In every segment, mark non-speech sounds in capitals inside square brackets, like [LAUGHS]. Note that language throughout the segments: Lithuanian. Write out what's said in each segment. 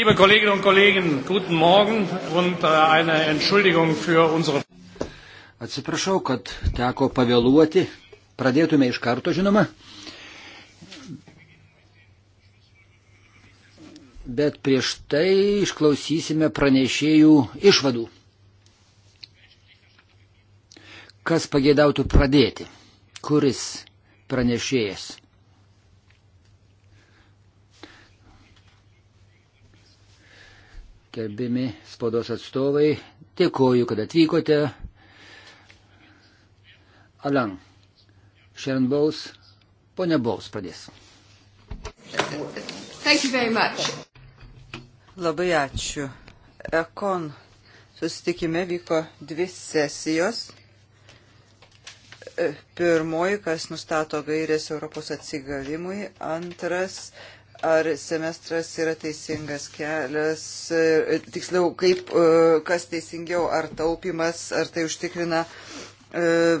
Liebe Kolleginnen und Kollegen, guten Morgen und äh, eine Entschuldigung für unsere. Atsiprašau, kad teko pavėluoti. Pradėtume iš karto, žinoma. Bet prieš tai išklausysime pranešėjų išvadų. Kas pageidautų pradėti? Kuris pranešėjas? Gerbimi spaudos atstovai, dėkoju, kad atvykote. Alan, Sharon Bowles, ponia Bowles pradės. Labai ačiū. Ekon susitikime vyko dvi sesijos. Pirmoji, kas nustato gairės Europos atsigavimui, antras ar semestras yra teisingas kelias, tiksliau, kaip, e, kas teisingiau, ar taupimas, ar tai užtikrina e,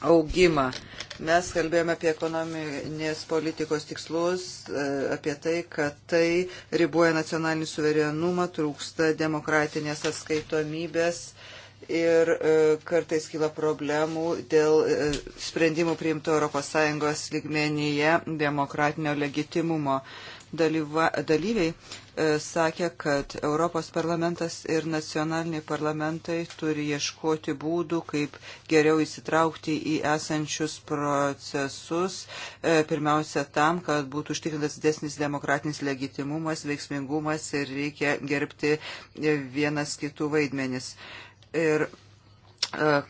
augimą. Mes kalbėjome apie ekonominės politikos tikslus, e, apie tai, kad tai riboja nacionalinį suverenumą, trūksta demokratinės atskaitomybės, ir e, kartais kyla problemų dėl e, sprendimų priimto ES lygmenyje demokratinio legitimumo. Dalyva, dalyviai e, sakė, kad Europos parlamentas ir nacionaliniai parlamentai turi ieškoti būdų, kaip geriau įsitraukti į esančius procesus, pirmiausia tam, kad būtų užtikrintas didesnis demokratinis legitimumas, veiksmingumas ir reikia gerbti vienas kitų vaidmenis ir e, e,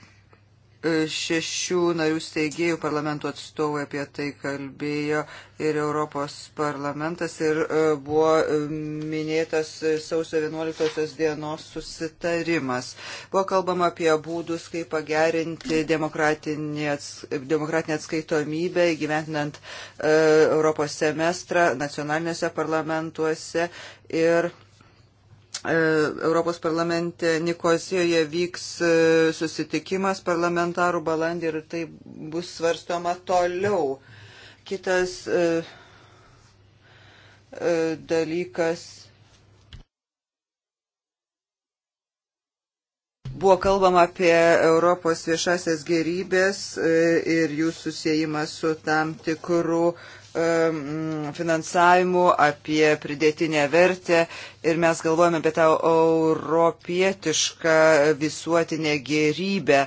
šešių narių steigėjų parlamento atstovai apie tai kalbėjo ir Europos parlamentas ir e, buvo minėtas sausio 11 dienos susitarimas. Buvo kalbama apie būdus, kaip pagerinti demokratinę atskaitomybę įgyventinant Europos semestrą nacionalinėse parlamentuose ir E, Europos parlamente Nikozijoje vyks e, susitikimas parlamentarų balandį ir tai bus svarstoma toliau. Kitas e, dalykas. Buvo kalbama apie Europos viešasias gerybės ir jų susijimą su tam tikrų uh, finansavimu, apie pridėtinę vertę ir mes galvojame apie tą europietišką visuotinę gerybę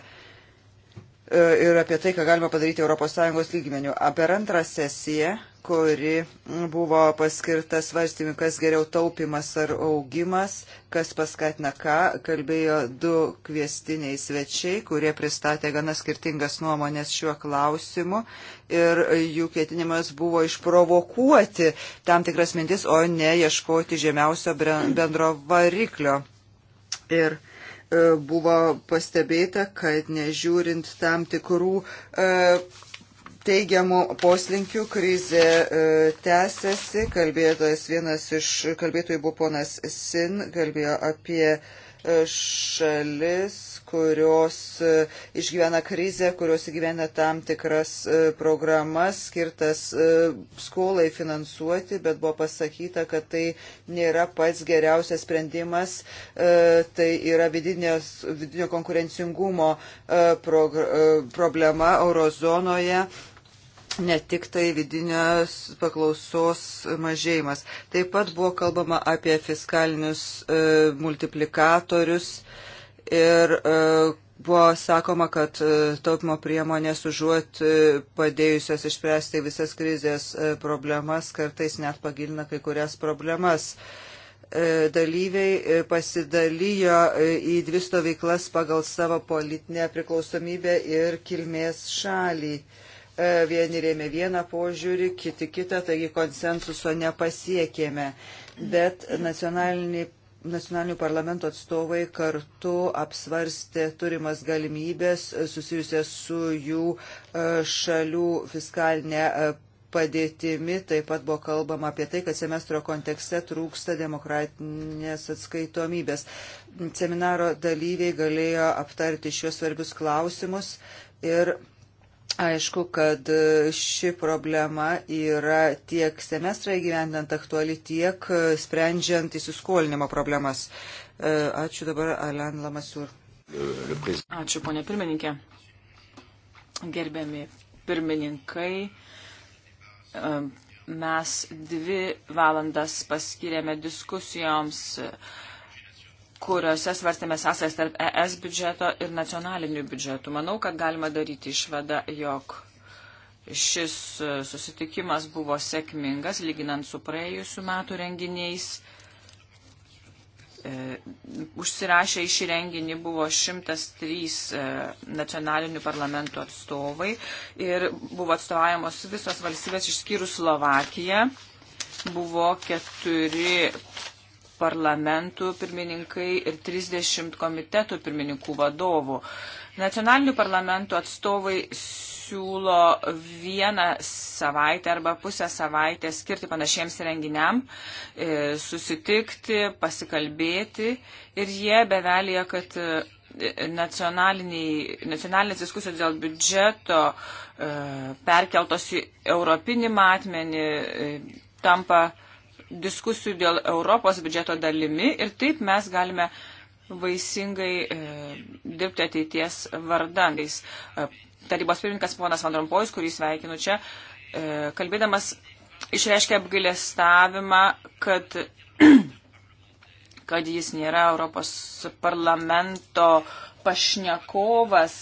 e, ir apie tai, ką galima padaryti ES lygmenių. Per antrą sesiją kuri buvo paskirta svarstymui, kas geriau taupimas ar augimas, kas paskatina ką, kalbėjo du kvestiniai svečiai, kurie pristatė gana skirtingas nuomonės šiuo klausimu ir jų ketinimas buvo išprovokuoti tam tikras mintis, o ne ieškoti žemiausio bendro variklio. Ir e, buvo pastebėta, kad nežiūrint tam tikrų e, teigiamų poslinkių krizė e, tęsiasi. Kalbėtojas vienas iš kalbėtojų buvo ponas Sin, kalbėjo apie e, šalis, kurios e, išgyvena krizę, kurios įgyvena tam tikras programas skirtas skolai finansuoti, bet buvo pasakyta, kad tai nėra pats geriausias sprendimas, tai yra vidinės, vidinio konkurencingumo problema eurozonoje ne tik tai vidinės paklausos mažėjimas. Taip pat buvo kalbama apie fiskalinius e, multiplikatorius ir e, buvo sakoma, kad e, taupimo priemonės užuot e, padėjusios išspręsti visas krizės e, problemas, kartais net pagilina kai kurias problemas. E, dalyviai e, pasidalijo e, į dvi stovyklas pagal savo politinę priklausomybę ir kilmės šalį. E, E, vieni rėmė vieną požiūrį, kiti kitą, taigi konsensuso nepasiekėme. Bet nacionalinių parlamento atstovai kartu apsvarstė turimas galimybės susijusias su jų e, šalių fiskalinė e, padėtimi. Taip pat buvo kalbama apie tai, kad semestro kontekste trūksta demokratinės atskaitomybės. Seminaro dalyviai galėjo aptarti šios svarbius klausimus ir Aišku, kad ši problema yra tiek semestrą įgyvendant aktuali, tiek sprendžiant įsiskolinimo problemas. E, ačiū dabar Alen Lamasur. Ačiū, ponė pirmininkė. Gerbiami pirmininkai, e, mes dvi valandas paskiriame diskusijoms kuriuose svarstėme sąsajas tarp ES biudžeto ir nacionalinių biudžetų. Manau, kad galima daryti išvadą, jog šis e, susitikimas buvo sėkmingas, lyginant su praėjusiu metu renginiais. E, užsirašę į šį renginį buvo 103 e, nacionalinių parlamentų atstovai ir buvo atstovaujamos visos valstybės išskyrus Slovakiją. Buvo keturi parlamentų pirmininkai ir 30 komitetų pirmininkų vadovų. Nacionalinių parlamentų atstovai siūlo vieną savaitę arba pusę savaitę skirti panašiems renginiam, e, susitikti, pasikalbėti ir jie bevelėje, kad e, nacionalinės diskusijos dėl biudžeto e, perkeltos į europinį matmenį tampa diskusijų dėl Europos biudžeto dalimi ir taip mes galime vaisingai e, dirbti ateities vardandais. E, tarybos pirmininkas ponas Vandrompojus, kurį sveikinu čia, e, kalbėdamas išreiškia apgailestavimą, kad, [CLEARS THROAT] kad jis nėra Europos parlamento pašnekovas,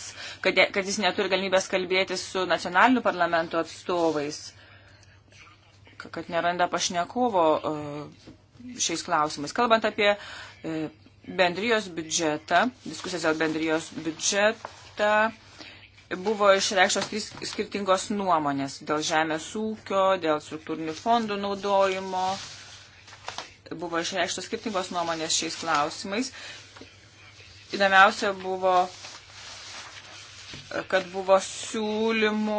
kad, kad jis neturi galimybės kalbėti su nacionaliniu parlamento atstovais kad neranda pašnekovo e, šiais klausimais. Kalbant apie e, bendrijos biudžetą, diskusijas dėl bendrijos biudžetą, buvo išreikštos trys skirtingos nuomonės dėl žemės ūkio, dėl struktūrinių fondų naudojimo. Buvo išreikštos skirtingos nuomonės šiais klausimais. Įdomiausia buvo kad buvo siūlymų,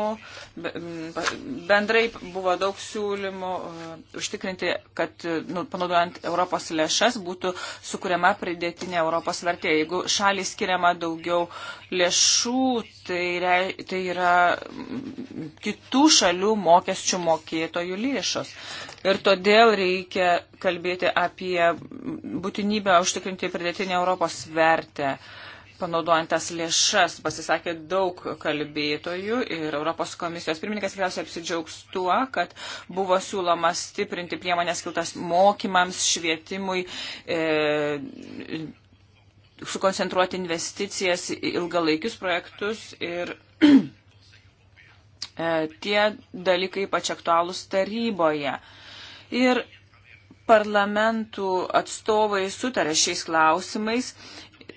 bendrai buvo daug siūlymų e, užtikrinti, kad nu, panaudojant Europos lėšas būtų sukuriama pridėtinė Europos vertė. Jeigu šaliai skiriama daugiau lėšų, tai, re, tai yra kitų šalių mokesčių mokėtojų lėšos. Ir todėl reikia kalbėti apie būtinybę užtikrinti pridėtinę Europos vertę. Uh, panaudojant tas lėšas. Pasisakė daug kalbėtojų ir Europos komisijos pirmininkas tikriausiai apsidžiaugs tuo, kad buvo siūloma stiprinti priemonės skiltas mokymams, švietimui. E, sukoncentruoti investicijas į ilgalaikius projektus ir [CLEARS THROAT] e, tie dalykai ypač aktualūs taryboje. Ir parlamentų atstovai sutarė šiais klausimais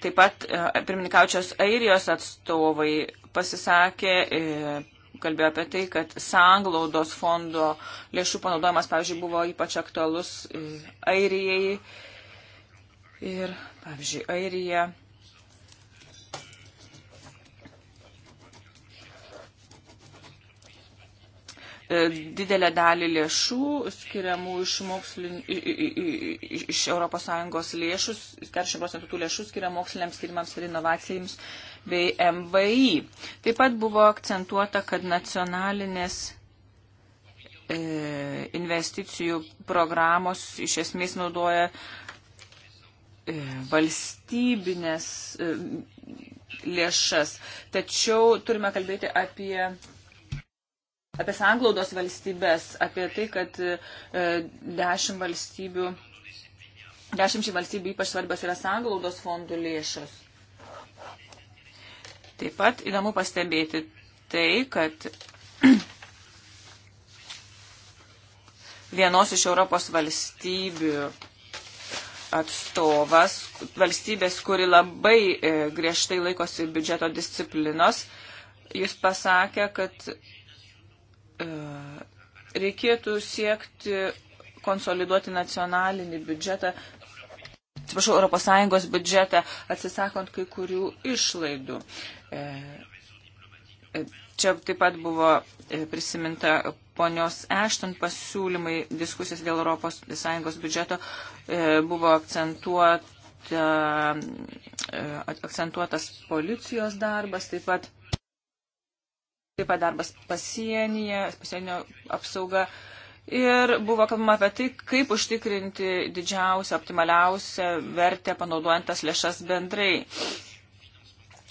Taip pat e, pirmininkaučios Airijos atstovai pasisakė, e, kalbėjo apie tai, kad sanglaudos fondo lėšų panaudojimas, pavyzdžiui, buvo ypač aktualus e, Airijai. Ir, pavyzdžiui, Airija E, didelę dalį lėšų skiriamų iš, mokslin, iš ES lėšų, 40 procentų tų lėšų skiria moksliniams tyrimams ir inovacijams bei MVI. Taip pat buvo akcentuota, kad nacionalinės e, investicijų programos iš esmės naudoja e, valstybinės lėšas. Tačiau turime kalbėti apie apie sanglaudos valstybės, apie tai, kad e, dešimt valstybių, dešimčiai valstybių ypač svarbios yra sanglaudos fondų lėšos. Taip pat įdomu pastebėti tai, kad [CLEARS THROAT] vienos iš Europos valstybių atstovas, valstybės, kuri labai e, griežtai laikosi biudžeto disciplinos, jis pasakė, kad E, reikėtų siekti konsoliduoti nacionalinį biudžetą, atsiprašau, ES biudžetą, atsisakant kai kurių išlaidų. E, e, čia taip pat buvo prisiminta ponios Ešton pasiūlymai diskusijas dėl ES biudžeto, buvo akcentuota, akcentuotas policijos darbas, taip pat taip pat darbas pasienyje, pasienio apsauga. Ir buvo kalbama apie tai, kaip užtikrinti didžiausią, optimaliausią vertę, panaudojant tas lėšas bendrai.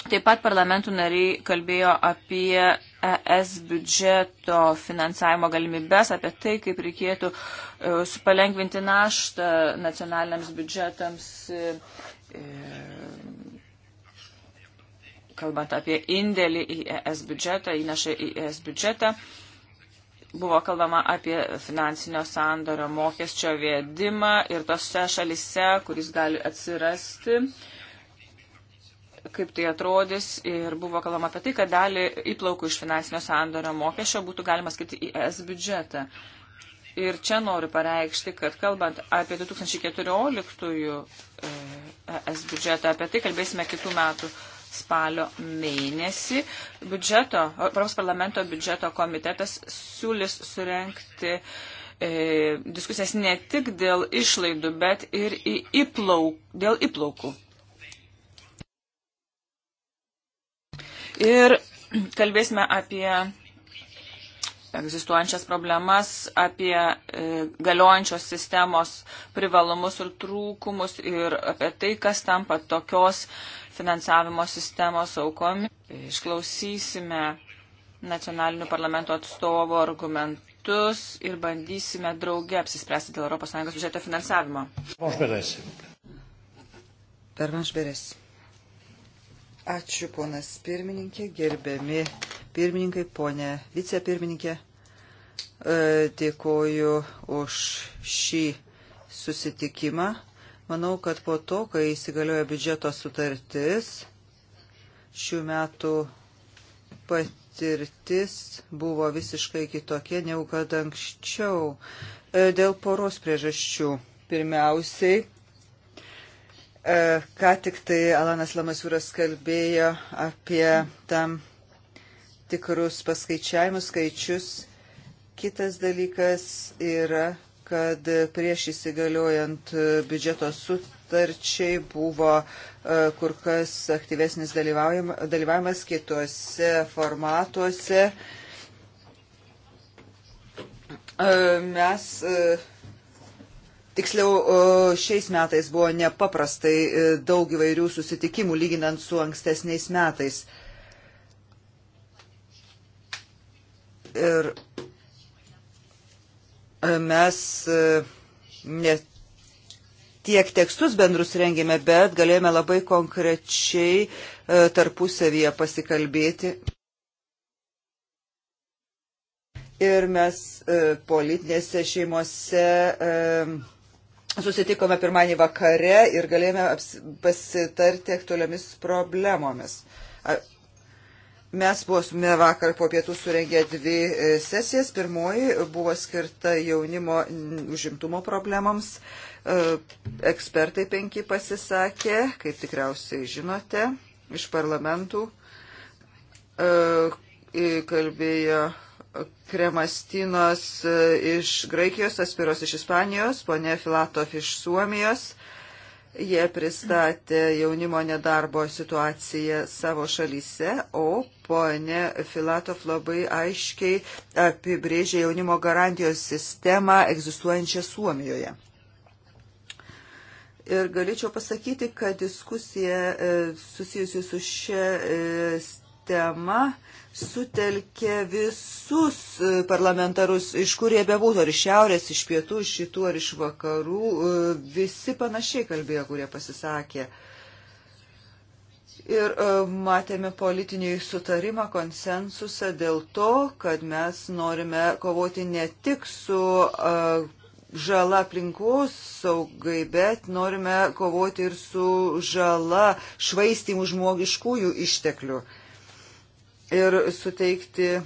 Taip pat parlamentų nariai kalbėjo apie ES biudžeto finansavimo galimybės, apie tai, kaip reikėtų e, supalengvinti naštą nacionaliniams biudžetams e, kalbant apie indėlį į ES biudžetą, įnašą į ES biudžetą, buvo kalbama apie finansinio sandorio mokesčio vėdimą ir tose šalise, kuris gali atsirasti, kaip tai atrodys ir buvo kalbama apie tai, kad dalį įplaukų iš finansinio sandorio mokesčio būtų galima skirti į ES biudžetą. Ir čia noriu pareikšti, kad kalbant apie 2014 ES e biudžetą, apie tai kalbėsime kitų metų spalio mėnesį biudžeto, Europos parlamento biudžeto komitetas siūlis surenkti e, diskusijas ne tik dėl išlaidų, bet ir įplauk, dėl įplaukų. Ir kalbėsime apie egzistuojančias problemas, apie e, galiojančios sistemos privalumus ir trūkumus ir apie tai, kas tampa tokios finansavimo sistemos aukomi. Išklausysime nacionalinių parlamento atstovų argumentus ir bandysime drauge apsispręsti dėl ES biudžeto finansavimo. Pervanš Beres. Ačiū, ponas pirmininkė, gerbiami pirmininkai, ponė vicepirmininkė. E, dėkoju už šį susitikimą. Manau, kad po to, kai įsigalioja biudžeto sutartis, šių metų patirtis buvo visiškai kitokia negu kad anksčiau. E, dėl poros priežasčių. Pirmiausiai, e, ką tik tai Alanas Lamasiūras kalbėjo apie tam tikrus paskaičiavimus skaičius. Kitas dalykas yra kad prieš įsigaliojant biudžeto sutarčiai buvo e, kur kas aktyvesnis dalyvavimas kitose formatuose. E, mes e, Tiksliau, šiais metais buvo nepaprastai daug įvairių susitikimų lyginant su ankstesniais metais. Ir mes e, ne tiek tekstus bendrus rengėme, bet galėjome labai konkrečiai e, tarpusavyje pasikalbėti. Ir mes e, politinėse šeimose susitikome pirmąjį vakare ir galėjome pasitarti aktualiomis problemomis Mes buvome vakar po pietų surengę dvi e, sesijas. Pirmoji buvo skirta jaunimo užimtumo problemams. E, ekspertai penki pasisakė, kaip tikriausiai žinote, iš parlamentų. E, kalbėjo Kremastinos iš Graikijos, Aspiros iš Ispanijos, ponė Filatov iš Suomijos Jie pristatė jaunimo nedarbo situaciją savo šalyse, o ponė Filatov labai aiškiai apibrėžė jaunimo garantijos sistemą egzistuojančią Suomijoje. Ir galėčiau pasakyti, kad diskusija e, susijusi su šia e, tema sutelkė visus e, parlamentarus, iš kur jie bebūtų, ar iš šiaurės, iš pietų, iš šitų, ar iš vakarų, e, visi panašiai kalbėjo, kurie pasisakė. Ir e, matėme politinį sutarimą, konsensusą dėl to, kad mes norime kovoti ne tik su žala aplinkos saugai, bet norime kovoti ir su žala švaistimu žmogiškųjų išteklių. Uh, ir suteikti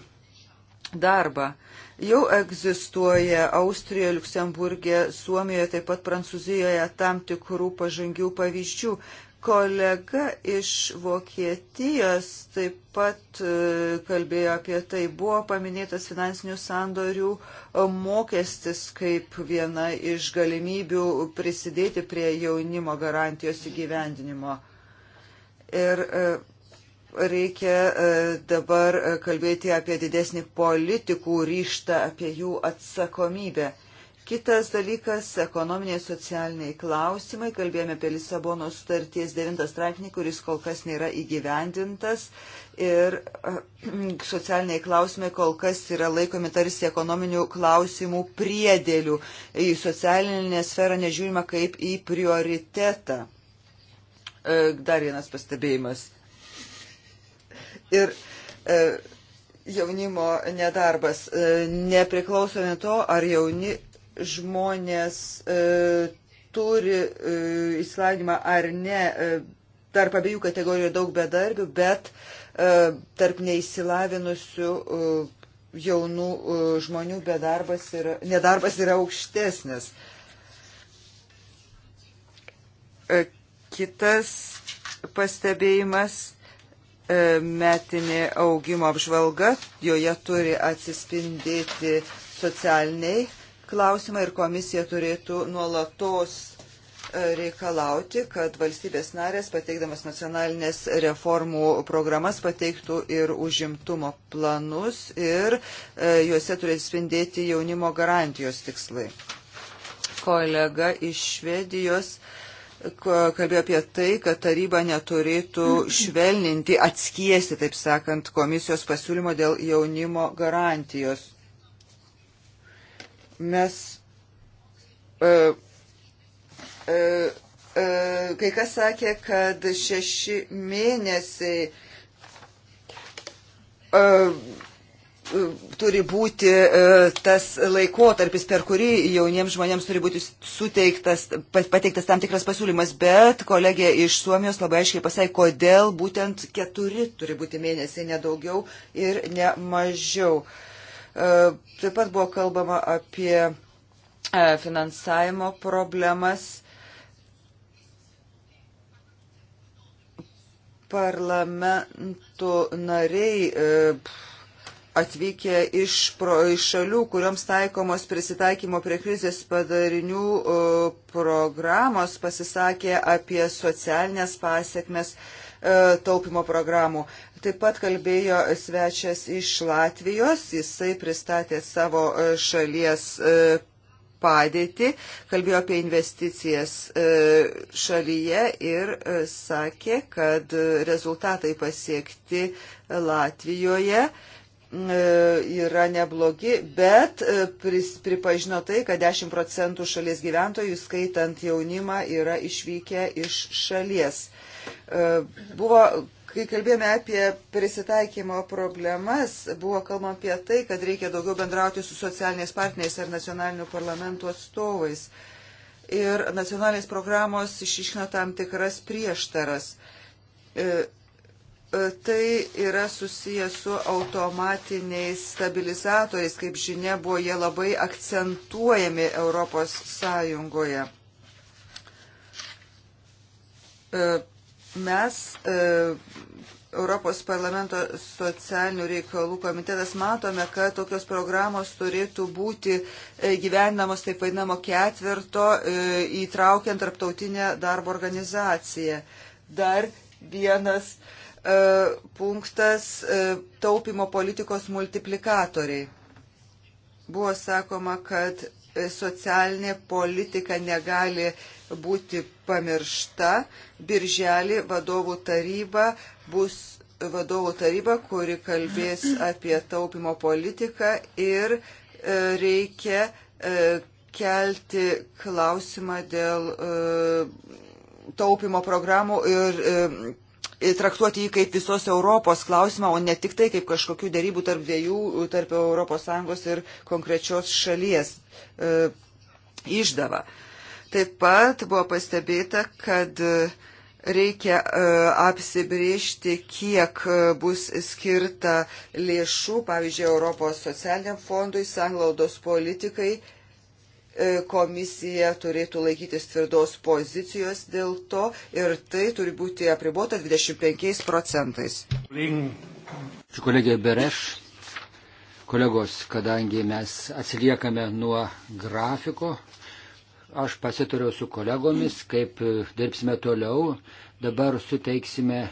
darbą. Jau egzistuoja Austrijoje, Luksemburgė, Suomijoje, taip pat Prancūzijoje tam tikrų pažangių pavyzdžių. Kolega iš Vokietijos taip pat e, kalbėjo apie tai. Buvo paminėtas finansinių sandorių e, mokestis kaip viena iš galimybių prisidėti prie jaunimo garantijos įgyvendinimo. Ir e, reikia e, dabar e, kalbėti apie didesnį politikų ryštą, apie jų atsakomybę. Kitas dalykas - ekonominiai socialiniai klausimai. Kalbėjome apie Lisabono sutarties 9 straipsnį, kuris kol kas nėra įgyvendintas. Ir e, [CLEARS THROAT] socialiniai klausimai kol kas yra laikomi tarsi ekonominių klausimų priedėlių. Į socialinę sferą nežiūrima kaip į prioritetą. Dar vienas pastebėjimas ir e, jaunimo nedarbas. E, Nepriklausomi to, ar jauni žmonės e, turi įsilavinimą ar ne. Tarp abiejų kategorijų daug bedarbių, bet tarp neįsilavinusių jaunų žmonių bedarbas yra, nedarbas yra aukštesnis. Kitas pastebėjimas metinė augimo apžvalga, joje turi atsispindėti socialiniai klausimai ir komisija turėtų nuolatos e, reikalauti, kad valstybės narės, pateikdamas nacionalinės reformų programas, pateiktų ir užimtumo planus ir e, juose turi atspindėti jaunimo garantijos tikslai. Kolega iš Švedijos uh, kalbėjo apie tai, kad taryba neturėtų švelninti, atskiesti, taip sakant, komisijos pasiūlymo dėl jaunimo garantijos. Mes e, e, e, kai kas sakė, kad šeši mėnesiai e, turi būti e, tas laikotarpis, per kurį jauniems žmonėms turi būti suteiktas, pateiktas tam tikras pasiūlymas, bet kolegė iš Suomijos labai aiškiai pasakė, kodėl būtent keturi turi būti mėnesiai, nedaugiau ir ne mažiau. E, taip pat buvo kalbama apie e, finansavimo problemas. Parlamentų nariai e, atvykę iš, pro, iš šalių, kuriuoms taikomos prisitaikymo prie krizės padarinių programos, pasisakė apie socialinės pasiekmes e, taupimo programų. Taip pat kalbėjo svečias iš Latvijos, jisai pristatė savo e, šalies e, padėtį, kalbėjo apie investicijas šalyje ir sakė, kad rezultatai pasiekti Latvijoje E, yra neblogi, bet e, pris, pripažino tai, kad 10 procentų šalies gyventojų, skaitant jaunimą, yra išvykę iš šalies. E, buvo, kai kalbėjome apie prisitaikymo problemas, buvo kalbama apie tai, kad reikia daugiau bendrauti su socialiniais partneriais ir nacionalinių parlamentų atstovais. Ir nacionalinės programos išiškina tam tikras prieštaras E, tai yra susijęs su automatiniais stabilizatoriais, kaip žinia, buvo jie labai akcentuojami Europos Sąjungoje. E, mes, e, Europos parlamento socialinių reikalų komitetas, matome, kad tokios programos turėtų būti gyvenamos taip vadinamo ketvirto, įtraukiant tarptautinę darbo organizaciją. Dar vienas uh, E, punktas e, taupimo politikos multiplikatoriai. Buvo sakoma, kad socialinė politika negali būti pamiršta. Birželį vadovų taryba bus vadovų taryba, kuri kalbės apie taupimo politiką ir e, reikia kelti klausimą dėl taupimo programų ir traktuoti jį kaip visos Europos klausimą, o ne tik tai kaip kažkokių dėrybų tarp dviejų, tarp ES ir konkrečios šalies e, išdava. Taip pat buvo pastebėta, kad e, reikia e, apsibriežti, kiek e, bus skirta lėšų, pavyzdžiui, Europos socialiniam fondui, sanglaudos politikai. E, komisija turėtų laikytis tvirtos pozicijos dėl to ir tai turi būti apribota 25 procentais. Ačiū kolegė Bereš. Kolegos, kadangi mes atsiliekame nuo grafiko, aš pasitariau su kolegomis, kaip dirbsime toliau. Dabar suteiksime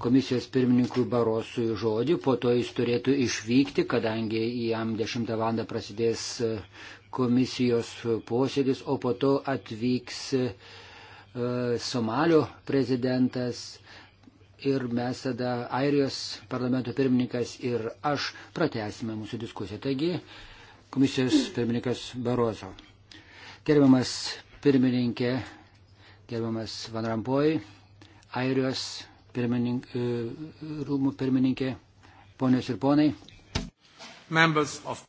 komisijos pirmininkui Barosui žodį, po to jis turėtų išvykti, kadangi jam 10 val. prasidės komisijos posėdis, o po to atvyks e, Somalio prezidentas ir mes tada Airijos parlamento pirmininkas ir aš pratesime mūsų diskusiją. Taigi, komisijos pirmininkas Barozo. Gerbiamas pirmininkė, gerbiamas Van Rampoj, Airijos pirminink, e, rūmų pirmininkė, ponios ir ponai. Of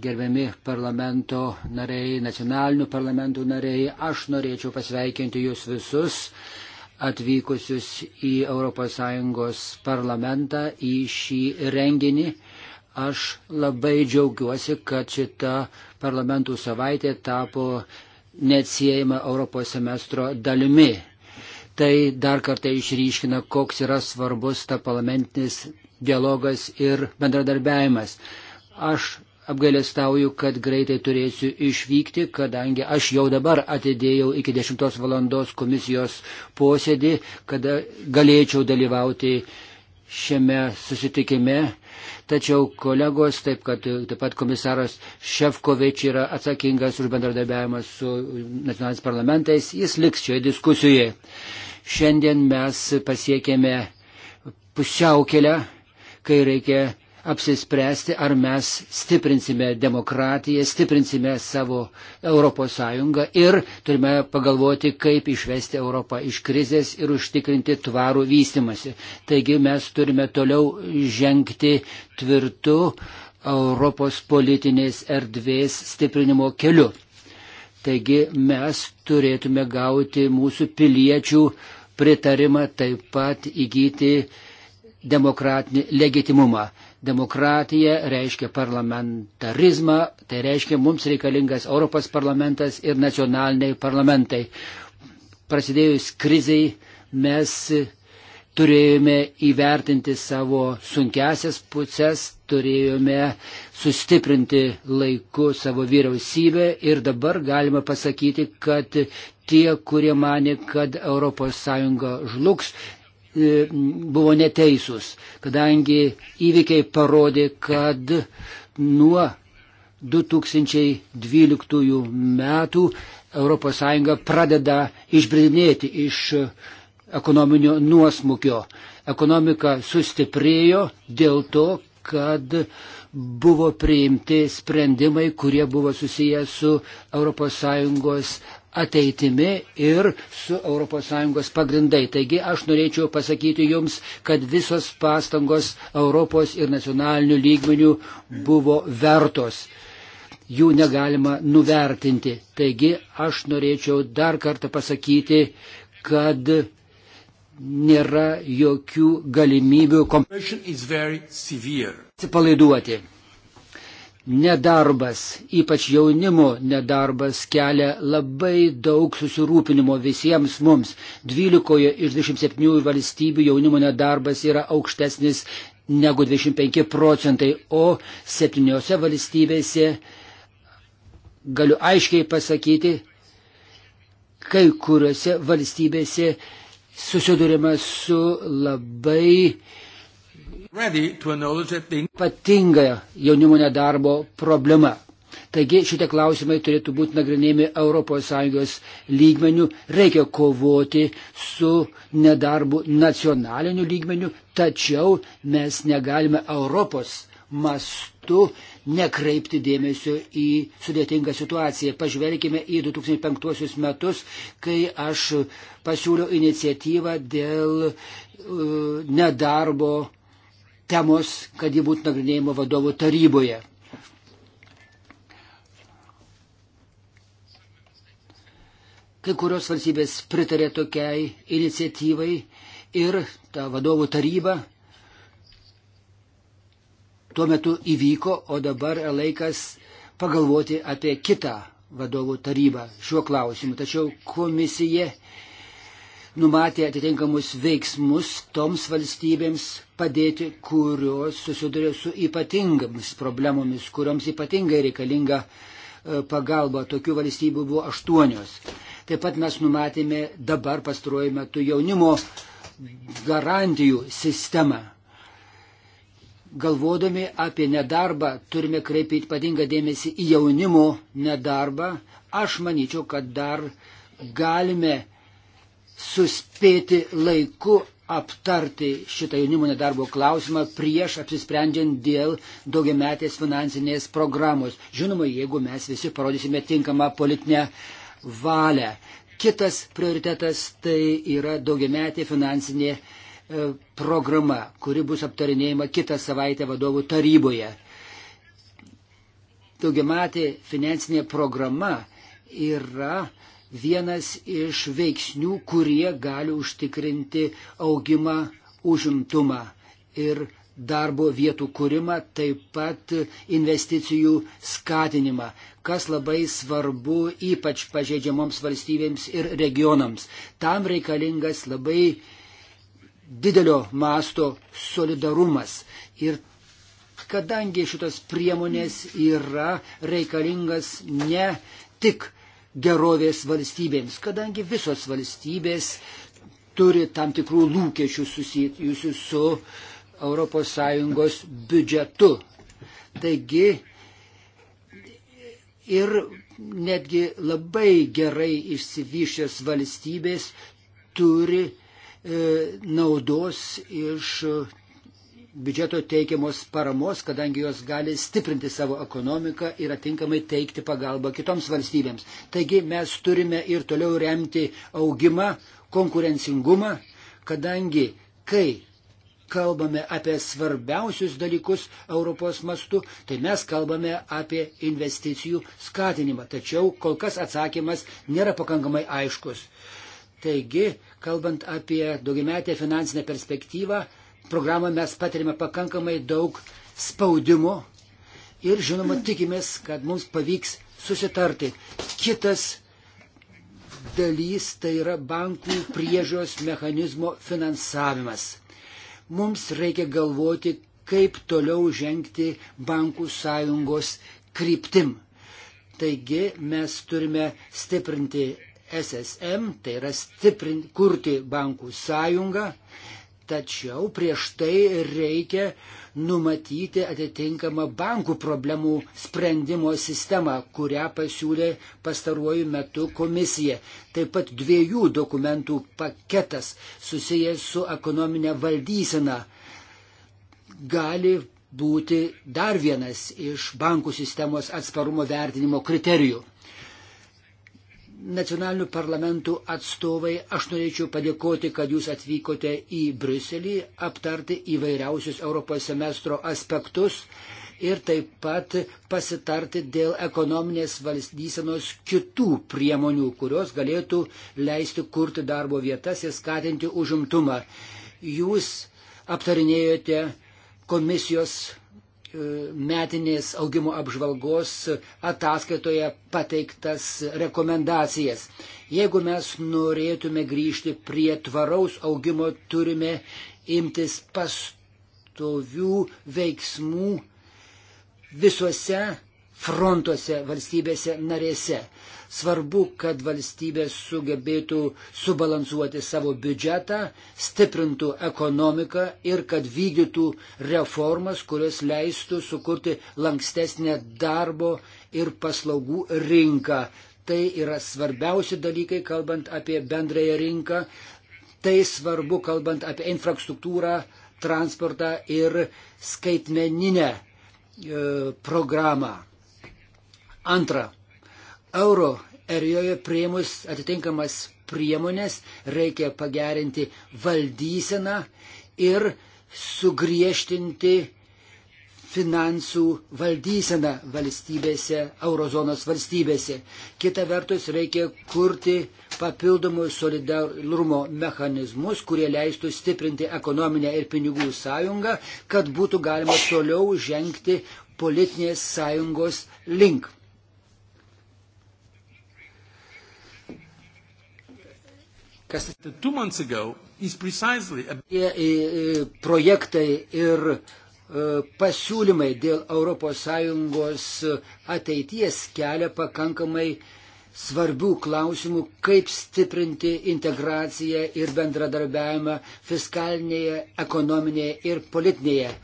gerbiami parlamento nariai, nacionalinių parlamentų nariai, aš norėčiau pasveikinti jūs visus atvykusius į ES parlamentą, į šį renginį. Aš labai džiaugiuosi, kad šita parlamentų savaitė tapo neatsiejama Europos semestro dalimi. Tai dar kartą išryškina, koks yra svarbus ta parlamentinis dialogas ir bendradarbiavimas. Aš apgailestauju, kad greitai turėsiu išvykti, kadangi aš jau dabar atidėjau iki 10 valandos komisijos posėdį, kada galėčiau dalyvauti šiame susitikime. Tačiau kolegos, taip, kad, taip pat komisaras Šefkovič yra atsakingas už bendradarbiavimą su nacionaliniais parlamentais, jis liks šioje diskusijoje. Šiandien mes pasiekėme pusiaukelę, kai reikia apsispręsti, ar mes stiprinsime demokratiją, stiprinsime savo ES ir turime pagalvoti, kaip išvesti Europą iš krizės ir užtikrinti tvarų vystimasi. Taigi mes turime toliau žengti tvirtu Europos politinės erdvės stiprinimo keliu. Taigi mes turėtume gauti mūsų piliečių pritarimą, taip pat įgyti demokratinį legitimumą. Demokratija reiškia parlamentarizmą, tai reiškia mums reikalingas Europos parlamentas ir nacionaliniai parlamentai. Prasidėjus kriziai mes turėjome įvertinti savo sunkesias pusės, turėjome sustiprinti laiku savo vyriausybę ir dabar galima pasakyti, kad tie, kurie mane, kad ES žlugs, E, buvo neteisūs, kadangi įvykiai parodė, kad nuo 2012 metų ES pradeda išbridinėti iš ekonominio nuosmukio. Ekonomika sustiprėjo dėl to, kad buvo priimti sprendimai, kurie buvo susiję su ES ateitimi ir su ES pagrindai. Taigi aš norėčiau pasakyti jums, kad visos pastangos Europos ir nacionalinių lygmenių buvo vertos. Jų negalima nuvertinti. Taigi aš norėčiau dar kartą pasakyti, kad nėra jokių galimybių atsipalaiduoti. Kom... Nedarbas, ypač jaunimo nedarbas, kelia labai daug susirūpinimo visiems mums. 12 iš 27 valstybių jaunimo nedarbas yra aukštesnis negu 25 procentai, o 7 valstybėse, galiu aiškiai pasakyti, kai kuriuose valstybėse susidurime su labai uh, Patinga jaunimo nedarbo problema. Taigi šitie klausimai turėtų būti nagrinėjami ES lygmenių, reikia kovoti su nedarbu nacionaliniu lygmeniu, tačiau mes negalime Europos mastu nekreipti dėmesio į sudėtingą situaciją. Pažvelkime į 2005 metus, kai aš pasiūliau iniciatyvą dėl uh, nedarbo temos, kad ji būtų nagrinėjimo vadovų taryboje. Kai kurios valstybės pritarė tokiai iniciatyvai ir ta vadovų taryba tuo metu įvyko, o dabar laikas pagalvoti apie kitą vadovų tarybą šiuo klausimu. Tačiau komisija numatė atitinkamus veiksmus toms valstybėms padėti, kurios susiduria su ypatingomis problemomis, kurioms ypatingai reikalinga e, pagalba. Tokių valstybių buvo aštuonios. Taip pat mes numatėme dabar pastaruoju metu jaunimo garantijų sistemą. Galvodami apie nedarbą turime kreipti ypatingą dėmesį į jaunimo nedarbą. Aš manyčiau, kad dar galime suspėti laiku aptarti šitą jaunimo nedarbo klausimą prieš apsisprendžiant dėl daugiametės finansinės programos. Žinoma, jeigu mes visi parodysime tinkamą politinę valią. Kitas prioritetas tai yra daugiametė finansinė e, programa, kuri bus aptarinėjama kitą savaitę vadovų taryboje. Daugiametė finansinė programa yra vienas iš veiksnių, kurie gali užtikrinti augimą, užimtumą ir darbo vietų kūrimą, taip pat investicijų skatinimą, kas labai svarbu ypač pažeidžiamoms valstybėms ir regionams. Tam reikalingas labai didelio masto solidarumas. Ir kadangi šitos priemonės yra reikalingas ne tik gerovės valstybėms, kadangi visos valstybės turi tam tikrų lūkesčių susijusių su ES biudžetu. Taigi ir netgi labai gerai išsivyšęs valstybės turi e, naudos iš biudžeto teikiamos paramos, kadangi jos gali stiprinti savo ekonomiką ir atinkamai teikti pagalbą kitoms valstybėms. Taigi mes turime ir toliau remti augimą, konkurencingumą, kadangi kai kalbame apie svarbiausius dalykus Europos mastu, tai mes kalbame apie investicijų skatinimą. Tačiau kol kas atsakymas nėra pakankamai aiškus. Taigi, kalbant apie daugiametę finansinę perspektyvą, programą mes patirime pakankamai daug spaudimo ir žinoma tikimės, kad mums pavyks susitarti. Kitas dalys tai yra bankų priežios mechanizmo finansavimas. Mums reikia galvoti, kaip toliau žengti bankų sąjungos kryptim. Taigi mes turime stiprinti SSM, tai yra stiprinti, kurti bankų sąjungą, Tačiau prieš tai reikia numatyti atitinkamą bankų problemų sprendimo sistemą, kurią pasiūlė pastaruoju metu komisija. Taip pat dviejų dokumentų paketas susijęs su ekonominė valdysena gali būti dar vienas iš bankų sistemos atsparumo vertinimo kriterijų nacionalinių parlamentų atstovai, aš norėčiau padėkoti, kad jūs atvykote į Bruselį aptarti įvairiausius Europos semestro aspektus ir taip pat pasitarti dėl ekonominės valdysenos kitų priemonių, kurios galėtų leisti kurti darbo vietas ir skatinti užimtumą. Jūs aptarinėjote komisijos metinės augimo apžvalgos ataskaitoje pateiktas rekomendacijas. Jeigu mes norėtume grįžti prie tvaraus augimo, turime imtis pastovių veiksmų visuose frontuose valstybėse narėse. Svarbu, kad valstybės sugebėtų subalansuoti savo biudžetą, stiprintų ekonomiką ir kad vykdytų reformas, kurios leistų sukurti lankstesnę darbo ir paslaugų rinką. Tai yra svarbiausi dalykai, kalbant apie bendrąją rinką. Tai svarbu, kalbant apie infrastruktūrą, transportą ir skaitmeninę e, programą. Antra, euro erijoje prieimus atitinkamas priemonės reikia pagerinti valdyseną ir sugriežtinti finansų valdyseną valstybėse, eurozonos valstybėse. Kita vertus, reikia kurti papildomus solidarumo mechanizmus, kurie leistų stiprinti ekonominę ir pinigų sąjungą, kad būtų galima toliau žengti politinės sąjungos link. Kas... E, e, projektai ir e, pasiūlymai dėl ES ateities kelia pakankamai svarbių klausimų, kaip stiprinti integraciją ir bendradarbiavimą fiskalinėje, ekonominėje ir politinėje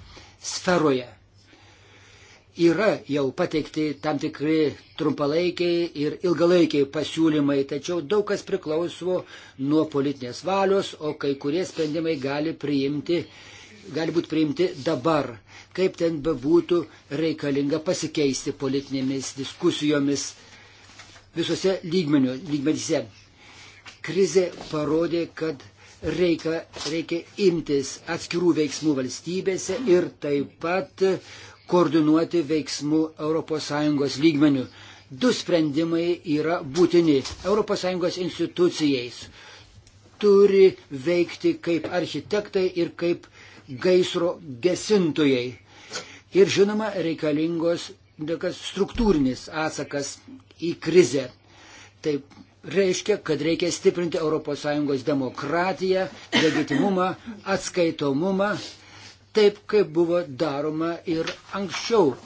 sferoje yra jau pateikti tam tikri trumpalaikiai ir ilgalaikiai pasiūlymai, tačiau daug kas priklauso nuo politinės valios, o kai kurie sprendimai gali, priimti, gali būti priimti dabar. Kaip ten bebūtų reikalinga pasikeisti politinėmis diskusijomis visose lygmenyse. Krize parodė, kad reikia, reikia imtis atskirų veiksmų valstybėse ir taip pat uh, koordinuoti veiksmų ES lygmenių. Du sprendimai yra būtini ES institucijais. Turi veikti kaip architektai ir kaip gaisro gesintojai. Ir žinoma, reikalingos struktūrinis atsakas į krizę. Tai reiškia, kad reikia stiprinti ES demokratiją, legitimumą, atskaitomumą taip kaip buvo daroma ir anksčiau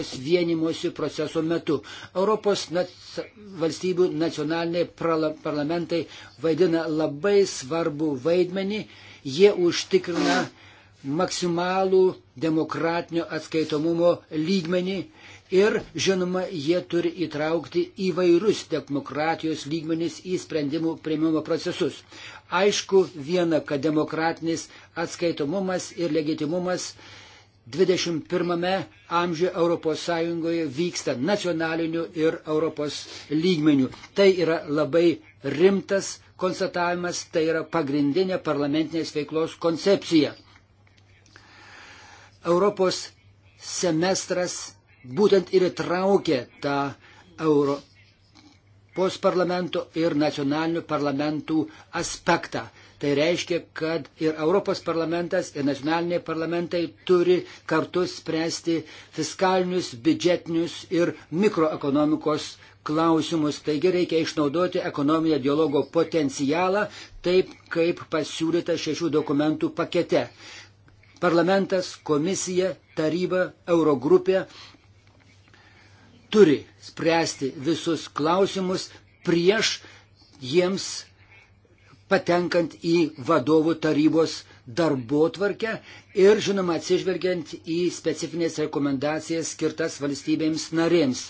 ES vienimosi proceso metu. Europos nac valstybių nacionaliniai parlamentai vaidina labai svarbų vaidmenį, jie užtikrina maksimalų demokratinio atskaitomumo lygmenį ir, žinoma, jie turi įtraukti įvairius demokratijos lygmenis į sprendimų prieimimo procesus. Aišku viena, kad demokratinis atskaitomumas ir legitimumas 21 amžiuje ES vyksta nacionaliniu ir Europos lygmeniu. Tai yra labai rimtas konstatavimas, tai yra pagrindinė parlamentinės veiklos koncepcija. Europos semestras būtent ir įtraukė tą Euro, Europos parlamento ir nacionalinių parlamentų aspektą. Tai reiškia, kad ir Europos parlamentas, ir nacionaliniai parlamentai turi kartu spręsti fiskalinius, biudžetinius ir mikroekonomikos klausimus. Taigi reikia išnaudoti ekonominio dialogo potencialą taip, kaip pasiūlyta šešių dokumentų pakete. Parlamentas, komisija, taryba, eurogrupė turi spręsti visus klausimus prieš jiems patenkant į vadovų tarybos darbo tvarkę ir, žinoma, atsižvelgiant į specifinės rekomendacijas skirtas valstybėms narėms.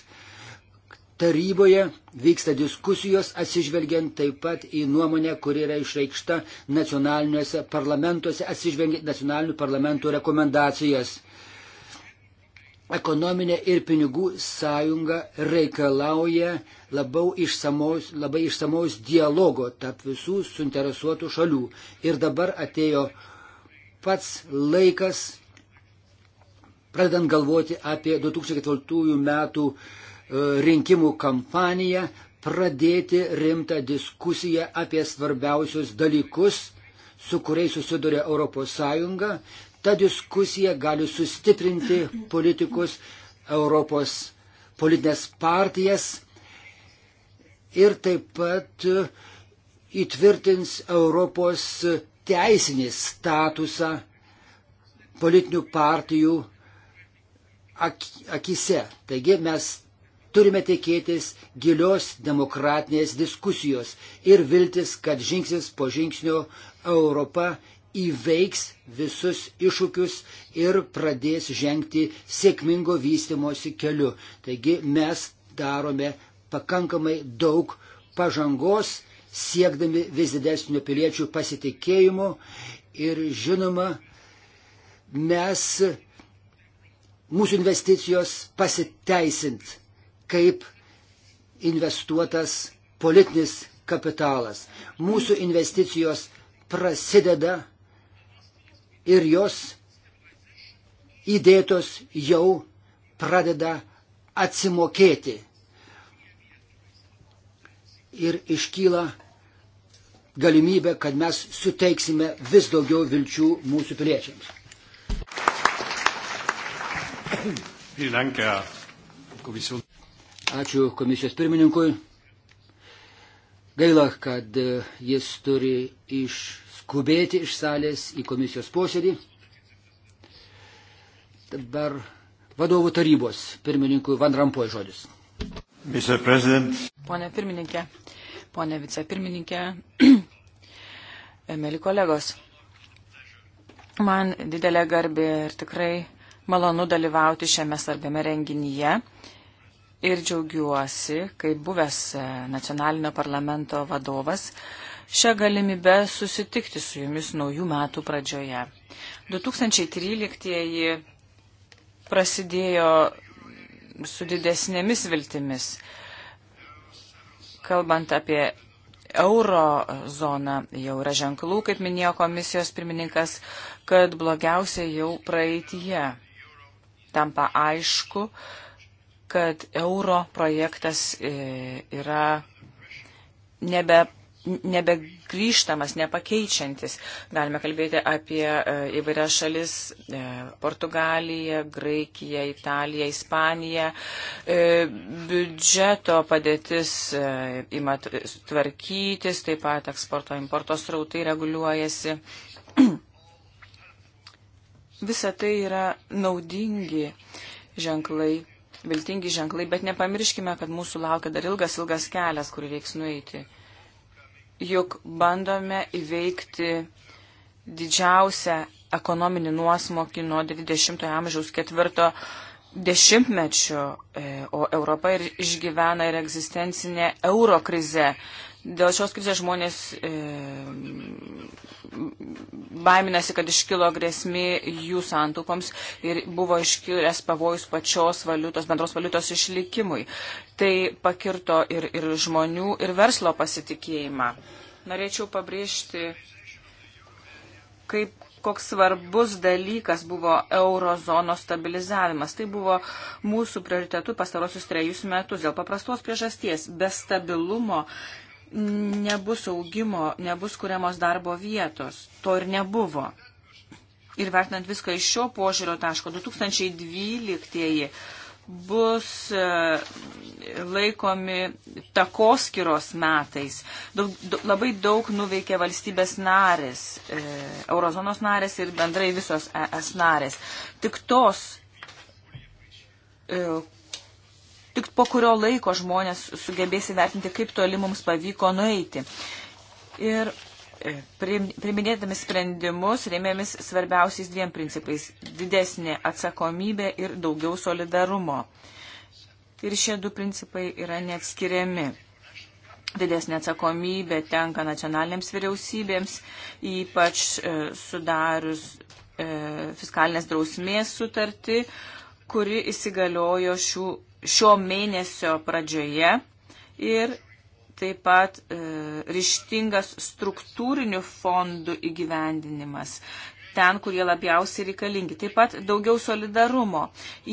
Taryboje vyksta diskusijos atsižvelgiant taip pat į nuomonę, kuri yra išreikšta nacionaliniuose parlamentuose, atsižvelgiant nacionalinių parlamentų rekomendacijas ekonominė ir pinigų sąjunga reikalauja labiau išsamaus, labai išsamaus dialogo tarp visų suinteresuotų šalių. Ir dabar atėjo pats laikas, pradedant galvoti apie 2004 metų e, rinkimų kampaniją, pradėti rimtą diskusiją apie svarbiausius dalykus, su kuriais susiduria ES, Ta diskusija gali sustiprinti politikus, Europos politinės partijas ir taip pat įtvirtins Europos teisinį statusą politinių partijų akise. Taigi mes turime tikėtis gilios demokratinės diskusijos ir viltis, kad žingsnis po žingsnio Europa įveiks visus iššūkius ir pradės žengti sėkmingo vystimosi keliu. Taigi mes darome pakankamai daug pažangos, siekdami vis didesnio piliečių pasitikėjimo ir žinoma, mes, mūsų investicijos pasiteisint kaip investuotas politinis kapitalas. Mūsų investicijos prasideda ir jos įdėtos jau pradeda atsimokėti. Ir iškyla galimybė, kad mes suteiksime vis daugiau vilčių mūsų piliečiams. Ačiū komisijos pirmininkui. Gaila, kad e, jis turi iš skubėti iš salės į komisijos posėdį. Dabar vadovų tarybos pirmininkui Van Rampoj žodis. Pone pirmininkė, pone vicepirmininkė, [CLEARS THROAT] mėly kolegos, man didelė garbė ir tikrai malonu dalyvauti šiame svarbiame renginyje ir džiaugiuosi, kaip buvęs nacionalinio parlamento vadovas, šią galimybę susitikti su jumis naujų metų pradžioje. 2013 prasidėjo su didesnėmis viltimis. Kalbant apie euro zoną, jau yra ženklų, kaip minėjo komisijos pirmininkas, kad blogiausia jau praeitie. Tampa aišku, kad euro projektas e, yra nebe nebegrįžtamas, nepakeičiantis. Galime kalbėti apie e, įvairias šalis e, - Portugaliją, Graikiją, Italiją, Ispaniją. E, biudžeto padėtis ima tvarkytis, taip pat eksporto importo srautai reguliuojasi. [CLEARS THROAT] Visa tai yra naudingi ženklai viltingi ženklai, bet nepamirškime, kad mūsų laukia dar ilgas, ilgas kelias, kurį reiks nueiti juk bandome įveikti didžiausią ekonominį nuosmokį nuo 20-ojo amžiaus ketvirto dešimtmečio, e, o Europa ir išgyvena ir egzistencinę euro krizę. Dėl šios krizės žmonės e, baiminasi, kad iškilo grėsmė jų santukoms ir buvo iškilęs pavojus pačios valiutos, bendros valiutos išlikimui. Tai pakirto ir, ir žmonių, ir verslo pasitikėjimą. Norėčiau pabrėžti, kaip, koks svarbus dalykas buvo eurozonos stabilizavimas. Tai buvo mūsų prioritetų pastarosius trejus metus dėl paprastos priežasties. Be stabilumo nebus augimo, nebus kuriamos darbo vietos. To ir nebuvo. Ir vertinant viską iš šio požiūrio taško, 2012 bus e, laikomi takoskiros metais. Daug, daug, labai daug nuveikė valstybės narės, e, eurozonos narės ir bendrai visos ES narės. Tik tos, e, tik po kurio laiko žmonės sugebės įvertinti, kaip toli mums pavyko nueiti. Ir e, priminėdami sprendimus rėmėmis svarbiausiais dviem principais - didesnė atsakomybė ir daugiau solidarumo. Ir šie du principai yra neatskiriami. Didesnė atsakomybė tenka nacionalinėms vyriausybėms, ypač e, sudarius e, fiskalinės drausmės sutartį, kuri įsigaliojo šių, šio mėnesio pradžioje ir taip pat e, ryštingas struktūrinių fondų įgyvendinimas ten, kur jie labiausiai reikalingi. Taip pat daugiau solidarumo,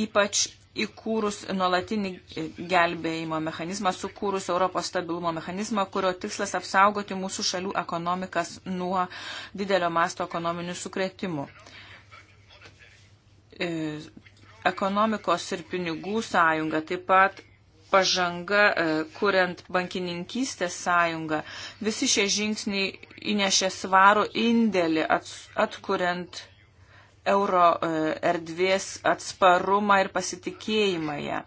ypač įkūrus nuolatinį gelbėjimo mechanizmą, sukūrus Europos stabilumo mechanizmą, kurio tikslas apsaugoti mūsų šalių ekonomikas nuo didelio masto ekonominių sukretimų. E, ekonomikos ir pinigų sąjunga, taip pat pažanga, e, kuriant bankininkystės sąjungą. Visi šie žingsniai įnešė svarų indėlį atkuriant euro e, erdvės atsparumą ir pasitikėjimą ją.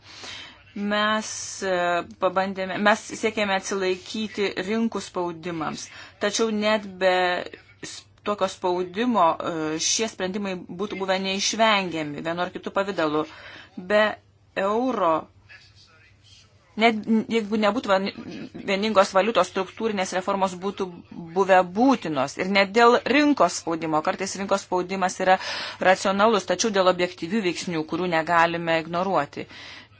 Mes, e, pabandėme, mes siekėme atsilaikyti rinkų spaudimams, tačiau net be tokio spaudimo e, šie sprendimai būtų buvę neišvengiami vienu ar kitu pavydalu. Be euro, net jeigu nebūtų vieningos valiutos struktūrinės reformos būtų buvę būtinos. Ir net dėl rinkos spaudimo, kartais rinkos spaudimas yra racionalus, tačiau dėl objektyvių veiksnių, kurių negalime ignoruoti.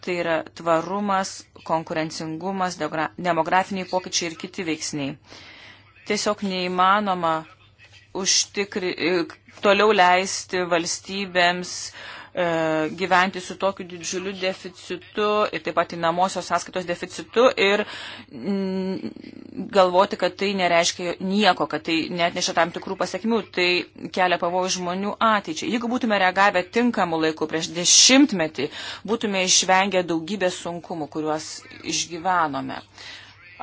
Tai yra tvarumas, konkurencingumas, demografiniai pokyčiai ir kiti veiksniai. Tiesiog neįmanoma užtikri, e, toliau leisti valstybėms e, gyventi su tokiu didžiuliu deficitu ir taip pat įnamosios sąskaitos deficitu ir m, galvoti, kad tai nereiškia nieko, kad tai net neša tam tikrų pasiekmių, tai kelia pavojų žmonių ateičiai. Jeigu būtume reagavę tinkamu laiku prieš dešimtmetį, būtume išvengę daugybės sunkumų, kuriuos išgyvenome.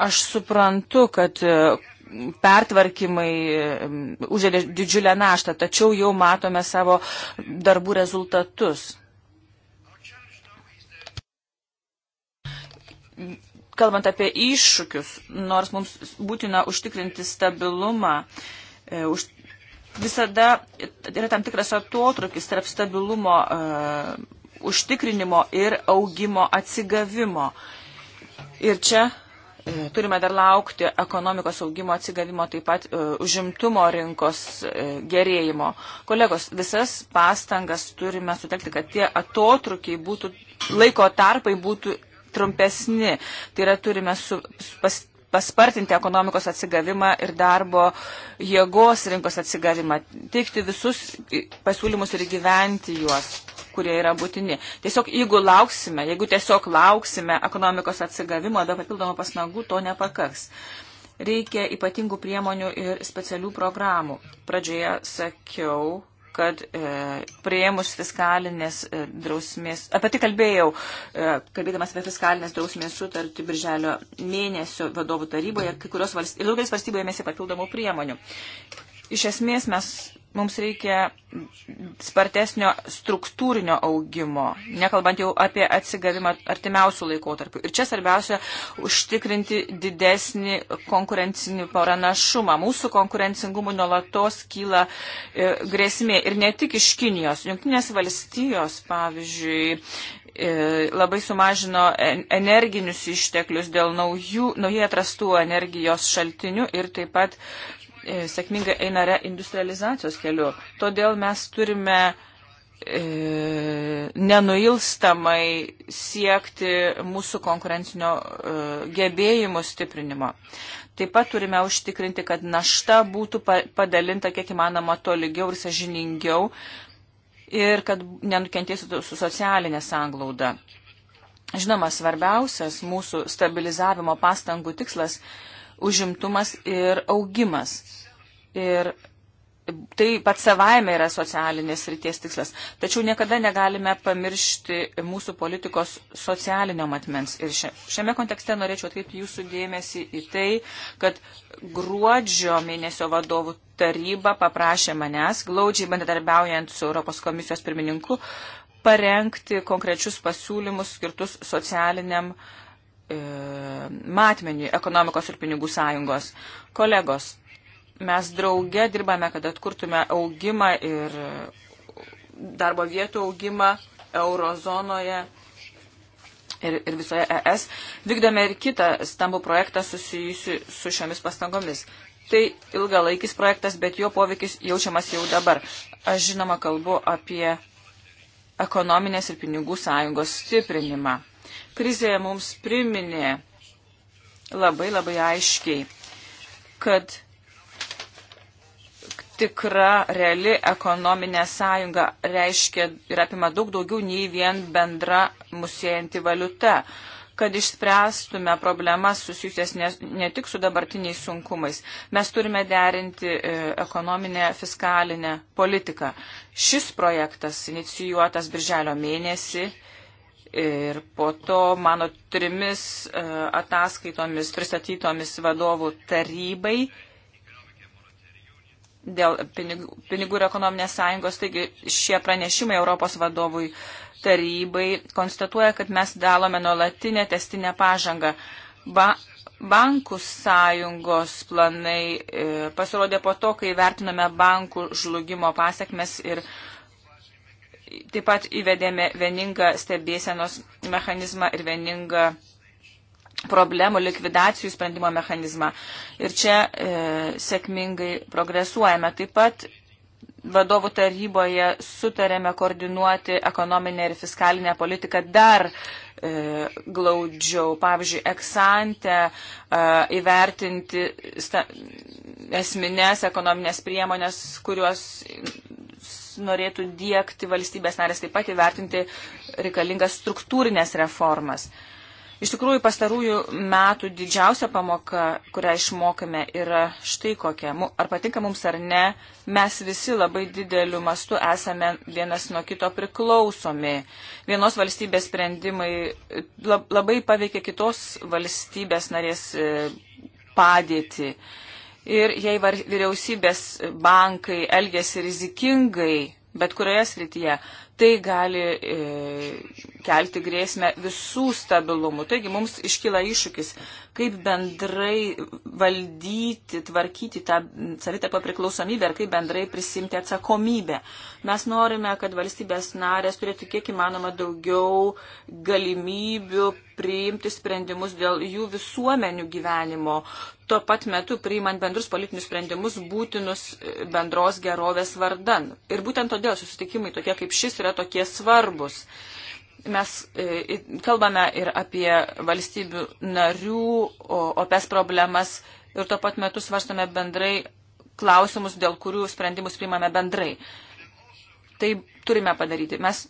Aš suprantu, kad e, pertvarkymai užėlė didžiulę naštą, tačiau jau matome savo darbų rezultatus. Kalbant apie iššūkius, nors mums būtina užtikrinti stabilumą, e, už, visada yra tam tikras atotrukis tarp stabilumo uh, užtikrinimo ir augimo atsigavimo. Ir čia Turime dar laukti ekonomikos augimo atsigavimo, taip pat e, užimtumo rinkos e, gerėjimo. Kolegos, visas pastangas turime sutelkti, kad tie atotrukiai būtų, laiko tarpai būtų trumpesni. Tai yra turime su, pas, paspartinti ekonomikos atsigavimą ir darbo jėgos rinkos atsigavimą, teikti visus pasiūlymus ir gyventi juos, kurie yra būtini. Tiesiog jeigu lauksime, jeigu tiesiog lauksime ekonomikos atsigavimo, be papildomų pasnagų to nepakaks. Reikia ypatingų priemonių ir specialių programų. Pradžioje sakiau, kad e, prieimus fiskalinės e, drausmės, apie tai kalbėjau, e, kalbėdamas apie fiskalinės drausmės sutartį birželio mėnesio vadovų taryboje, kai kurios valstybės, daugelis valstybėje mėsė papildomų priemonių. Iš esmės mes mums reikia spartesnio struktūrinio augimo, nekalbant jau apie atsigavimą artimiausių laikotarpių. Ir čia svarbiausia užtikrinti didesnį konkurencinį paranašumą. Mūsų konkurencingumų nuolatos kyla e, grėsmė ir ne tik iš Kinijos. Junktinės valstijos, pavyzdžiui, e, labai sumažino energinius išteklius dėl naujų, naujai atrastų energijos šaltinių ir taip pat E, sėkmingai eina reindustrializacijos keliu. Todėl mes turime e, nenuilstamai siekti mūsų konkurencinio e, gebėjimų stiprinimo. Taip pat turime užtikrinti, kad našta būtų padalinta kiek įmanoma tolygiau ir sažiningiau ir kad nenukentėsų su socialinė sanglauda. Žinoma, svarbiausias mūsų stabilizavimo pastangų tikslas užimtumas ir augimas. Ir tai pat savaime yra socialinės ryties tikslas. Tačiau niekada negalime pamiršti mūsų politikos socialinio matmens. Ir šiame kontekste norėčiau atkreipti jūsų dėmesį į tai, kad gruodžio mėnesio vadovų taryba paprašė manęs, glaudžiai bendradarbiaujant su Europos komisijos pirmininku, parengti konkrečius pasiūlymus skirtus socialiniam uh, E, matmenį ekonomikos ir pinigų sąjungos. Kolegos, mes drauge dirbame, kad atkurtume augimą ir darbo vietų augimą eurozonoje ir, ir visoje ES. Vykdome ir kitą stambų projektą susijusiu su šiomis pastangomis. Tai ilgalaikis projektas, bet jo poveikis jaučiamas jau dabar. Aš žinoma kalbu apie ekonominės ir pinigų sąjungos stiprinimą. Krizė mums priminė labai labai aiškiai, kad tikra, reali ekonominė sąjunga reiškia ir apima daug daugiau nei vien bendra musėjanti valiuta kad išspręstume problemas susijusias ne, ne tik su dabartiniais sunkumais. Mes turime derinti e, ekonominę, fiskalinę politiką. Šis projektas, inicijuotas birželio mėnesį, e, ir po to mano trimis e, ataskaitomis pristatytomis vadovų tarybai dėl pinigų, pinigų ir ekonominės sąjungos. Taigi šie pranešimai Europos vadovui tarybai konstatuoja, kad mes dalome nuolatinę testinę pažangą. Ba bankų sąjungos planai e, pasirodė po to, kai vertiname bankų žlugimo pasiekmes ir Taip pat įvedėme vieningą stebėsenos mechanizmą ir vieningą problemų likvidacijų sprendimo mechanizmą. Ir čia e, sėkmingai progresuojame. Taip pat vadovų taryboje sutarėme koordinuoti ekonominę ir fiskalinę politiką dar e, glaudžiau. Pavyzdžiui, eksantę e, įvertinti sta, esminės ekonominės priemonės, kurios norėtų dėkti valstybės narės, taip pat įvertinti reikalingas struktūrinės reformas. Iš tikrųjų, pastarųjų metų didžiausia pamoka, kurią išmokame, yra štai kokia. Ar patinka mums ar ne, mes visi labai dideliu mastu esame vienas nuo kito priklausomi. Vienos valstybės sprendimai e, labai paveikia kitos valstybės narės e, padėtį. Ir jei vyriausybės bankai elgesi rizikingai, bet kurioje srityje, tai gali e, kelti grėsmę visų stabilumų. Taigi mums iškyla iššūkis, kaip bendrai valdyti, tvarkyti tą savitapą priklausomybę ir kaip bendrai prisimti atsakomybę. Mes norime, kad valstybės narės turėtų kiek įmanoma daugiau galimybių priimti sprendimus dėl jų visuomenių gyvenimo, tuo pat metu priimant bendrus politinius sprendimus būtinus bendros gerovės vardan. Ir būtent todėl susitikimai tokie kaip šis yra tokie svarbus. Mes e, kalbame ir apie valstybių narių opes problemas ir tuo pat metu svarstame bendrai klausimus, dėl kurių sprendimus priimame bendrai. Tai turime padaryti. Mes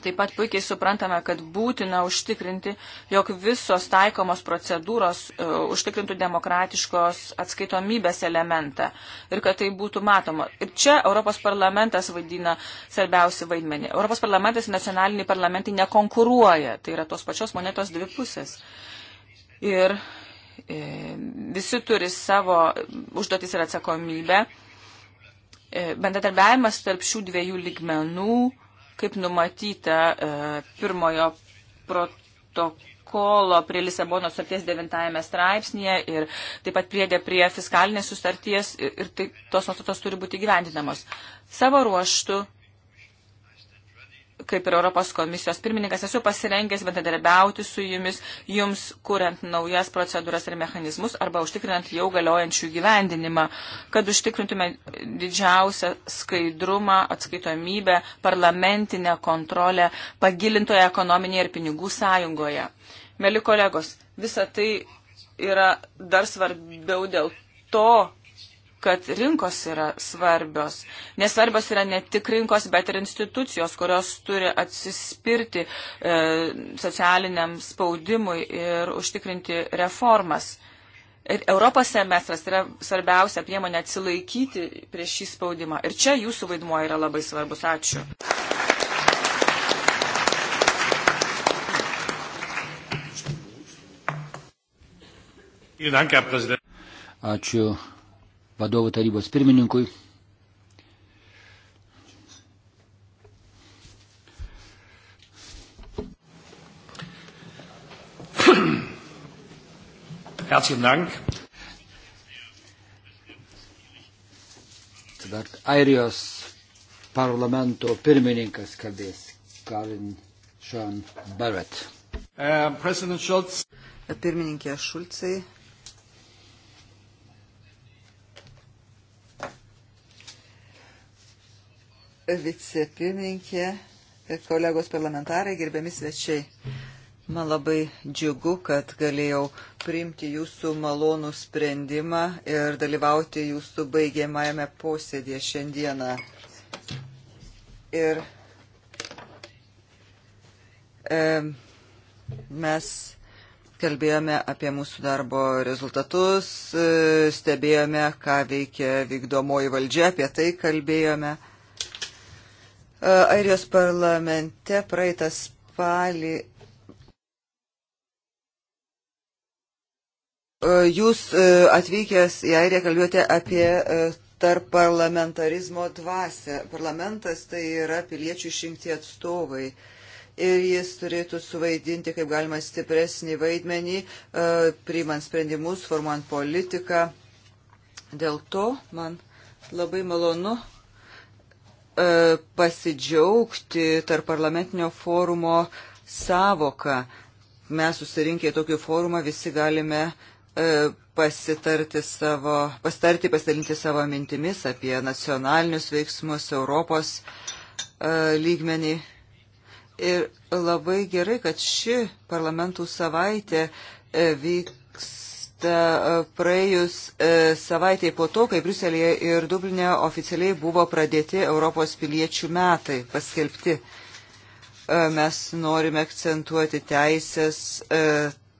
Taip pat puikiai suprantame, kad būtina užtikrinti, jog visos taikomos procedūros uh, užtikrintų demokratiškos atskaitomybės elementą ir kad tai būtų matoma. Ir čia Europos parlamentas vaidina svarbiausią vaidmenį. Europos parlamentas ir nacionaliniai parlamentai nekonkuruoja, tai yra tos pačios monetos dvi pusės. Ir e, visi turi savo užduotis ir atsakomybę. E, bendradarbiavimas tarp šių dviejų ligmenų kaip numatyta e, pirmojo protokolo prie Lisabonos sutarties devintajame straipsnėje ir taip pat priedė prie fiskalinės sutarties ir tai, tos nuostatos turi būti gyvendinamos. Savo ruoštų kaip ir Europos komisijos pirmininkas, esu pasirengęs bendradarbiauti su jumis, jums kuriant naujas procedūras ir mechanizmus arba užtikrinant jau galiojančių gyvendinimą, kad užtikrintume didžiausią skaidrumą, atskaitomybę, parlamentinę kontrolę pagilintoje ekonominėje ir pinigų sąjungoje. Meli kolegos, visa tai yra dar svarbiau dėl to, kad rinkos yra svarbios. Nesvarbios yra ne tik rinkos, bet ir institucijos, kurios turi atsispirti e, socialiniam spaudimui ir užtikrinti reformas. Ir Europos semestras yra svarbiausia priemonė atsilaikyti prieš šį spaudimą. Ir čia jūsų vaidmuo yra labai svarbus. Ačiū. Ačiū vadovų tarybos pirmininkui. Herzlichen Dank. Dabar Airijos parlamento pirmininkas kalbės Karin Sean Barrett. Uh, Pirmininkė Šulcai, vicepirmininkė, kolegos parlamentarai, gerbiami svečiai. Man labai džiugu, kad galėjau priimti jūsų malonų sprendimą ir dalyvauti jūsų baigiamajame posėdėje šiandieną. Ir e, mes kalbėjome apie mūsų darbo rezultatus, e, stebėjome, ką veikia vykdomoji valdžia, apie tai kalbėjome. Airijos parlamente praeitą spalį jūs atvykęs į Airiją kalbėjote apie tarp parlamentarizmo dvasę. Parlamentas tai yra piliečių išrinkti atstovai ir jis turėtų suvaidinti kaip galima stipresnį vaidmenį, priimant sprendimus, formuojant politiką. Dėl to man labai malonu E, pasidžiaugti tarp parlamentinio forumo savoką. Mes susirinkę į tokį forumą visi galime e, pasitarti savo, pastarti, pasidalinti savo mintimis apie nacionalinius veiksmus Europos e, lygmenį. Ir labai gerai, kad ši parlamentų savaitė vyks padaryta e, praėjus e, savaitėj po to, kai Bruselėje ir Dublinė oficialiai buvo pradėti Europos piliečių metai paskelbti. E, mes norime akcentuoti teisės,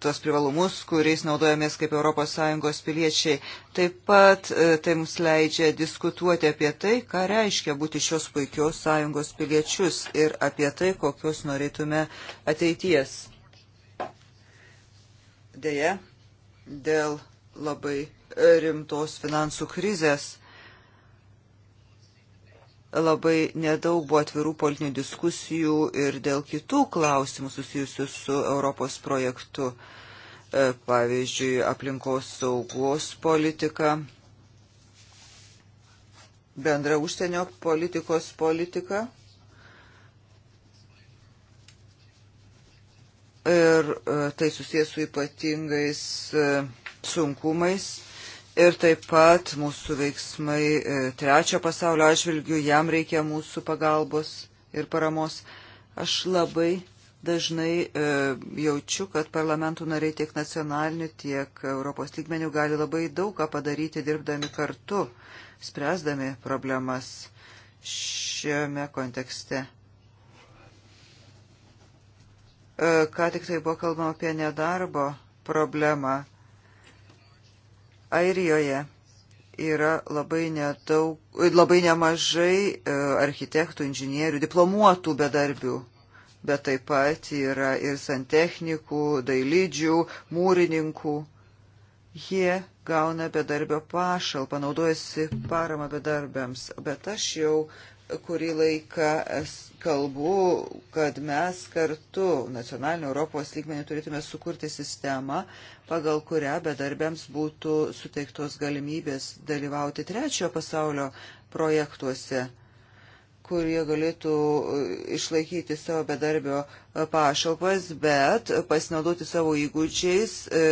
tos privalumus, kuriais naudojamės kaip ES piliečiai. Taip pat tai mums leidžia diskutuoti apie tai, ką reiškia būti šios puikios sąjungos piliečius ir apie tai, kokios norėtume ateities. Deja, dėl labai rimtos finansų krizės. Labai nedaug buvo atvirų politinių diskusijų ir dėl kitų klausimų susijusių su Europos projektu, e, pavyzdžiui, aplinkos saugos politika, bendra užsienio politikos politika. ir e, tai susijęs su ypatingais e, sunkumais. Ir taip pat mūsų veiksmai e, trečio pasaulio atžvilgių, jam reikia mūsų pagalbos ir paramos. Aš labai dažnai e, jaučiu, kad parlamentų nariai tiek nacionalinių, tiek Europos lygmenių gali labai daug ką padaryti dirbdami kartu, spręsdami problemas šiame kontekste. E, ką tik tai buvo kalbama apie nedarbo problemą. Airijoje yra labai, nedaug, e, labai nemažai e, architektų, inžinierių, diplomuotų bedarbių, bet taip pat yra ir santechnikų, dailydžių, mūrininkų. Jie gauna bedarbio pašalpą, naudojasi parama bedarbiams, bet aš jau kurį laiką kalbu, kad mes kartu nacionaliniu Europos lygmenį turėtume sukurti sistemą, pagal kurią bedarbiams būtų suteiktos galimybės dalyvauti trečiojo pasaulio projektuose kurie galėtų e, išlaikyti savo bedarbio e, pašalpas, bet pasinaudoti savo įgūdžiais e,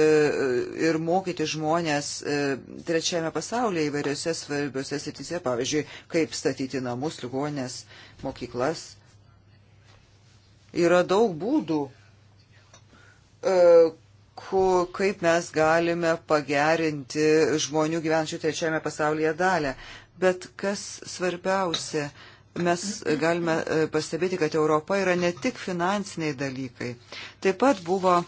ir mokyti žmonės trečiame pasaulyje įvairiose svarbiose srityse, pavyzdžiui, kaip statyti namus, ligonės, mokyklas. Yra daug būdų, ku, kaip mes galime pagerinti žmonių gyvenčių trečiame pasaulyje dalę. Bet kas svarbiausia, mes e, galime e, pastebėti, kad Europa yra ne tik finansiniai dalykai. Taip pat buvo e,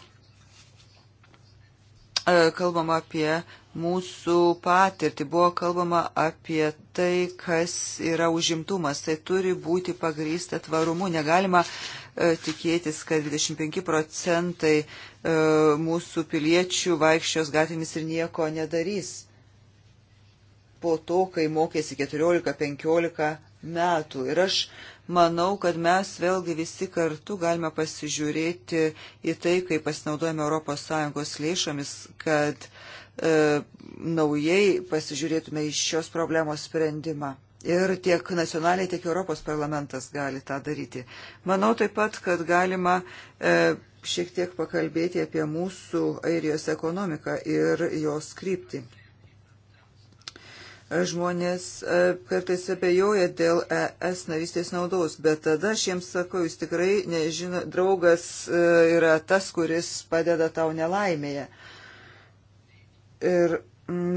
kalbama apie mūsų patirtį, buvo kalbama apie tai, kas yra užimtumas. Tai turi būti pagrįsta tvarumu. Negalima tikėtis, kad 25 procentai mūsų piliečių vaikščios gatvėmis ir nieko nedarys. Po to, kai mokėsi 14-15 metų. Ir aš manau, kad mes vėlgi visi kartu galime pasižiūrėti į tai, kaip pasinaudojame ES lėšomis, kad e, naujai pasižiūrėtume į šios problemos sprendimą. Ir tiek nacionaliai, tiek Europos parlamentas gali tą daryti. Manau taip pat, kad galima e, šiek tiek pakalbėti apie mūsų airijos ekonomiką ir jos kryptį žmonės e, kartais abejoja dėl ES narystės naudos, bet tada aš jiems sakau, jūs tikrai nežino, draugas e, yra tas, kuris padeda tau nelaimėje. Ir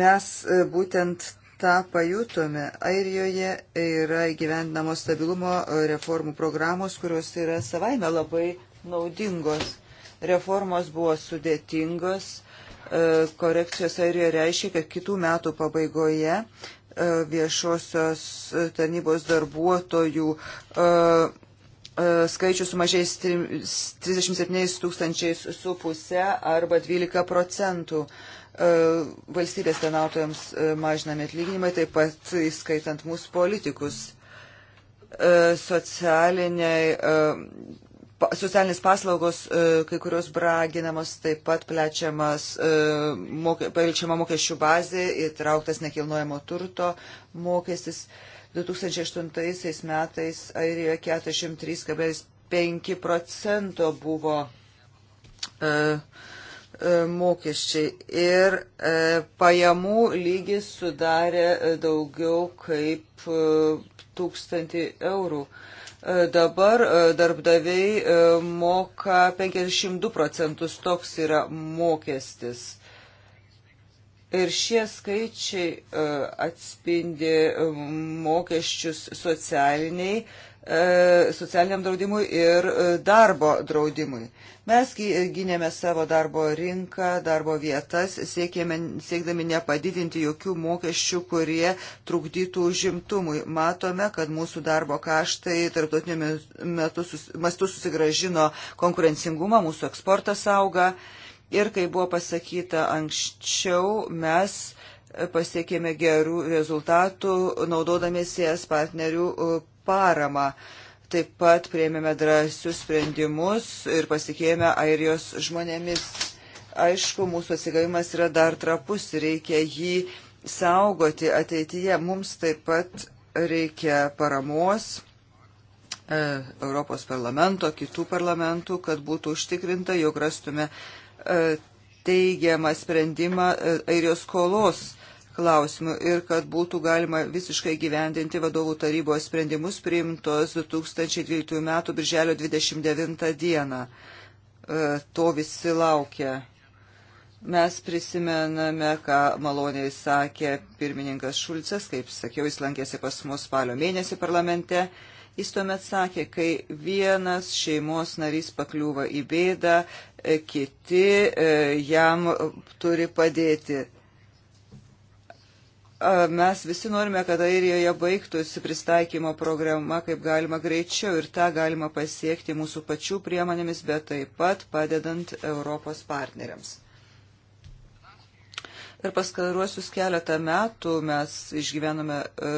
mes e, būtent tą pajutome. Airijoje yra gyvendinamos stabilumo reformų programos, kurios yra savaime labai naudingos. Reformos buvo sudėtingos E, korekcijos airijoje reiškia, kad kitų metų pabaigoje e, viešosios tarnybos darbuotojų e, skaičius sumažės 37 tūkstančiais su pusė arba 12 procentų. Valstybės tenautojams mažinami atlyginimai, taip pat įskaitant mūsų politikus. Socialiniai socialinės paslaugos e, kai kurios braginamos, taip pat plečiamas, e, pailčiama mokesčių bazė, įtrauktas nekilnojamo turto mokestis. 2008 metais Airijoje 43,5 procento buvo e, mokesčiai ir pajamų lygis sudarė daugiau kaip tūkstantį eurų. Dabar e, darbdaviai e, moka 52 procentus, toks yra mokestis. Ir šie skaičiai e, atspindi mokesčius socialiniai E, socialiniam draudimui ir e, darbo draudimui. Mes e, gynėme savo darbo rinką, darbo vietas, siekėme, siekdami nepadidinti jokių mokesčių, kurie trukdytų žimtumui. Matome, kad mūsų darbo kaštai tarptautiniu mastu susigražino konkurencingumą, mūsų eksportas auga. Ir kaip buvo pasakyta anksčiau, mes pasiekėme gerų rezultatų, naudodamėsi es partnerių paramą. Taip pat prieimėme drąsius sprendimus ir pasikėjome airijos žmonėmis. Aišku, mūsų atsigavimas yra dar trapus ir reikia jį saugoti ateityje. Mums taip pat reikia paramos e, Europos parlamento, kitų parlamentų, kad būtų užtikrinta, jog rastume e, teigiamą sprendimą e, airijos skolos klausimų ir kad būtų galima visiškai gyvendinti vadovų tarybos sprendimus priimtos 2012 m. birželio 29 d. E, to visi laukia. Mes prisimename, ką maloniai sakė pirmininkas Šulcas, kaip sakiau, jis lankėsi pas mus spalio mėnesį parlamente. Jis tuomet sakė, kai vienas šeimos narys pakliūva į bėdą, e, kiti e, jam turi padėti. Mes visi norime, kad Airijoje baigtųsi pristaikymo programa kaip galima greičiau ir tą galima pasiekti mūsų pačių priemonėmis, bet taip pat padedant Europos partneriams. Per paskaruosius keletą metų mes išgyvenome e,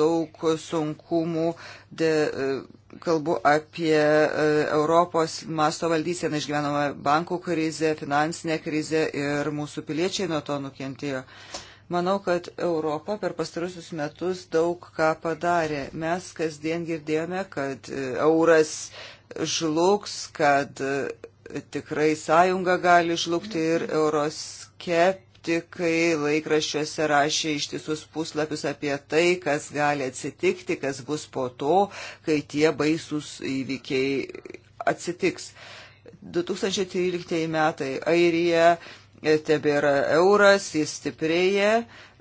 daug sunkumų, de, e, kalbu apie e, Europos masto valdyseną, išgyvenome bankų krizę, finansinę krizę ir mūsų piliečiai nuo to nukentėjo. E, Manau, kad Europa per pastarusius metus daug ką padarė. Mes kasdien girdėjome, kad e, euras žlugs, kad e, tikrai sąjunga gali žlugti ir euroskeptikai laikraščiuose rašė ištisus puslapius apie tai, kas gali atsitikti, kas bus po to, kai tie baisus įvykiai atsitiks. 2013 metai Airija E, tebėra euras, jis stiprėja,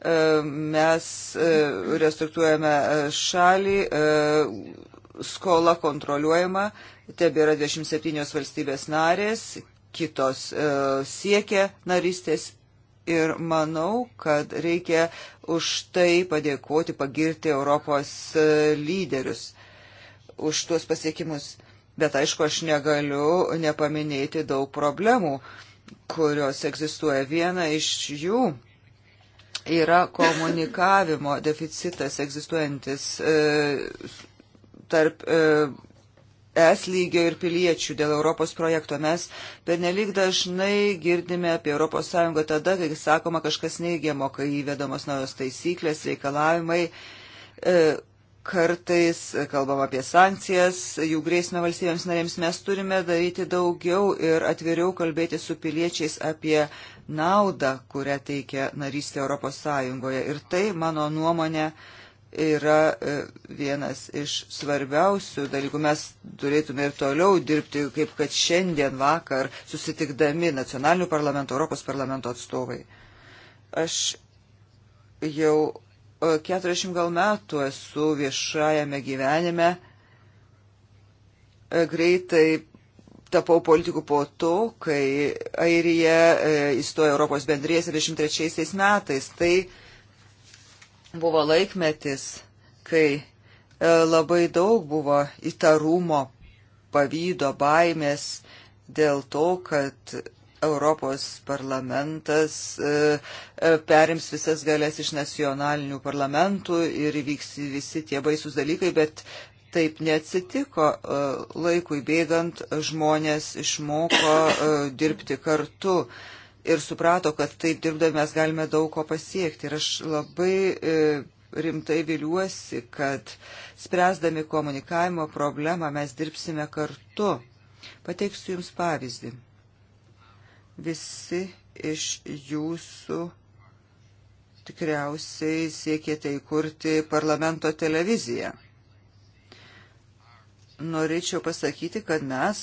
e, mes e, restruktūrojame šalį, skola kontroliuojama, tebėra 27 valstybės narės, kitos siekia narystės ir manau, kad reikia už tai padėkoti, pagirti Europos lyderius už tuos pasiekimus. Bet aišku, aš negaliu nepaminėti daug problemų. Uh, kurios egzistuoja. Viena iš jų yra komunikavimo deficitas egzistuojantis e, tarp e, es lygio ir piliečių dėl Europos projekto. Mes pernelyg dažnai girdime apie ES tada, kai sakoma kažkas neigiamo, kai įvedamos naujos taisyklės, reikalavimai, e, kartais kalbam apie sankcijas, jų grėsmę valstybėms narėms, mes turime daryti daugiau ir atviriau kalbėti su piliečiais apie naudą, kurią teikia narystė Europos Sąjungoje. Ir tai, mano nuomonė, yra e, vienas iš svarbiausių dalykų. Mes turėtume ir toliau dirbti, kaip kad šiandien vakar susitikdami nacionalinių parlamentų, Europos parlamento atstovai. Aš jau 40 gal metų esu viešajame gyvenime. E, greitai tapau politikų po to, kai Airija e, įstojo Europos bendrijas 23 metais. Tai buvo laikmetis, kai e, labai daug buvo įtarumo, pavydo, baimės dėl to, kad Europos parlamentas e, e, perims visas galės iš nacionalinių parlamentų ir įvyks visi tie baisus dalykai, bet taip neatsitiko. E, laikui bėgant žmonės išmoko dirbti kartu ir suprato, kad taip dirbdami mes galime daug ko pasiekti. Ir aš labai rimtai viliuosi, kad spręsdami komunikavimo problemą mes dirbsime kartu. Pateiksiu Jums pavyzdį. Visi iš jūsų tikriausiai siekėte įkurti parlamento televiziją. Norėčiau pasakyti, kad mes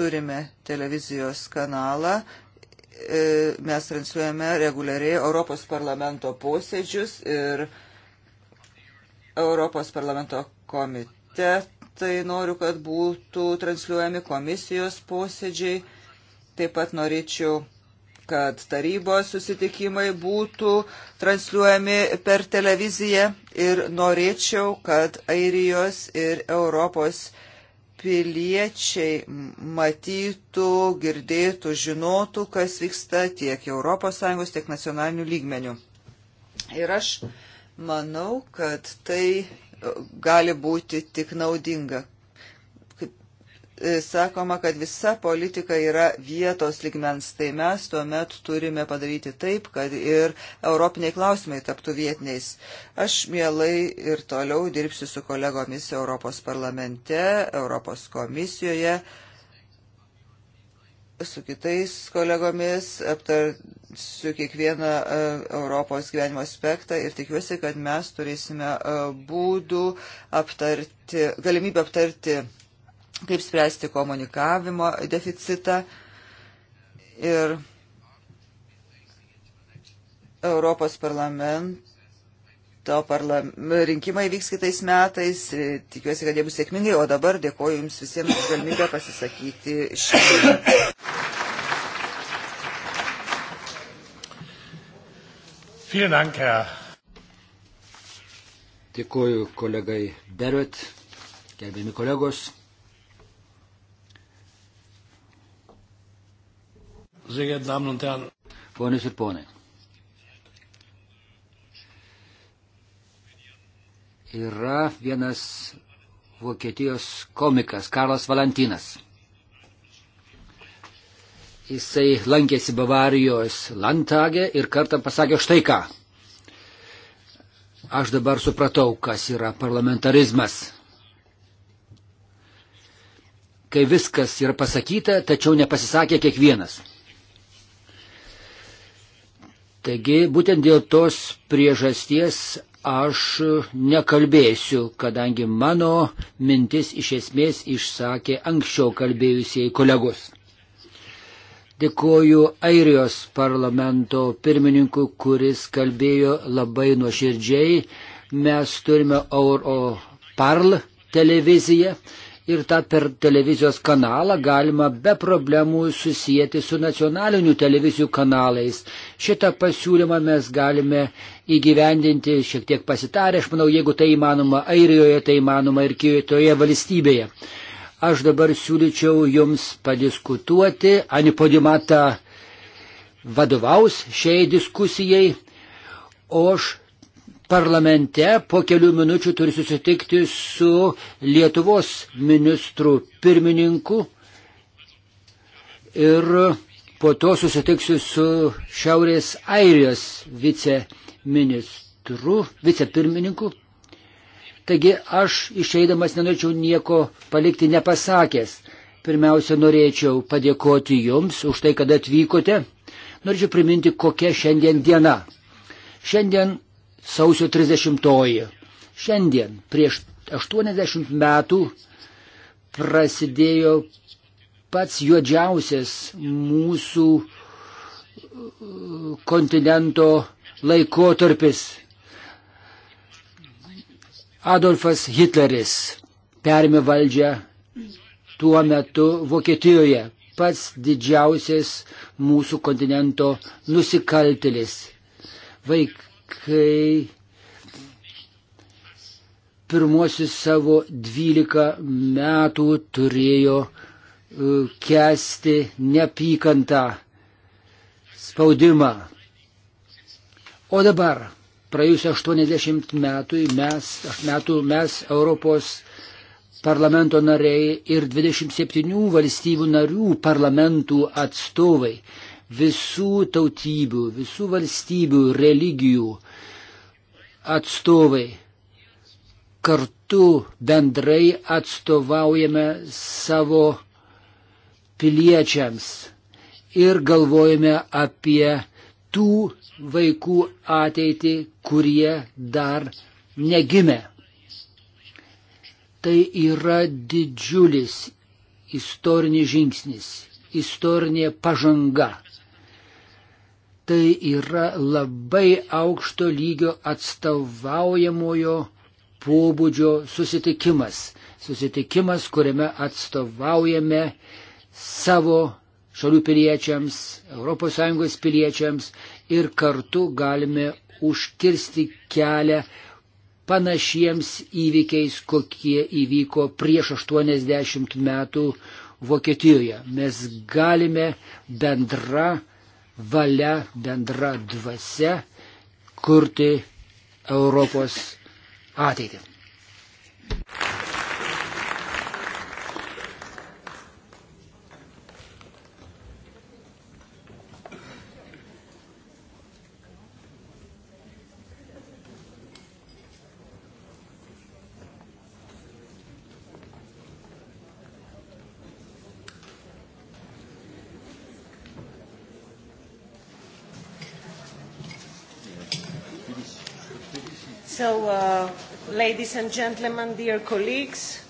turime televizijos kanalą, e, mes transliuojame reguliariai Europos parlamento posėdžius ir Europos parlamento komitetai tai noriu, kad būtų transliuojami komisijos posėdžiai Taip pat norėčiau kad tarybos susitikimai būtų transliuojami per televiziją ir norėčiau, kad Airijos ir Europos piliečiai matytų, girdėtų, žinotų, kas vyksta tiek ES, tiek nacionalinių lygmenių. Ir aš manau, kad tai gali būti tik naudinga. E, sakoma, kad visa politika yra vietos ligmens, tai mes tuomet turime padaryti taip, kad ir europiniai klausimai taptų vietiniais. Aš mielai ir toliau dirbsiu su kolegomis Europos parlamente, Europos komisijoje, su kitais kolegomis, aptarsiu kiekvieną e, Europos gyvenimo aspektą ir tikiuosi, kad mes turėsime e, būdų aptarti, galimybę aptarti kaip spręsti komunikavimo deficitą ir Europos parlamento parlam, rinkimai vyks kitais metais, tikiuosi, kad jie bus sėkmingai, o dabar dėkoju Jums visiems už galimybę pasisakyti šiandien. Vielen Dank, Herr. Dėkuoju kolegai Beret, gerbėmi kolegos. Ponius ir ponai. Yra vienas Vokietijos komikas Karlas Valentinas. Jisai lankėsi Bavarijos Lantage ir kartą pasakė štai ką. Aš dabar supratau, kas yra parlamentarizmas. Kai viskas yra pasakyta, tačiau nepasisakė kiekvienas. Taigi būtent dėl tos priežasties aš nekalbėsiu, kadangi mano mintis iš esmės išsakė anksčiau kalbėjusieji kolegos. Dėkoju Airijos parlamento pirmininkui, kuris kalbėjo labai nuoširdžiai. Mes turime Euro Parl televiziją ir tą per televizijos kanalą galima be problemų susijęti su nacionaliniu televizijų kanalais. Šitą pasiūlymą mes galime įgyvendinti šiek tiek pasitarę, aš manau, jeigu tai įmanoma Airijoje, tai įmanoma ir kitoje valstybėje. Aš dabar siūlyčiau jums padiskutuoti, Anipodimata vadovaus šiai diskusijai, o aš parlamente po kelių minučių turi susitikti su Lietuvos ministru pirmininku ir po to susitiksiu su Šiaurės Airijos viceministru, vicepirmininku. Taigi aš išeidamas nenorėčiau nieko palikti nepasakęs. Pirmiausia, norėčiau padėkoti Jums už tai, kad atvykote. Norėčiau priminti, kokia šiandien diena. Šiandien sausio 30-oji. Šiandien, prieš 80 metų, prasidėjo pats juodžiausias mūsų uh, kontinento laikotarpis. Adolfas Hitleris perėmė valdžią tuo metu Vokietijoje, pats didžiausias mūsų kontinento nusikaltelis. Vaik, kai pirmuosius savo 12 metų turėjo e, kesti neapykantą spaudimą. O dabar, praėjus 80 metų mes, metų mes Europos parlamento nariai ir 27 valstybių narių parlamentų atstovai visų tautybių, visų valstybių, religijų atstovai. Kartu bendrai atstovaujame savo piliečiams ir galvojame apie tų vaikų ateitį, kurie dar negimė. Tai yra didžiulis istorinis žingsnis, istorinė pažanga tai yra labai aukšto lygio atstovaujamojo pobūdžio susitikimas. Susitikimas, kuriame atstovaujame savo šalių piliečiams, ES piliečiams ir kartu galime užkirsti kelią panašiems įvykiais, kokie įvyko prieš 80 metų Vokietijoje. Mes galime bendra valia, bendra dvasia kurti Europos ateitį. So, uh, ladies and gentlemen, dear colleagues,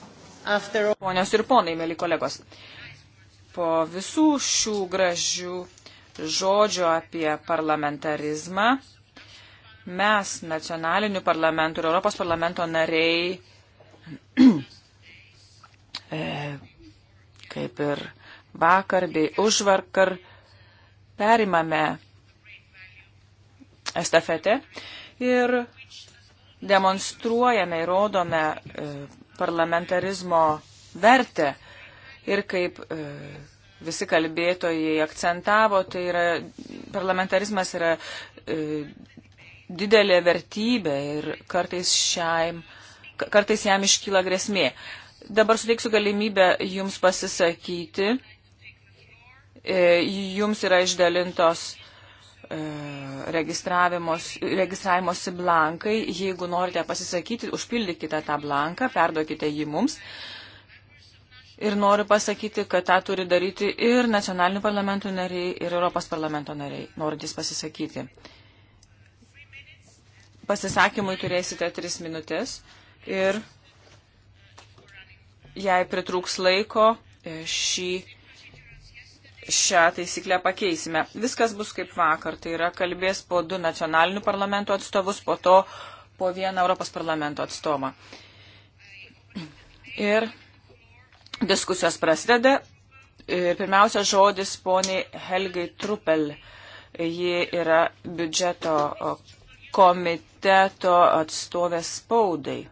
after... Ponios ir ponai, mėly kolegos, po visų šių gražių žodžių apie parlamentarizmą, mes, nacionalinių parlamentų ir Europos parlamento nariai, [CLEARS THROAT] e, kaip ir vakar bei užvakar, perimame estafetę ir demonstruojame ir rodome e, parlamentarizmo vertę ir kaip e, visi kalbėtojai akcentavo, tai yra parlamentarizmas yra e, didelė vertybė ir kartais, šiam, kartais jam iškyla grėsmė. Dabar suteiksiu galimybę jums pasisakyti. Jums yra išdalintos E, registravimosi blankai. Jeigu norite pasisakyti, užpildykite tą blanką, perduokite jį mums. Ir noriu pasakyti, kad tą turi daryti ir nacionalinių parlamentų nariai, ir Europos parlamento nariai, norintys pasisakyti. Pasisakymui turėsite tris minutės ir jei pritrūks laiko e, šį šią taisyklę pakeisime. Viskas bus kaip vakar, tai yra kalbės po du nacionalinių parlamento atstovus, po to po vieną Europos parlamento atstovą. Ir diskusijos prasideda. Ir pirmiausia žodis poniai Helgai Trupel. Ji yra biudžeto komiteto atstovė spaudai.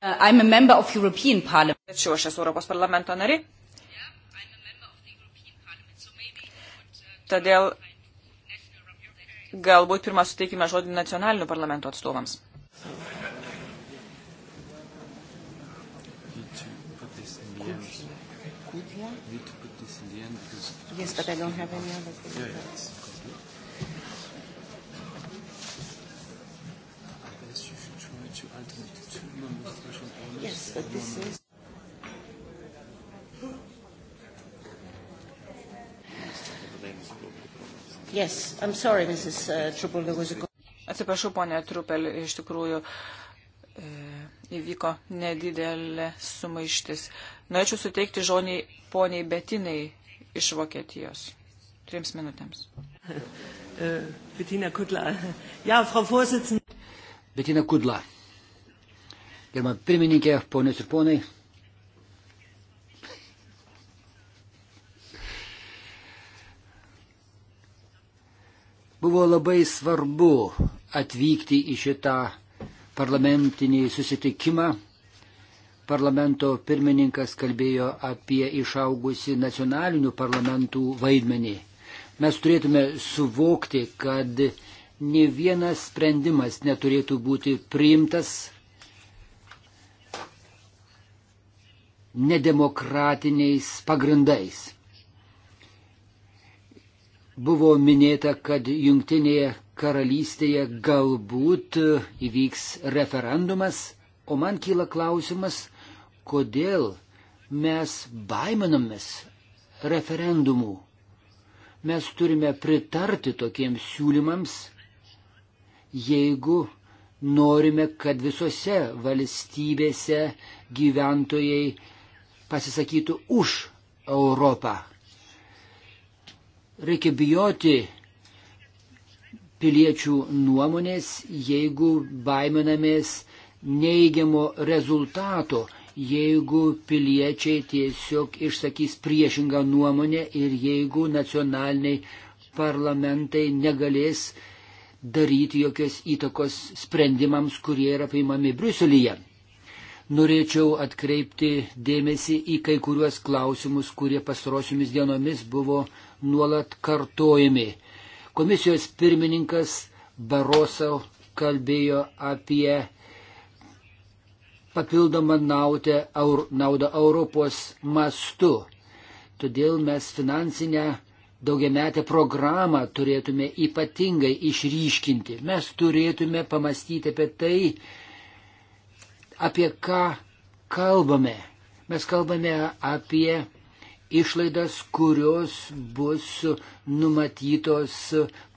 Uh, Tačiau aš esu Europos parlamento nari Todėl galbūt pirmą suteikime žodį nacionalinių parlamento atstovams. Yes, but I don't have any other thing. Yeah, yeah. Yes, but this is. Yes, I'm sorry, Mrs. Uh, Trupel, there was a... Atsiprašau, ponė Trupel, iš tikrųjų e, įvyko nedidelė sumaištis. Norėčiau suteikti žodį poniai Betinai iš Vokietijos. Trims minutėms. [LAUGHS] Äh, Betina Kudla. Ja, Frau Vorsitzende. Betina Kudla. Germa pirmininkė, ponios ir ponai. Buvo labai svarbu atvykti į šitą parlamentinį susitikimą. Parlamento pirmininkas kalbėjo apie išaugusi nacionalinių parlamentų vaidmenį. Mes turėtume suvokti, kad ne vienas sprendimas neturėtų būti priimtas nedemokratiniais pagrindais. Buvo minėta, kad jungtinėje karalystėje galbūt įvyks referendumas, o man kyla klausimas, kodėl mes baiminomės referendumų. Mes turime pritarti tokiems siūlymams, jeigu norime, kad visose valstybėse gyventojai pasisakytų už Europą reikia bijoti piliečių nuomonės, jeigu baiminamės neigiamo rezultato, jeigu piliečiai tiesiog išsakys priešingą nuomonę ir jeigu nacionaliniai parlamentai negalės daryti jokios įtakos sprendimams, kurie yra priimami Briuselyje. Norėčiau atkreipti dėmesį į kai kuriuos klausimus, kurie pastarosiomis dienomis buvo uh, nuolat kartojami. Komisijos pirmininkas Baroso kalbėjo apie papildomą naudą, eur, naudą Europos mastu. Todėl mes finansinę daugiametę programą turėtume ypatingai išryškinti. Mes turėtume pamastyti apie tai, apie ką kalbame. Mes kalbame apie išlaidas, kurios bus numatytos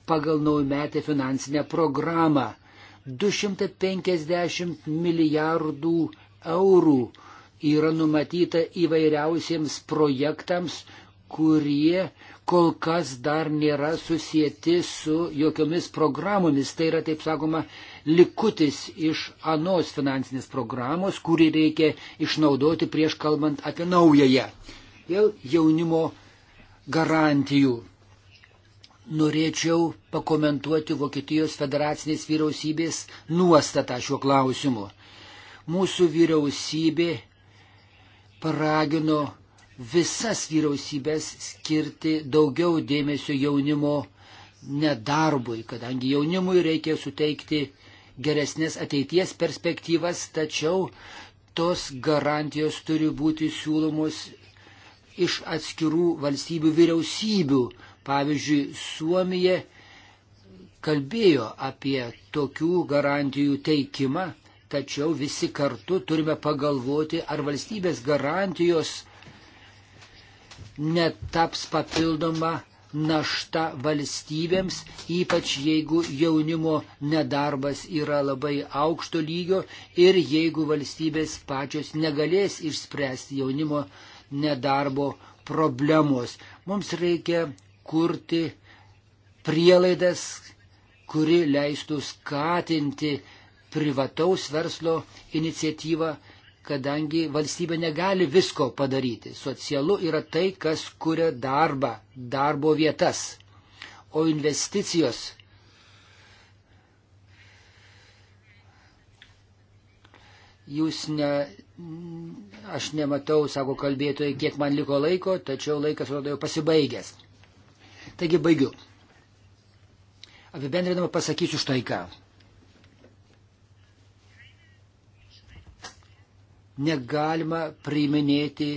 pagal naujametę finansinę programą. 250 milijardų eurų yra numatyta įvairiausiems projektams, kurie kol kas dar nėra susijęti su jokiomis programomis. Tai yra, taip sakoma, likutis iš anos finansinės programos, kurį reikia išnaudoti prieš kalbant apie naująją dėl jaunimo garantijų. Norėčiau pakomentuoti Vokietijos federacinės vyriausybės nuostatą šiuo klausimu. Mūsų vyriausybė paragino visas vyriausybės skirti daugiau dėmesio jaunimo nedarbui, kadangi jaunimui reikia suteikti geresnės ateities perspektyvas, tačiau tos garantijos turi būti siūlomos iš atskirų valstybių vyriausybių. Pavyzdžiui, Suomija kalbėjo apie tokių garantijų teikimą, tačiau visi kartu turime pagalvoti, ar valstybės garantijos netaps papildoma našta valstybėms, ypač jeigu jaunimo nedarbas yra labai aukšto lygio ir jeigu valstybės pačios negalės išspręsti jaunimo nedarbo problemos. Mums reikia kurti prielaidas, kuri leistų skatinti privataus verslo iniciatyvą, kadangi valstybė negali visko padaryti. Socialu yra tai, kas kuria darbą, darbo vietas. O investicijos jūs ne, Aš nematau, sako kalbėtojai, kiek man liko laiko, tačiau laikas rodo jau pasibaigęs. Taigi baigiu. Apibendrinama pasakysiu štai ką. Negalima priiminėti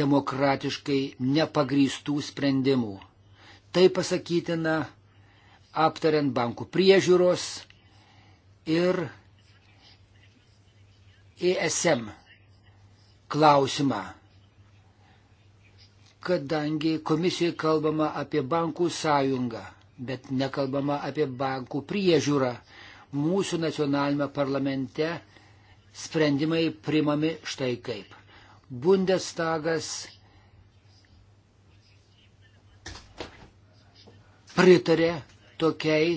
demokratiškai nepagrystų sprendimų. Tai pasakytina aptariant bankų priežiūros ir ESM klausimą, kadangi komisijoje kalbama apie bankų sąjungą, bet nekalbama apie bankų priežiūrą. Mūsų nacionalinėme parlamente sprendimai primami štai kaip. Bundestagas pritarė tokiai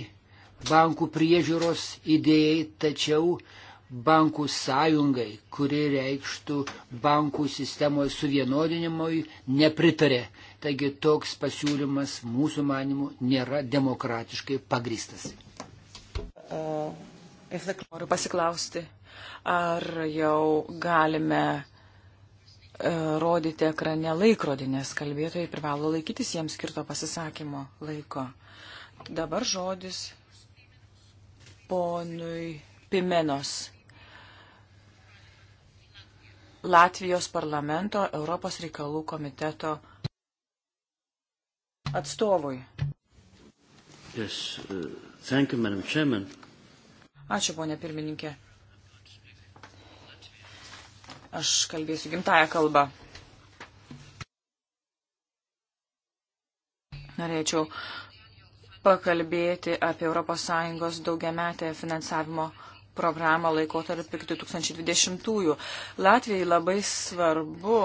bankų priežiūros idėjai, tačiau bankų sąjungai, kuri reikštų bankų sistemos suvienodinimui, nepritarė. Taigi toks pasiūlymas mūsų manimų nėra demokratiškai pagristas. Uh, Noriu pasiklausti, ar jau galime uh, rodyti ekrane laikrodį, nes kalbėtojai privalo laikytis jiems skirto pasisakymo laiko. Dabar žodis ponui Pimenos. Latvijos parlamento Europos reikalų komiteto atstovui. Yes, uh, thank you, Madam Chairman. Ačiū, ponė pirmininkė. Aš kalbėsiu gimtają kalbą. Norėčiau pakalbėti apie ES daugiametę finansavimo programą laikotarpį 2020-ųjų. Latvijai labai svarbu,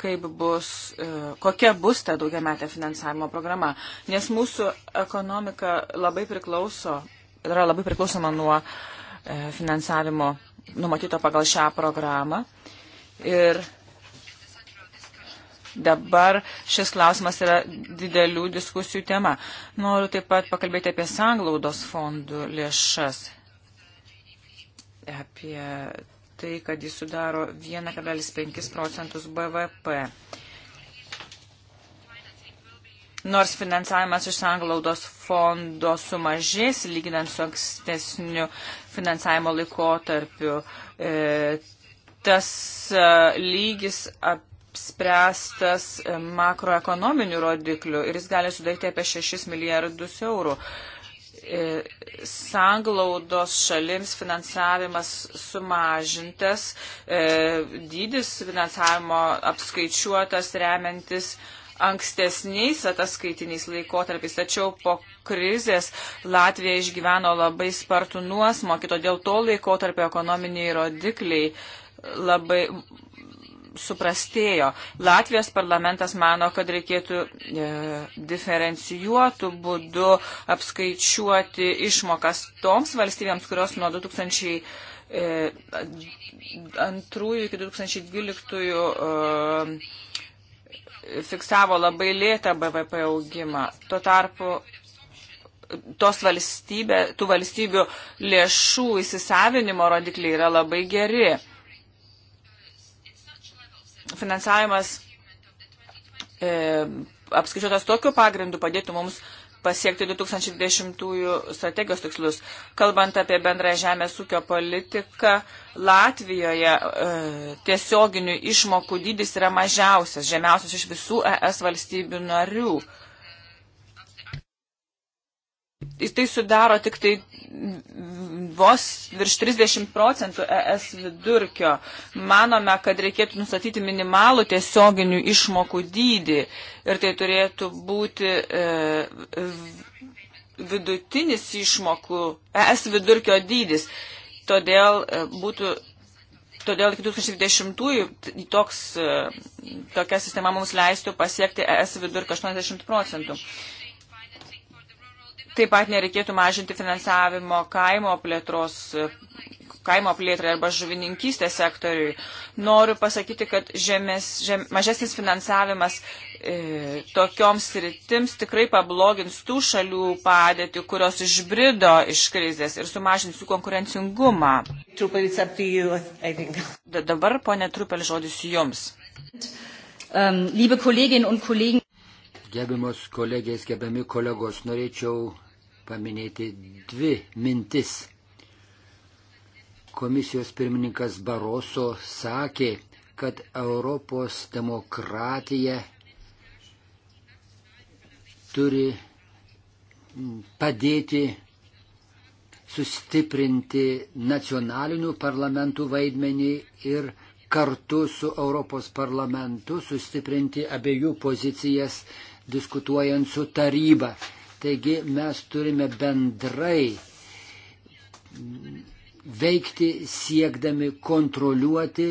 kaip bus, e, kokia bus ta daugiametė finansavimo programa, nes mūsų ekonomika labai priklauso, yra labai priklausoma nuo e, finansavimo numatyto pagal šią programą. Ir dabar šis klausimas yra didelių diskusijų tema. Noriu taip pat pakalbėti apie sanglaudos fondų lėšas. Apie tai, kad jis sudaro 1,5 procentus BVP. Nors finansavimas iš sanglaudos fondo sumažės, lyginant su ankstesniu finansavimo laikotarpiu, e, tas e, lygis ap, apspręstas makroekonominių rodiklių ir jis gali sudaryti apie 6 milijardus eurų. E, sanglaudos šalims finansavimas sumažintas, e, dydis finansavimo apskaičiuotas remiantis ankstesniais ataskaitiniais laikotarpiais, tačiau po krizės Latvija išgyveno labai spartų nuosmokį, todėl to laikotarpio ekonominiai rodikliai labai suprastėjo. Latvijos parlamentas mano, kad reikėtų e, diferencijuotų būdų apskaičiuoti išmokas toms valstybėms, kurios nuo 2002 e, iki 2012 e, fiksavo labai lėtą BVP augimą. Tuo tarpu tos valstybė, tų valstybių lėšų įsisavinimo rodikliai yra labai geri finansavimas e, apskaičiuotas tokiu pagrindu padėtų mums pasiekti 2020 strategijos tikslus. Kalbant apie bendrą žemės ūkio politiką, Latvijoje e, tiesioginių išmokų dydis yra mažiausias, žemiausias iš visų ES valstybių narių. E, Jis tai sudaro tik tai vos virš 30 procentų ES vidurkio. Manome, kad reikėtų nustatyti minimalų tiesioginių išmokų dydį ir tai turėtų būti e, vidutinis išmokų ES vidurkio dydis. Todėl e, būtų. Todėl iki 2020-ųjų toks, e, tokia sistema mums leistų pasiekti ES vidurkio 80 procentų. E, Taip pat nereikėtų mažinti finansavimo kaimo plėtros, kaimo plėtrai arba žuvininkystės sektoriui. Noriu pasakyti, kad žemės, žem, mažesnis finansavimas e, tokioms sritims tikrai pablogins tų šalių padėtį, kurios išbrido iš krizės ir sumažins jų konkurencingumą. You, Dabar, ponė Trupel, žodis jums. Um, liebe Kolleginnen und Kollegen, Gerbiamos kolegės, gerbiami kolegos, norėčiau paminėti dvi mintis. Komisijos pirmininkas Baroso sakė, kad Europos demokratija turi padėti sustiprinti nacionalinių parlamentų vaidmenį ir kartu su Europos parlamentu sustiprinti abiejų pozicijas diskutuojant su taryba. Taigi mes turime bendrai veikti siekdami kontroliuoti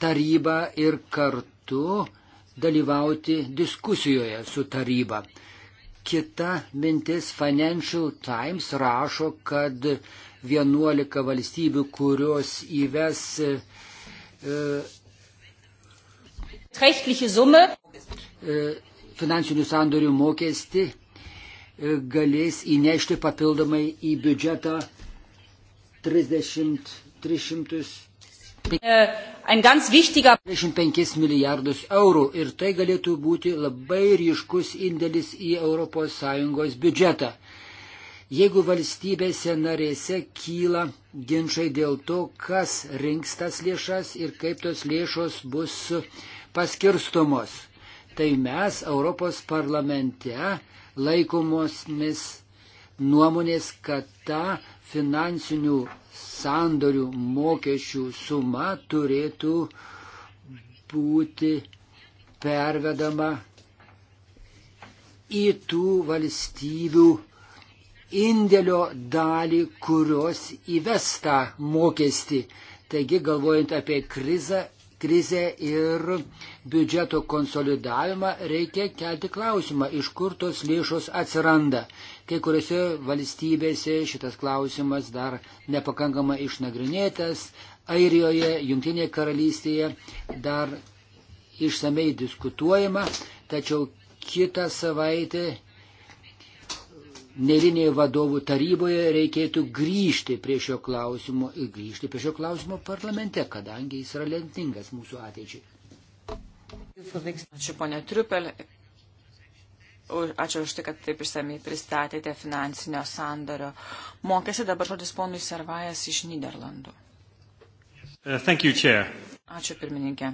tarybą ir kartu dalyvauti diskusijoje su taryba. Kita mintis Financial Times rašo, kad 11 valstybių, kurios įves e, finansinių sandorių mokestį e, galės įnešti papildomai į biudžetą 30, 300, 25 milijardus eurų ir tai galėtų būti labai ryškus indėlis į ES biudžetą. Jeigu valstybėse narėse kyla ginčiai dėl to, kas rinks tas lėšas ir kaip tos lėšos bus paskirstomos tai mes Europos parlamente laikomosmis nuomonės, kad ta finansinių sandorių mokesčių suma turėtų būti pervedama į tų valstybių indėlio dalį, kurios įvesta mokestį. Taigi, galvojant apie krizę, krizę ir biudžeto konsolidavimą, reikia kelti klausimą, iš kur tos lėšos atsiranda. Kai kuriuose valstybėse šitas klausimas dar nepakankamai išnagrinėtas, Airijoje, Junktinėje karalystėje dar išsamei diskutuojama, tačiau kitą savaitę Nerinėje vadovų taryboje reikėtų grįžti prie šio klausimo ir grįžti prie šio klausimo parlamente, kadangi jis yra lentingas mūsų ateičiai. Ačiū, ponė Triupel. Ačiū už tai, kad taip išsamei pristatėte finansinio sandario. Mokėsi dabar žodis ponui Servajas iš Niderlandų. Uh, thank you, Chair. Ačiū, pirmininkė.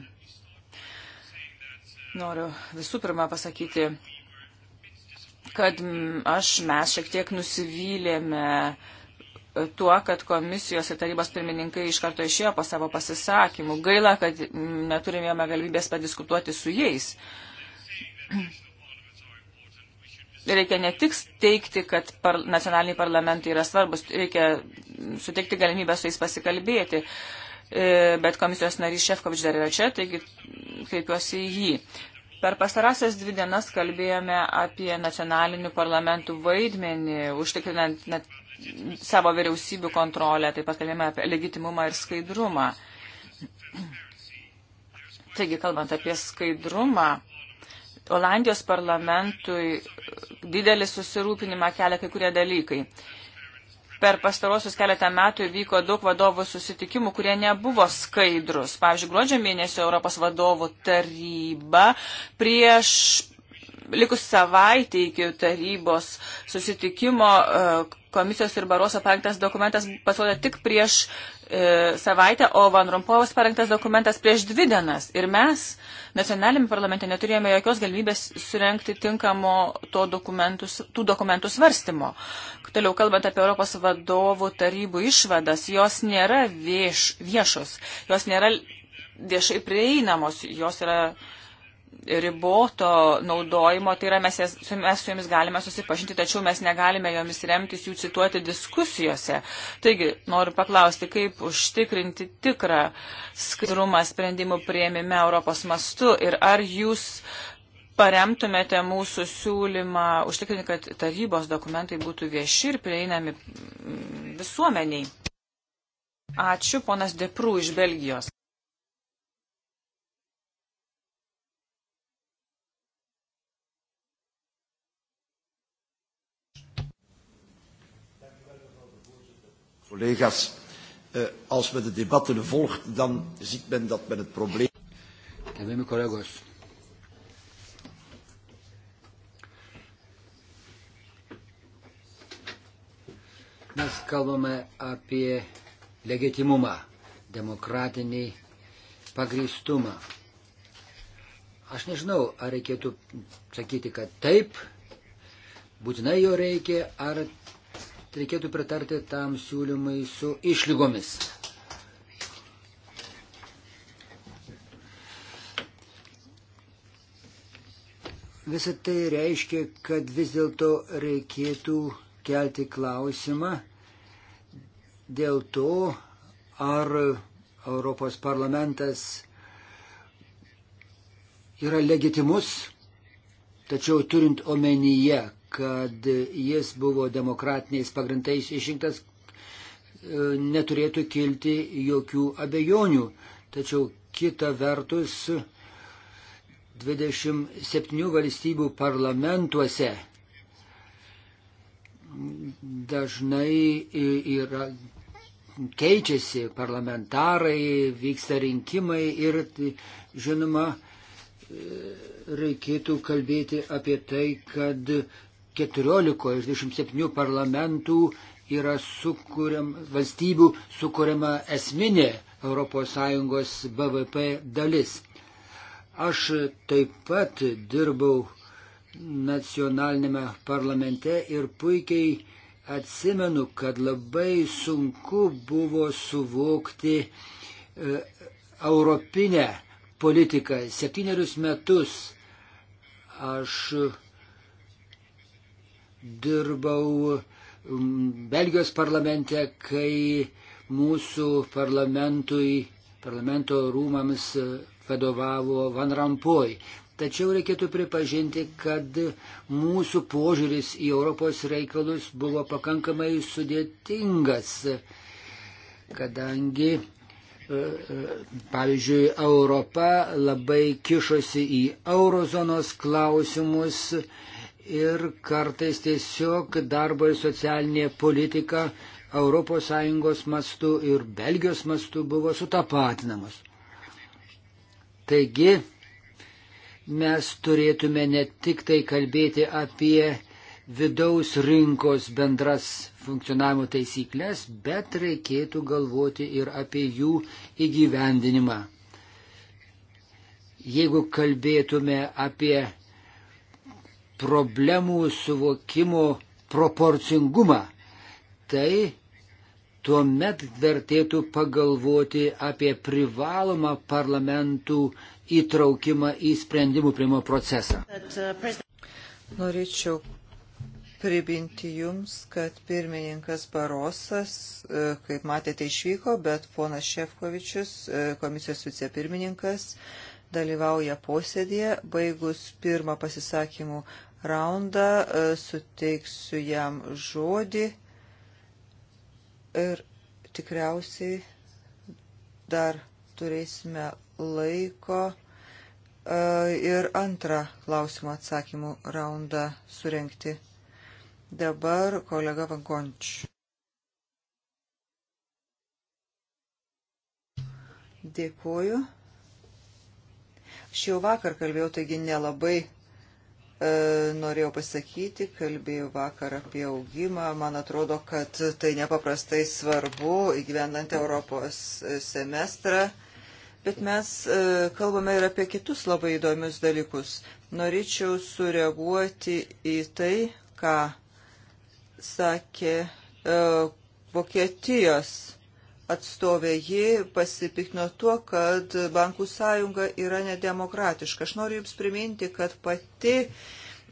Noriu visų pirma pasakyti, kad aš mes šiek tiek nusivylėme e, tuo, kad komisijos ir tarybos pirmininkai iš karto išėjo po savo pasisakymų. Gaila, kad neturėjome galimybės padiskutuoti su jais. Reikia ne tik teikti, kad par, nacionaliniai parlamentai yra svarbus, reikia suteikti galimybę su jais pasikalbėti. E, bet komisijos narys Šefkovič dar yra čia, taigi kreipiuosi į jį. Per pastarąsias dvi dienas kalbėjome apie nacionalinių parlamentų vaidmenį, užtikrinant net savo vyriausybių kontrolę, taip pat kalbėjome apie legitimumą ir skaidrumą. Taigi, kalbant apie skaidrumą, Olandijos parlamentui didelį susirūpinimą kelia kai kurie dalykai per pastarosius keletą metų įvyko daug vadovų susitikimų, kurie nebuvo skaidrus. Pavyzdžiui, gruodžio mėnesio Europos vadovų taryba prieš likus savaitę iki tarybos susitikimo e, komisijos ir Baroso parengtas dokumentas pasirodė tik prieš e, savaitę, o Van Rompovas parengtas dokumentas prieš dvi dienas. Ir mes nacionalinėme parlamente neturėjome jokios galimybės surenkti tinkamo dokumentų, tų dokumentų svarstymo. Toliau kalbant apie Europos vadovų tarybų išvadas, jos nėra vieš, viešos, jos nėra viešai prieinamos, jos yra riboto naudojimo, tai yra mes, jas, mes su jomis galime susipažinti, tačiau mes negalime jomis remtis jų cituoti diskusijose. Taigi, noriu paklausti, kaip užtikrinti tikrą skaidrumą sprendimų prieimime Europos mastu ir ar jūs paremtumėte mūsų siūlymą užtikrinti, kad tarybos dokumentai būtų vieši ir prieinami mm, visuomeniai. Ačiū, ponas Deprų iš Belgijos. Collega's, eh, als men de debatten volgt, dan ziet men dat men het probleem. Gerbiami kolegos, Mes kalbame apie legitimumą, demokratinį pagrįstumą. Aš nežinau, ar reikėtų sakyti, kad taip, būtinai jo reikia, ar reikėtų pritarti tam siūlymui su išlygomis. Visą tai reiškia, kad vis dėlto reikėtų kelti klausimą dėl to, ar Europos parlamentas yra legitimus, tačiau turint omenyje, kad jis buvo demokratiniais pagrindais išrinktas, e, neturėtų kilti jokių abejonių. Tačiau kita vertus, 27 valstybių parlamentuose dažnai yra keičiasi parlamentarai, vyksta rinkimai ir, žinoma, e, reikėtų kalbėti apie tai, kad 14 iš 27 parlamentų yra sukūriam, valstybių sukūriama esminė ES BVP dalis. Aš taip pat dirbau nacionalinėme parlamente ir puikiai atsimenu, kad labai sunku buvo suvokti e, europinę politiką. Septynerius metus aš dirbau Belgijos parlamente, kai mūsų parlamentui, parlamento rūmams e, vadovavo Van Rampoj. Tačiau reikėtų pripažinti, kad mūsų požiūris į Europos reikalus buvo pakankamai sudėtingas, kadangi, e, e, pavyzdžiui, Europa labai kišosi į eurozonos klausimus ir kartais tiesiog darbo ir socialinė politika ES mastu ir Belgijos mastu buvo sutapatinamos. Taigi, mes turėtume ne tik tai kalbėti apie vidaus rinkos bendras funkcionavimo taisyklės, bet reikėtų galvoti ir apie jų įgyvendinimą. Jeigu kalbėtume apie problemų suvokimo proporcingumą, tai tuomet vertėtų pagalvoti apie privalomą parlamentų uh, įtraukimą į sprendimų prieimo procesą. Uh, Norėčiau priminti Jums, kad pirmininkas Barosas, e, kaip matėte, išvyko, bet ponas Šefkovičius, e, komisijos vicepirmininkas, dalyvauja posėdėje. Baigus pirmą pasisakymų raundą, e, suteiksiu jam žodį ir tikriausiai dar turėsime laiko e, ir antrą klausimą atsakymų raundą surenkti. Dabar kolega Vagonč. Dėkuoju. Aš jau vakar kalbėjau, taigi nelabai e, norėjau pasakyti, kalbėjau vakar apie augimą. Man atrodo, kad tai nepaprastai svarbu įgyvendant Europos e, semestrą. E, Bet mes e, kalbame ir apie kitus labai įdomius dalykus. Norėčiau sureaguoti į tai, ką sakė e, Vokietijos atstovė. Ji pasipiktino tuo, kad bankų sąjunga yra nedemokratiška. Aš noriu Jums priminti, kad pati uh,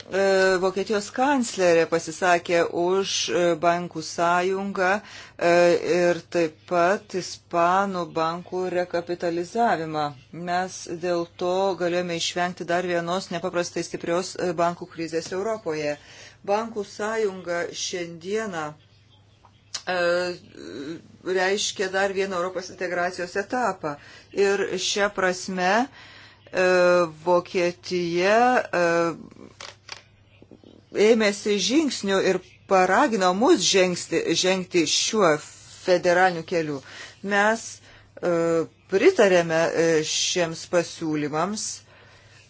E, Vokietijos kanclerė pasisakė už e, bankų sąjungą e, ir taip pat ispanų bankų rekapitalizavimą. Mes dėl to galėjome išvengti dar vienos nepaprastai stiprios bankų krizės Europoje. Bankų sąjunga šiandieną reiškia dar vieną Europos integracijos etapą. Ir šią prasme Vokietija ėmėsi žingsnių ir paragino mus žengsti, žengti šiuo federaliniu keliu. Mes e, pritarėme e, šiems pasiūlymams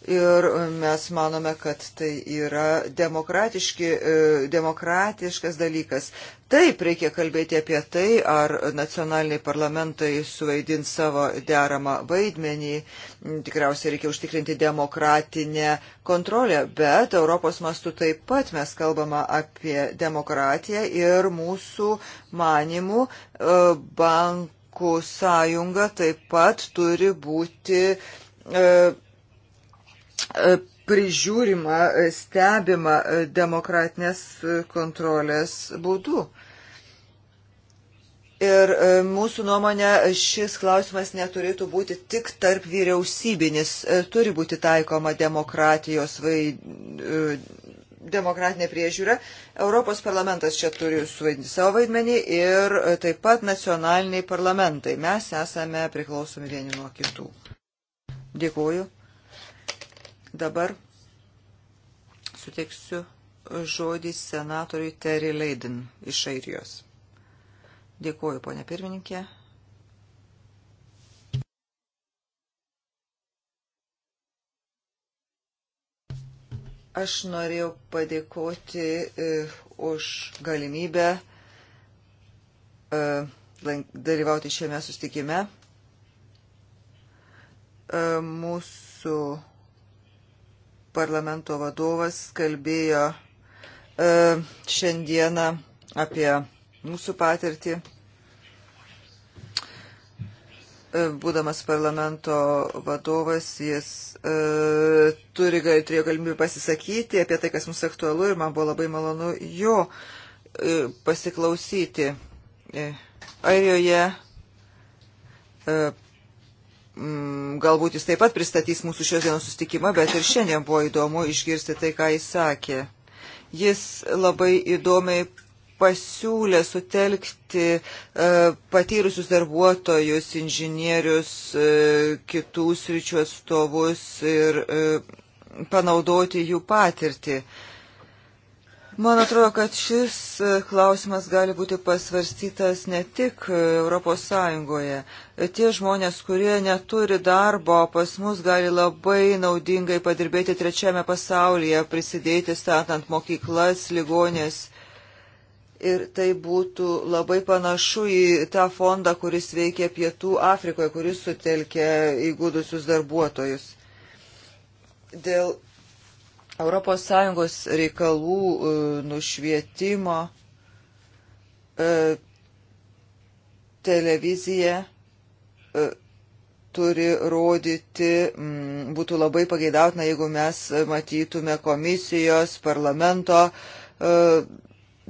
ir mes manome, kad tai yra e, demokratiškas dalykas. Taip, reikia kalbėti apie tai, ar nacionaliniai parlamentai suvaidins savo deramą vaidmenį. Tikriausiai reikia užtikrinti demokratinę kontrolę, bet Europos mastu taip pat mes kalbame apie demokratiją ir mūsų manimų e, bankų sąjunga taip pat turi būti. E, E, prižiūrima, e, stebima e, demokratinės kontrolės būdu. Ir mūsų nuomonė šis klausimas neturėtų būti tik tarp vyriausybinis, turi būti taikoma demokratijos vai demokratinė priežiūra. Europos parlamentas čia turi suvaidinti savo vaidmenį ir taip pat nacionaliniai parlamentai. Mes esame priklausomi vieni nuo kitų. Dėkuoju. Dabar suteiksiu žodį senatoriui Terry Leiden iš Airijos. Dėkuoju, ponė pirmininkė. Aš norėjau padėkoti e, už galimybę e, dalyvauti šiame sustikime. E, mūsų parlamento vadovas kalbėjo e, šiandieną apie mūsų patirtį. E, būdamas parlamento vadovas, jis e, turi, turėjo galimybę pasisakyti apie tai, kas mums aktualu ir man buvo labai malonu jo e, pasiklausyti. E, Airijoje e, Mm, galbūt jis taip pat pristatys mūsų šios dienos sustikimą, bet ir šiandien buvo įdomu išgirsti tai, ką jis sakė. Jis labai įdomiai pasiūlė sutelkti e, patyrusius darbuotojus, inžinierius, e, kitų sričių atstovus ir e, panaudoti jų patirtį. E, Man atrodo, kad šis e, klausimas gali būti pasvarstytas ne tik ES. E, tie žmonės, kurie neturi darbo, pas mus gali labai naudingai padirbėti trečiame pasaulyje, prisidėti statant mokyklas, ligonės. Ir tai būtų labai panašu į tą fondą, kuris veikia Pietų Afrikoje, kuris sutelkia įgūdusius darbuotojus. Dėl ES reikalų e, nušvietimo e, televizija e, turi rodyti, būtų labai pageidautina, jeigu mes matytume komisijos, parlamento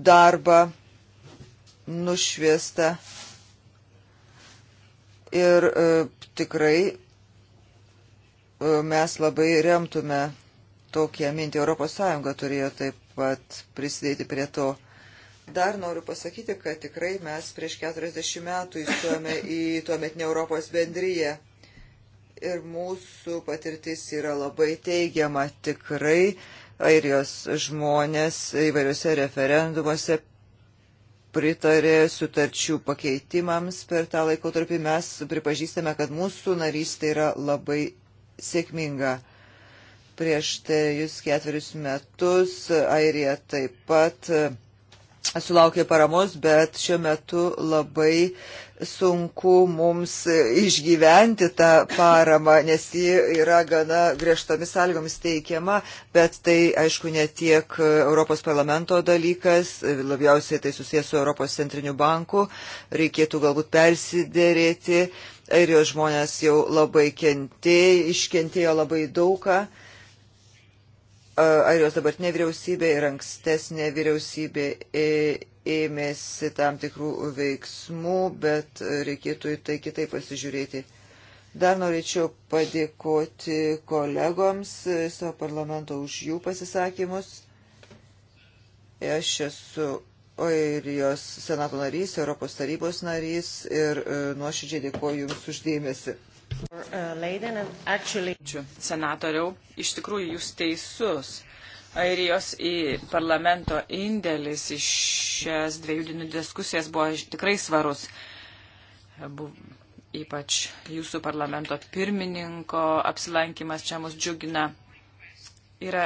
darbą nušviestą. Ir tikrai mes labai remtume tokią mintį. ES turėjo taip pat prisidėti prie to. Dar noriu pasakyti, kad tikrai mes prieš 40 metų įstojome į tuometinę Europos bendryje. Ir mūsų patirtis yra labai teigiama. Tikrai airijos žmonės įvairiuose referendumuose pritarė sutarčių pakeitimams per tą laikotarpį. Mes pripažįstame, kad mūsų narystė yra labai sėkminga. Prieš trejus ketverius metus Airija taip pat e, sulaukė paramos, bet šiuo metu labai sunku mums išgyventi tą paramą, nes ji yra gana griežtomis sąlygomis teikiama, bet tai aišku ne tiek Europos parlamento dalykas, labiausiai tai susijęs su Europos centriniu banku, reikėtų galbūt persidėrėti, airijos žmonės jau labai kentėjo, iškentėjo labai daugą Airijos dabartinė vyriausybė ir ankstesnė vyriausybė ėmėsi tam tikrų veiksmų, bet reikėtų į tai kitaip pasižiūrėti. Dar norėčiau padėkoti kolegoms e, savo parlamento už jų pasisakymus. Aš esu Airijos senato narys, Europos tarybos narys ir e, nuoširdžiai dėkoju Jums uždėmesi. Ačiū, senatoriau. Iš tikrųjų, jūs teisus. Airijos į parlamento indėlis iš šias dviejų dienų diskusijas buvo tikrai svarus. Buvo ypač jūsų parlamento pirmininko apsilankimas čia mus džiugina. Yra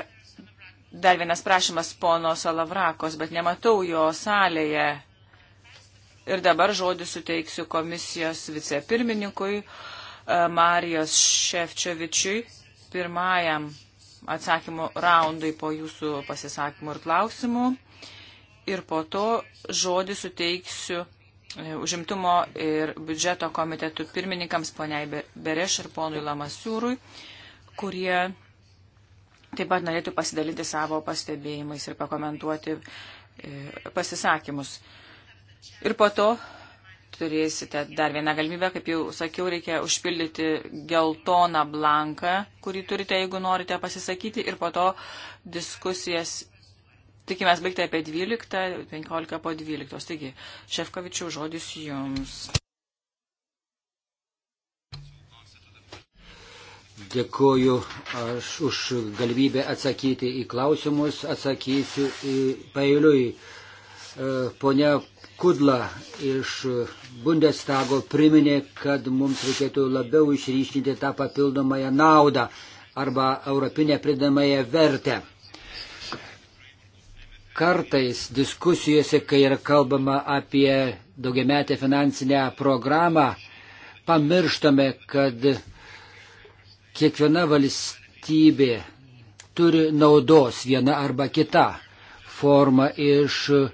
dar vienas prašymas pono Salavrakos, bet nematau jo salėje. Ir dabar žodį suteiksiu komisijos vicepirmininkui. pirmininkui E, Marijos Šefčiovičiui pirmajam atsakymų raundui po jūsų pasisakymų ir klausimų. Ir po to žodį suteiksiu e, užimtumo ir biudžeto komitetų pirmininkams poniai Bereš ir ponui Lamasiūrui, kurie taip pat norėtų pasidalinti savo pastebėjimais ir pakomentuoti e, pasisakymus. Ir po to turėsite dar vieną galimybę, kaip jau sakiau, reikia užpildyti geltoną blanką, kurį turite, jeigu norite pasisakyti, ir po to diskusijas tikimės baigti apie 12, 15 po 12. Taigi, Šefkovičių žodis jums. Dėkuoju aš už galimybę atsakyti į klausimus, atsakysiu į pailiui. E, Pone Kudla iš Bundestago priminė, kad mums reikėtų labiau išryškinti tą papildomąją naudą arba europinę pridamąją vertę. Kartais diskusijose, kai yra kalbama apie daugiametę finansinę programą, pamirštame, kad kiekviena valstybė turi naudos viena arba kita forma iš uh,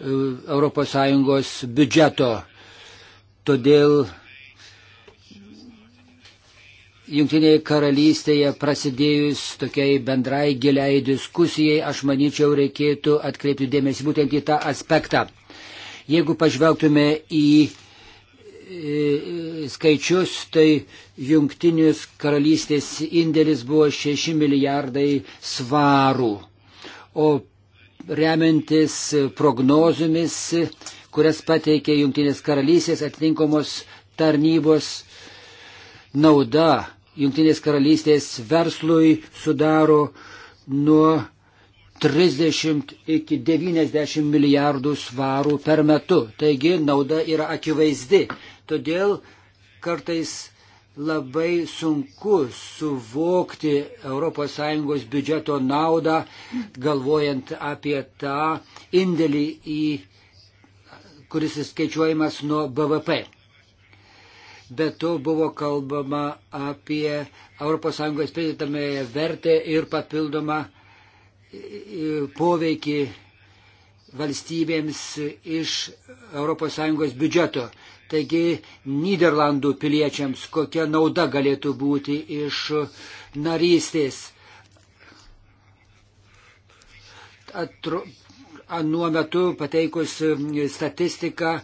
ES biudžeto. Todėl Junktinėje karalystėje prasidėjus tokiai bendrai giliai diskusijai, aš manyčiau, reikėtų atkreipti dėmesį būtent į tą aspektą. Jeigu pažvelgtume į e, skaičius, tai jungtinis karalystės indėlis buvo 6 milijardai svarų, o remiantis prognozomis, kurias pateikė Junktinės karalystės atitinkomos tarnybos nauda Junktinės karalystės verslui sudaro nuo 30 iki 90 milijardų svarų per metu. Taigi nauda yra akivaizdi. Todėl kartais labai sunku suvokti ES biudžeto naudą, galvojant apie tą indėlį, į, kuris įskaičiuojamas nuo BVP. Be to buvo kalbama apie ES pridėtamąją vertę ir papildomą poveikį valstybėms iš ES biudžeto. Taigi Niderlandų piliečiams kokia nauda galėtų būti iš narystės. Atru, anuo metu pateikus statistiką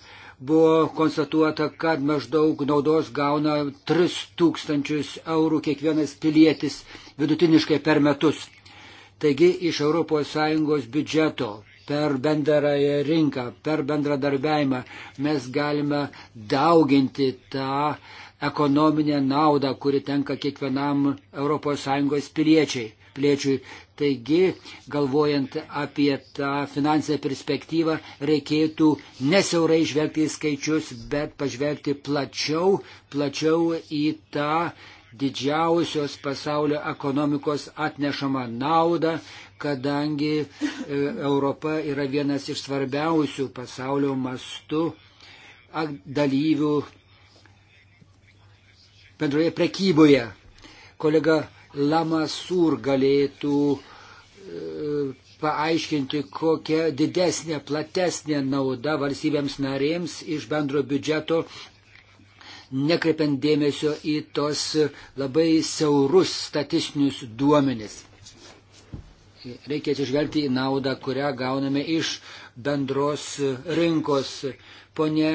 buvo konstatuota, kad maždaug naudos gauna 3000 eurų kiekvienas pilietis vidutiniškai per metus. Taigi iš ES biudžeto per bendrąją rinką, per bendradarbiavimą mes galime dauginti tą ekonominę naudą, kuri tenka kiekvienam ES piliečiai. Plėčiui. Taigi, galvojant apie tą finansinę perspektyvą, reikėtų nesiaurai žvelgti į skaičius, bet pažvelgti plačiau, plačiau į tą didžiausios pasaulio ekonomikos atnešamą naudą, kadangi e, Europa yra vienas iš svarbiausių pasaulio mastų dalyvių bendroje prekyboje. Kolega Lamasur galėtų e, paaiškinti, kokia didesnė, platesnė nauda valstybėms narėms iš bendro biudžeto, nekreipiant dėmesio į tos labai siaurus statistinius duomenis reikia atsižvelgti į naudą, kurią gauname iš bendros rinkos. Pone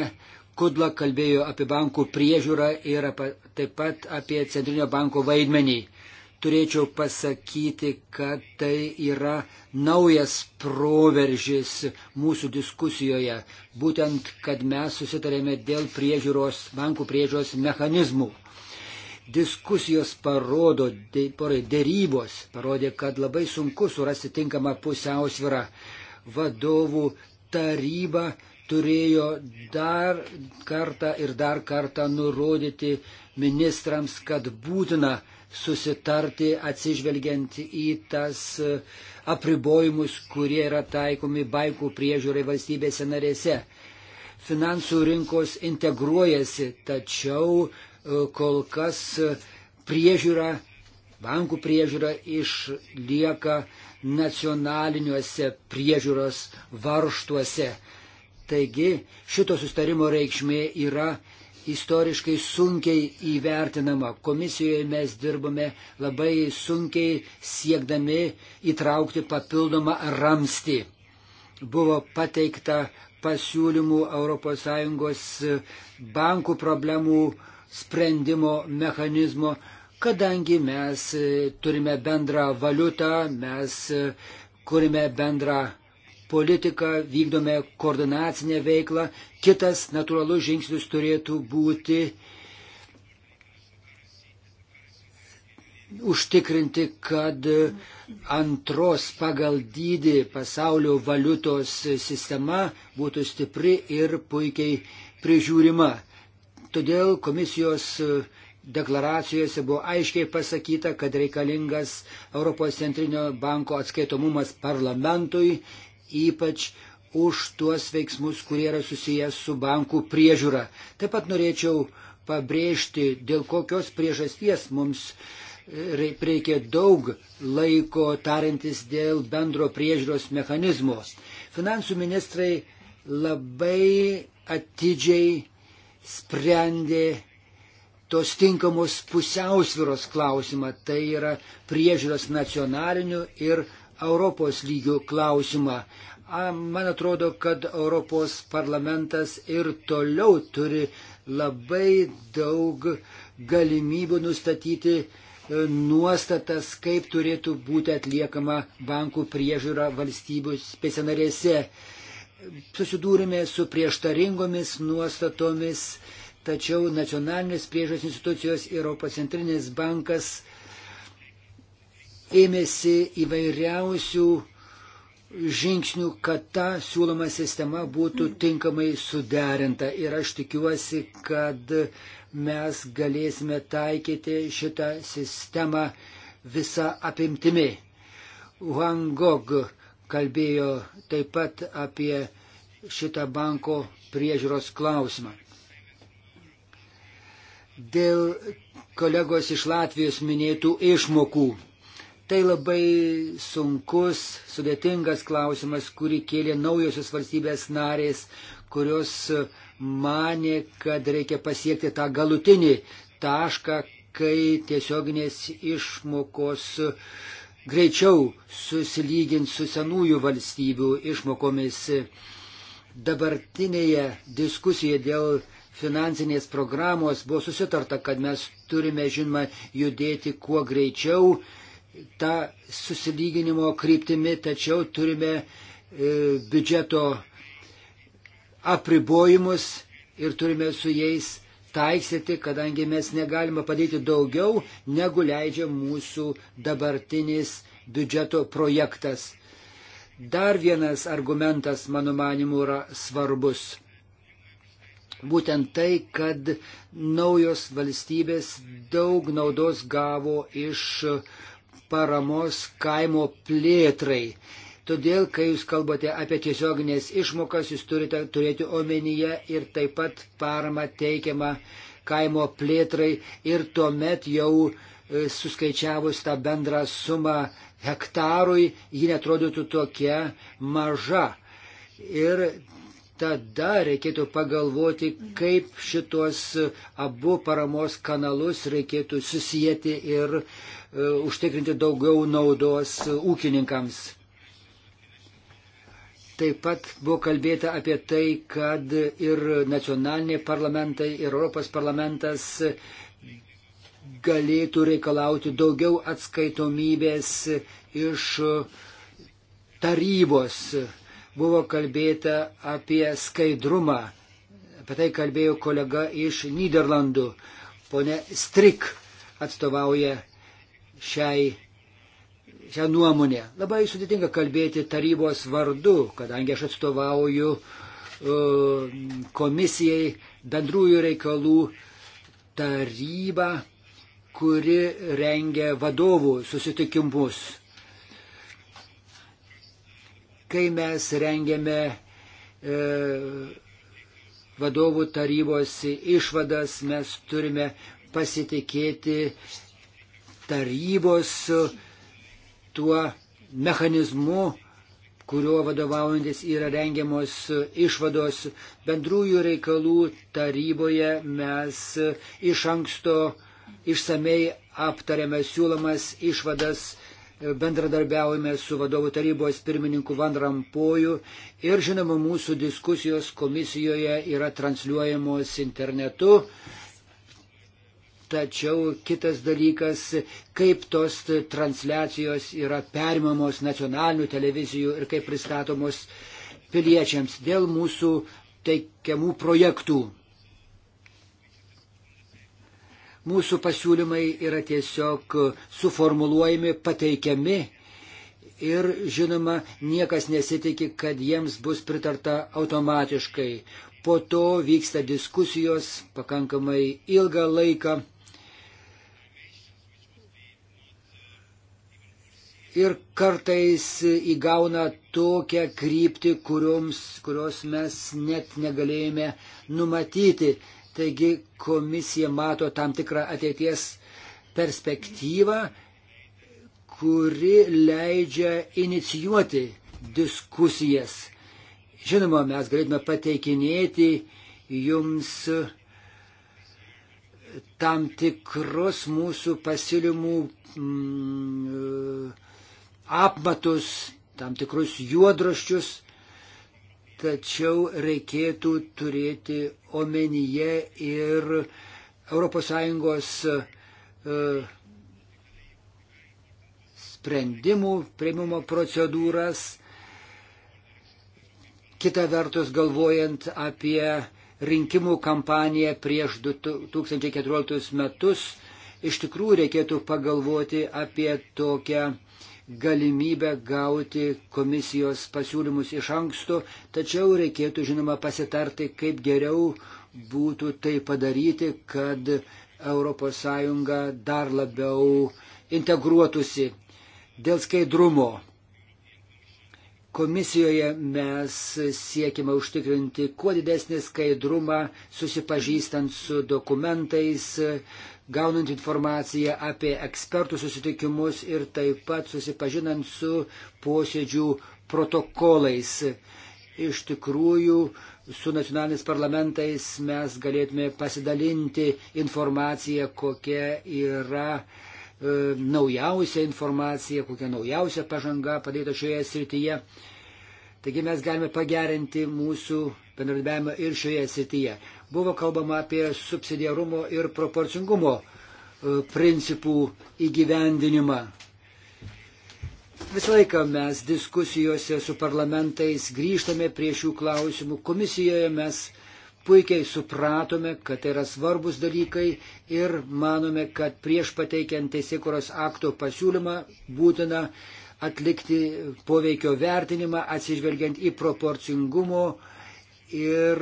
Kudla kalbėjo apie bankų priežiūrą ir apie, taip pat apie centrinio banko vaidmenį. Turėčiau pasakyti, kad tai yra naujas proveržis mūsų diskusijoje, būtent, kad mes susitarėme dėl priežiūros, bankų priežiūros mechanizmų diskusijos parodo, dėrybos parodė, kad labai sunku surasti tinkamą pusiausvyrą. Vadovų taryba turėjo dar kartą ir dar kartą nurodyti ministrams, kad būtina susitarti atsižvelgiant į tas e, apribojimus, kurie yra taikomi baikų priežiūrai valstybėse narėse. Finansų rinkos integruojasi, tačiau kol kas priežiūra, bankų priežiūra išlieka nacionaliniuose priežiūros varštuose. Taigi šito sustarimo reikšmė yra istoriškai sunkiai įvertinama. Komisijoje mes dirbame labai sunkiai siekdami įtraukti papildomą ramstį. Buvo pateikta pasiūlymų ES bankų problemų sprendimo mechanizmo, kadangi mes e, turime bendrą valiutą, mes e, kūrime bendrą politiką, vykdome koordinacinę veiklą. Kitas natūralus žingsnis turėtų būti užtikrinti, kad antros pagal dydį pasaulio valiutos sistema būtų stipri ir puikiai prižiūrima. Todėl komisijos e, deklaracijose buvo aiškiai pasakyta, kad reikalingas Europos centrinio banko atskaitomumas parlamentui, ypač už tuos veiksmus, kurie yra susijęs su bankų priežiūra. Taip pat norėčiau pabrėžti, dėl kokios priežasties mums e, reikia daug laiko tarintis dėl bendro priežiūros mechanizmo. Finansų ministrai labai atidžiai sprendė tos tinkamos pusiausviros klausimą, tai yra priežiūros nacionalinių ir Europos lygių klausimą. Man atrodo, kad Europos parlamentas ir toliau turi labai daug galimybių nustatyti e, nuostatas, kaip turėtų būti atliekama bankų priežiūra valstybių spesenarėse. narėse susidūrėme su prieštaringomis nuostatomis, tačiau nacionalinės priežos institucijos ir Europos centrinės bankas ėmėsi įvairiausių žingsnių, kad ta siūloma sistema būtų tinkamai suderinta. Ir aš tikiuosi, kad mes galėsime taikyti šitą sistemą visą apimtimi. Van Gogh kalbėjo taip pat apie šitą banko priežiūros klausimą. Dėl kolegos iš Latvijos minėtų išmokų. Tai labai sunkus, sudėtingas klausimas, kurį kėlė naujosios valstybės narės, kurios mane, kad reikia pasiekti tą galutinį tašką, kai tiesioginės išmokos uh, greičiau susilyginti su senųjų valstybių išmokomis. Dabartinėje diskusijoje dėl finansinės programos buvo susitarta, kad mes turime, žinoma, judėti kuo greičiau tą susilyginimo kryptimi, tačiau turime e, biudžeto apribojimus ir turime su jais taiksyti, kadangi mes negalime padėti daugiau, negu leidžia mūsų dabartinis biudžeto projektas. Dar vienas argumentas, mano manimu, yra svarbus. Būtent tai, kad naujos valstybės daug naudos gavo iš paramos kaimo plėtrai. Todėl, kai jūs kalbate apie tiesioginės išmokas, jūs turite turėti omenyje ir taip pat parama teikiama kaimo plėtrai ir tuomet jau e, suskaičiavus tą bendrą sumą hektarui, ji netrodytų tokia maža. Ir tada reikėtų pagalvoti, kaip šitos abu paramos kanalus reikėtų susijęti ir uh, užtikrinti daugiau naudos ūkininkams. Taip pat buvo kalbėta apie tai, kad ir nacionaliniai parlamentai, ir Europos parlamentas galėtų reikalauti daugiau atskaitomybės iš tarybos. Buvo kalbėta apie skaidrumą. Apie tai kalbėjo kolega iš Niderlandų. Pone Strik atstovauja šiai šią nuomonę. Labai sudėtinga kalbėti tarybos vardu, kadangi aš atstovauju uh, komisijai bendrųjų reikalų tarybą, kuri rengia vadovų susitikimus. Kai mes rengiame uh, vadovų tarybos išvadas, mes turime pasitikėti tarybos uh, tuo mechanizmu, kuriuo vadovaujantis yra rengiamos išvados bendrųjų reikalų taryboje, mes iš anksto išsamei aptarėme siūlomas išvadas bendradarbiaujame su vadovų tarybos pirmininku Van Rampoju ir žinoma mūsų diskusijos komisijoje yra transliuojamos internetu. Tačiau kitas dalykas, kaip tos transliacijos yra perimamos nacionalinių televizijų ir kaip pristatomos piliečiams dėl mūsų teikiamų projektų. Mūsų pasiūlymai yra tiesiog suformuluojami, pateikiami ir, žinoma, niekas nesitikė, kad jiems bus pritarta automatiškai. Po to vyksta diskusijos pakankamai ilgą laiką ir kartais įgauna tokią kryptį, kurioms, kurios mes net negalėjome numatyti. Taigi komisija mato tam tikrą ateities perspektyvą, kuri leidžia inicijuoti diskusijas. Žinoma, mes galėtume pateikinėti jums tam tikrus mūsų pasiūlymų mm, apmatus, tam tikrus juodraščius, tačiau reikėtų turėti omenyje ir ES e, sprendimų prieimimo procedūras, kita vertus galvojant apie rinkimų kampaniją prieš 2014 metus, iš tikrųjų reikėtų pagalvoti apie tokią galimybę gauti komisijos pasiūlymus iš anksto, tačiau reikėtų žinoma pasitarti, kaip geriau būtų tai padaryti, kad ES dar labiau integruotųsi dėl skaidrumo. Komisijoje mes siekime užtikrinti kuo didesnį skaidrumą, susipažįstant su dokumentais, gaunant informaciją apie ekspertų susitikimus ir taip pat susipažinant su posėdžių protokolais. Iš tikrųjų, su nacionaliniais parlamentais mes galėtume pasidalinti informaciją, kokia yra e, naujausia informacija, kokia naujausia pažanga padaryta šioje srityje. Taigi mes galime pagerinti mūsų bendradarbiavimą ir šioje srityje. Buvo kalbama apie subsidiarumo ir proporcingumo e, principų įgyvendinimą. Visą laiką mes diskusijose su parlamentais grįžtame prie šių klausimų. Komisijoje mes puikiai supratome, kad tai yra svarbus dalykai ir manome, kad prieš pateikiant teisėkuros akto pasiūlymą būtina atlikti poveikio vertinimą atsižvelgiant į proporcingumo ir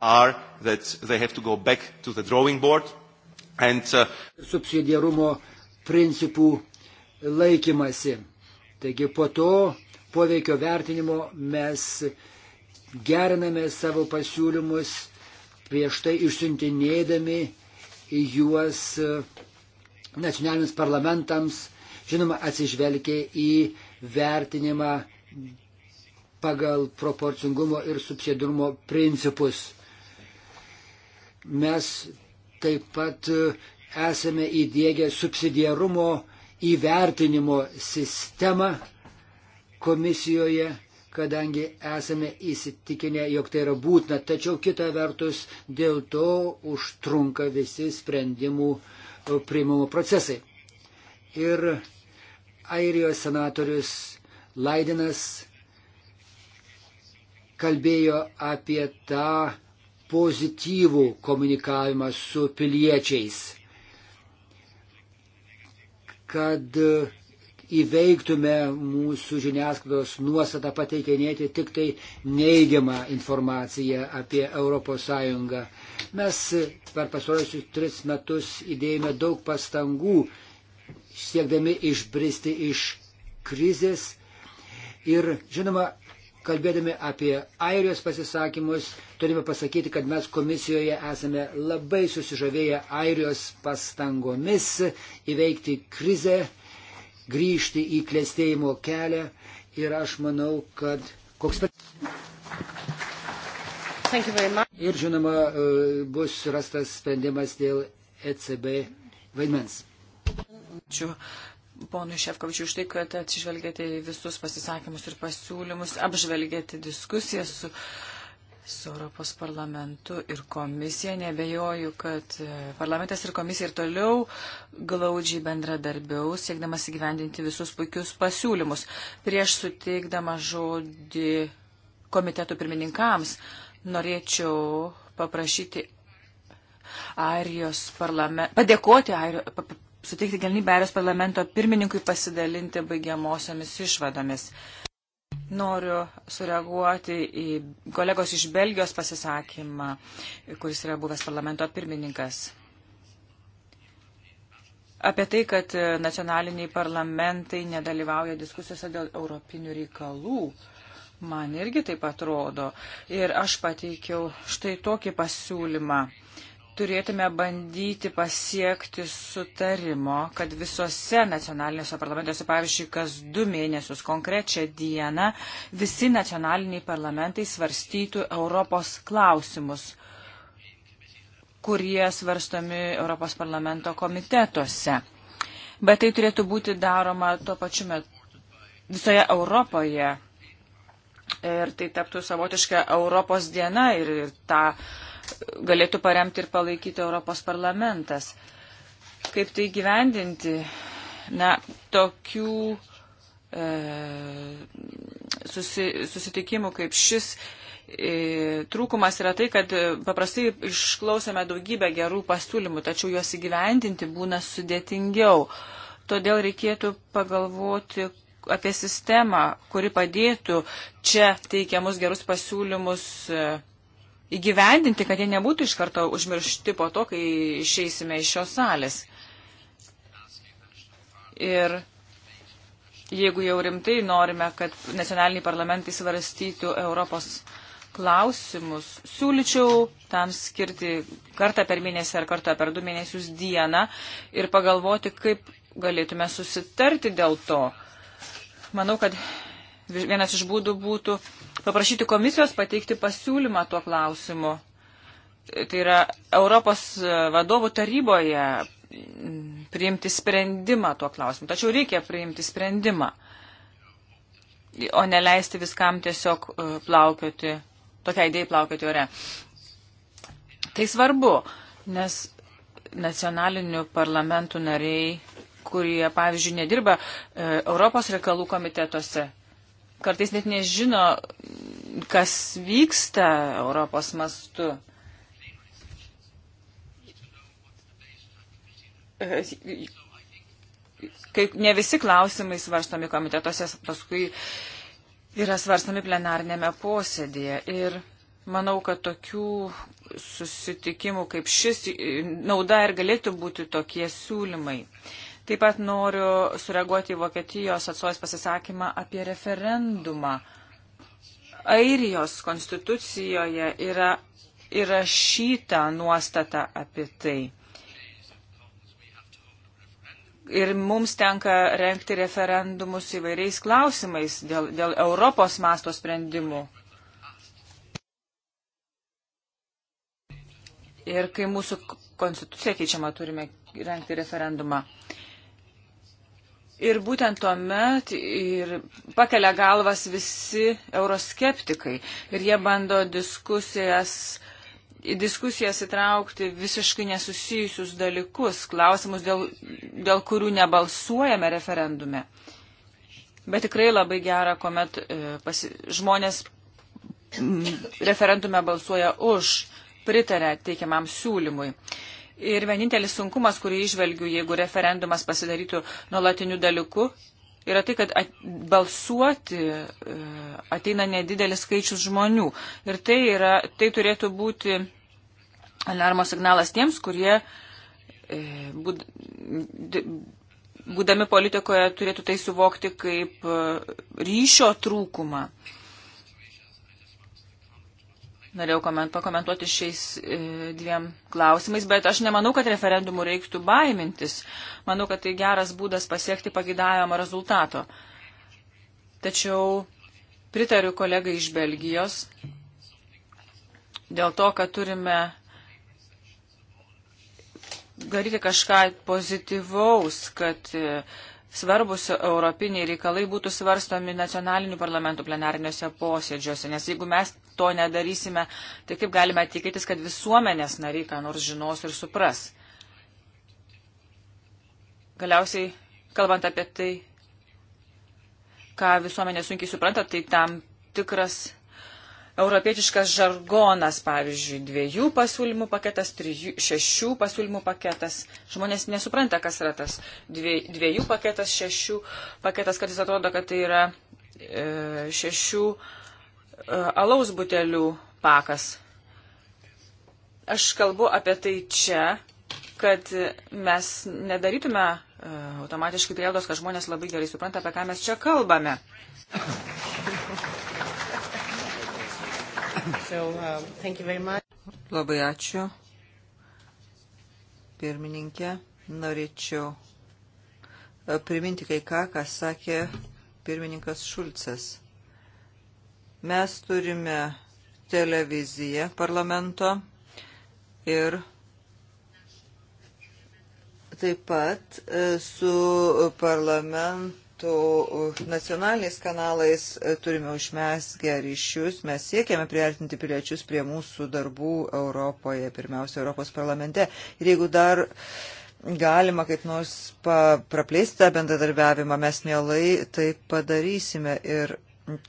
are that they have to go back to the drawing board and uh, subsidiarumo principų laikymasi. Taigi po to poveikio vertinimo mes geriname savo pasiūlymus prieš tai išsiuntinėdami juos uh, nacionaliniams parlamentams, žinoma, atsižvelgia į vertinimą pagal proporcingumo ir subsidirumo principus. Mes taip pat e, esame įdėgę subsidiarumo įvertinimo sistemą komisijoje, kadangi esame įsitikinę, jog tai yra būtina. Tačiau kita vertus, dėl to užtrunka visi sprendimų e, priimimo procesai. Ir Airijos senatorius Laidinas kalbėjo apie tą pozityvų komunikavimą su piliečiais, kad įveiktume mūsų žiniasklaidos nuostatą pateikinėti tik tai neigiamą informaciją apie ES. Mes per pastarosius tris metus įdėjome daug pastangų siekdami išbristi iš krizės ir, žinoma, kalbėdami apie Airijos pasisakymus, turime pasakyti, kad mes komisijoje esame labai susižavėję Airijos pastangomis įveikti krizę, grįžti į klėstėjimo kelią ir aš manau, kad koks pat. Ir žinoma, e, bus rastas sprendimas dėl ECB vaidmens. Ačiū ponui Šefkovičiu už tai, kad atsižvelgėte į visus pasisakymus ir pasiūlymus, apžvelgėte diskusijas su, su Europos parlamentu ir komisija. Nebejoju, kad e, parlamentas ir komisija ir toliau glaudžiai bendradarbiaus, siekdamas įgyvendinti visus puikius pasiūlymus. Prieš suteikdama žodį komitetų pirmininkams, norėčiau paprašyti Airijos parlamentą, padėkoti Airijos suteikti galimybę Airijos parlamento pirmininkui pasidalinti baigiamosiomis išvadomis. Noriu sureaguoti į kolegos iš Belgijos pasisakymą, kuris yra buvęs parlamento pirmininkas. Apie tai, kad nacionaliniai parlamentai nedalyvauja diskusijose dėl europinių reikalų. Man irgi taip atrodo. Ir aš pateikiau štai tokį pasiūlymą turėtume bandyti pasiekti sutarimo, kad visose nacionalinėse parlamentuose, pavyzdžiui, kas du mėnesius konkrečią dieną, visi nacionaliniai parlamentai svarstytų Europos klausimus, kurie svarstomi Europos parlamento komitetuose. Bet tai turėtų būti daroma tuo pačiu metu visoje Europoje. Ir tai taptų savotiška Europos diena ir, ir tą ta galėtų paremti ir palaikyti Europos parlamentas. Kaip tai gyvendinti? Na, tokių e, susi, susitikimų kaip šis e, trūkumas yra tai, kad paprastai išklausome daugybę gerų pasiūlymų, tačiau juos įgyvendinti būna sudėtingiau. Todėl reikėtų pagalvoti apie sistemą, kuri padėtų čia teikiamus gerus pasiūlymus e, įgyvendinti, kad jie nebūtų iš karto užmiršti po to, kai išeisime iš šios salės. Ir jeigu jau rimtai norime, kad nacionaliniai parlamentai svarstytų Europos klausimus, siūlyčiau tam skirti kartą per mėnesį ar kartą per du mėnesius dieną ir pagalvoti, kaip galėtume susitarti dėl to. Manau, kad vienas iš būdų būtų paprašyti komisijos pateikti pasiūlymą tuo klausimu. Tai yra Europos vadovų taryboje priimti sprendimą tuo klausimu. Tačiau reikia priimti sprendimą, o neleisti viskam tiesiog e, plaukioti, tokia idėja plaukioti ore. Tai svarbu, nes nacionalinių parlamentų nariai, kurie, pavyzdžiui, nedirba e, Europos reikalų komitetuose, kartais net nežino, kas vyksta Europos mastu. Kai ne visi klausimai svarstomi komitetuose, paskui yra svarstomi plenarnėme posėdėje. Ir manau, kad tokių susitikimų kaip šis nauda ir galėtų būti tokie siūlymai. Uh, Taip pat noriu sureaguoti į Vokietijos atstovės pasisakymą apie referendumą. Airijos konstitucijoje yra įrašyta nuostata apie tai. Ir mums tenka renkti referendumus įvairiais klausimais dėl, dėl Europos masto sprendimų. Ir kai mūsų konstitucija keičiama, turime renkti referendumą. Uh, Ir būtent tuo met ir pakelia galvas visi euroskeptikai. Ir jie bando diskusijas, į diskusijas įtraukti visiškai nesusijusius dalykus, klausimus, dėl, dėl kurių nebalsuojame referendume. Bet tikrai labai gera, kuomet e, pasi, žmonės mm, referendume balsuoja už, pritarė teikiamam siūlymui. E, Ir vienintelis sunkumas, kurį išvelgiu, jeigu referendumas pasidarytų nuolatiniu dalyku, yra tai, kad at, balsuoti e, ateina nedidelis skaičius žmonių. Ir tai, yra, tai turėtų būti alarmo signalas tiems, kurie e, būd, būdami politikoje turėtų tai suvokti kaip e, ryšio trūkumą norėjau pakomentuoti šiais e, dviem klausimais, bet aš nemanau, kad referendumų reiktų baimintis. Manau, kad tai geras būdas pasiekti pagidavimo rezultato. Tačiau pritariu kolegai iš Belgijos dėl to, kad turime daryti kažką pozityvaus, kad e, svarbus europiniai reikalai būtų svarstomi nacionalinių parlamentų plenariniuose posėdžiuose, nes jeigu mes to nedarysime, tai kaip galime tikėtis, kad visuomenės nariai ką nors žinos ir supras. Galiausiai, kalbant apie tai, ką visuomenė sunkiai supranta, tai tam tikras europietiškas žargonas, pavyzdžiui, dviejų pasiūlymų paketas, trijų, šešių pasiūlymų paketas. Žmonės nesupranta, kas yra tas dviejų paketas, šešių paketas, kad jis atrodo, kad tai yra e, šešių e, alaus butelių pakas. Aš kalbu apie tai čia, kad mes nedarytume e, automatiškai prieldos, kad žmonės labai gerai supranta, apie ką mes čia kalbame. [LAUGHS] So, um, Labai ačiū. Pirmininkė, norėčiau e, priminti kai ką, ką sakė pirmininkas Šulcas. Mes turime televiziją parlamento ir taip pat e, su parlamentu metų uh, nacionaliniais kanalais uh, turime užmesgę ryšius. Mes siekiame priartinti piliečius prie mūsų darbų Europoje, pirmiausia, Europos parlamente. Ir jeigu dar galima kaip nors praplėsti tą bendradarbiavimą, mes mielai tai padarysime. Ir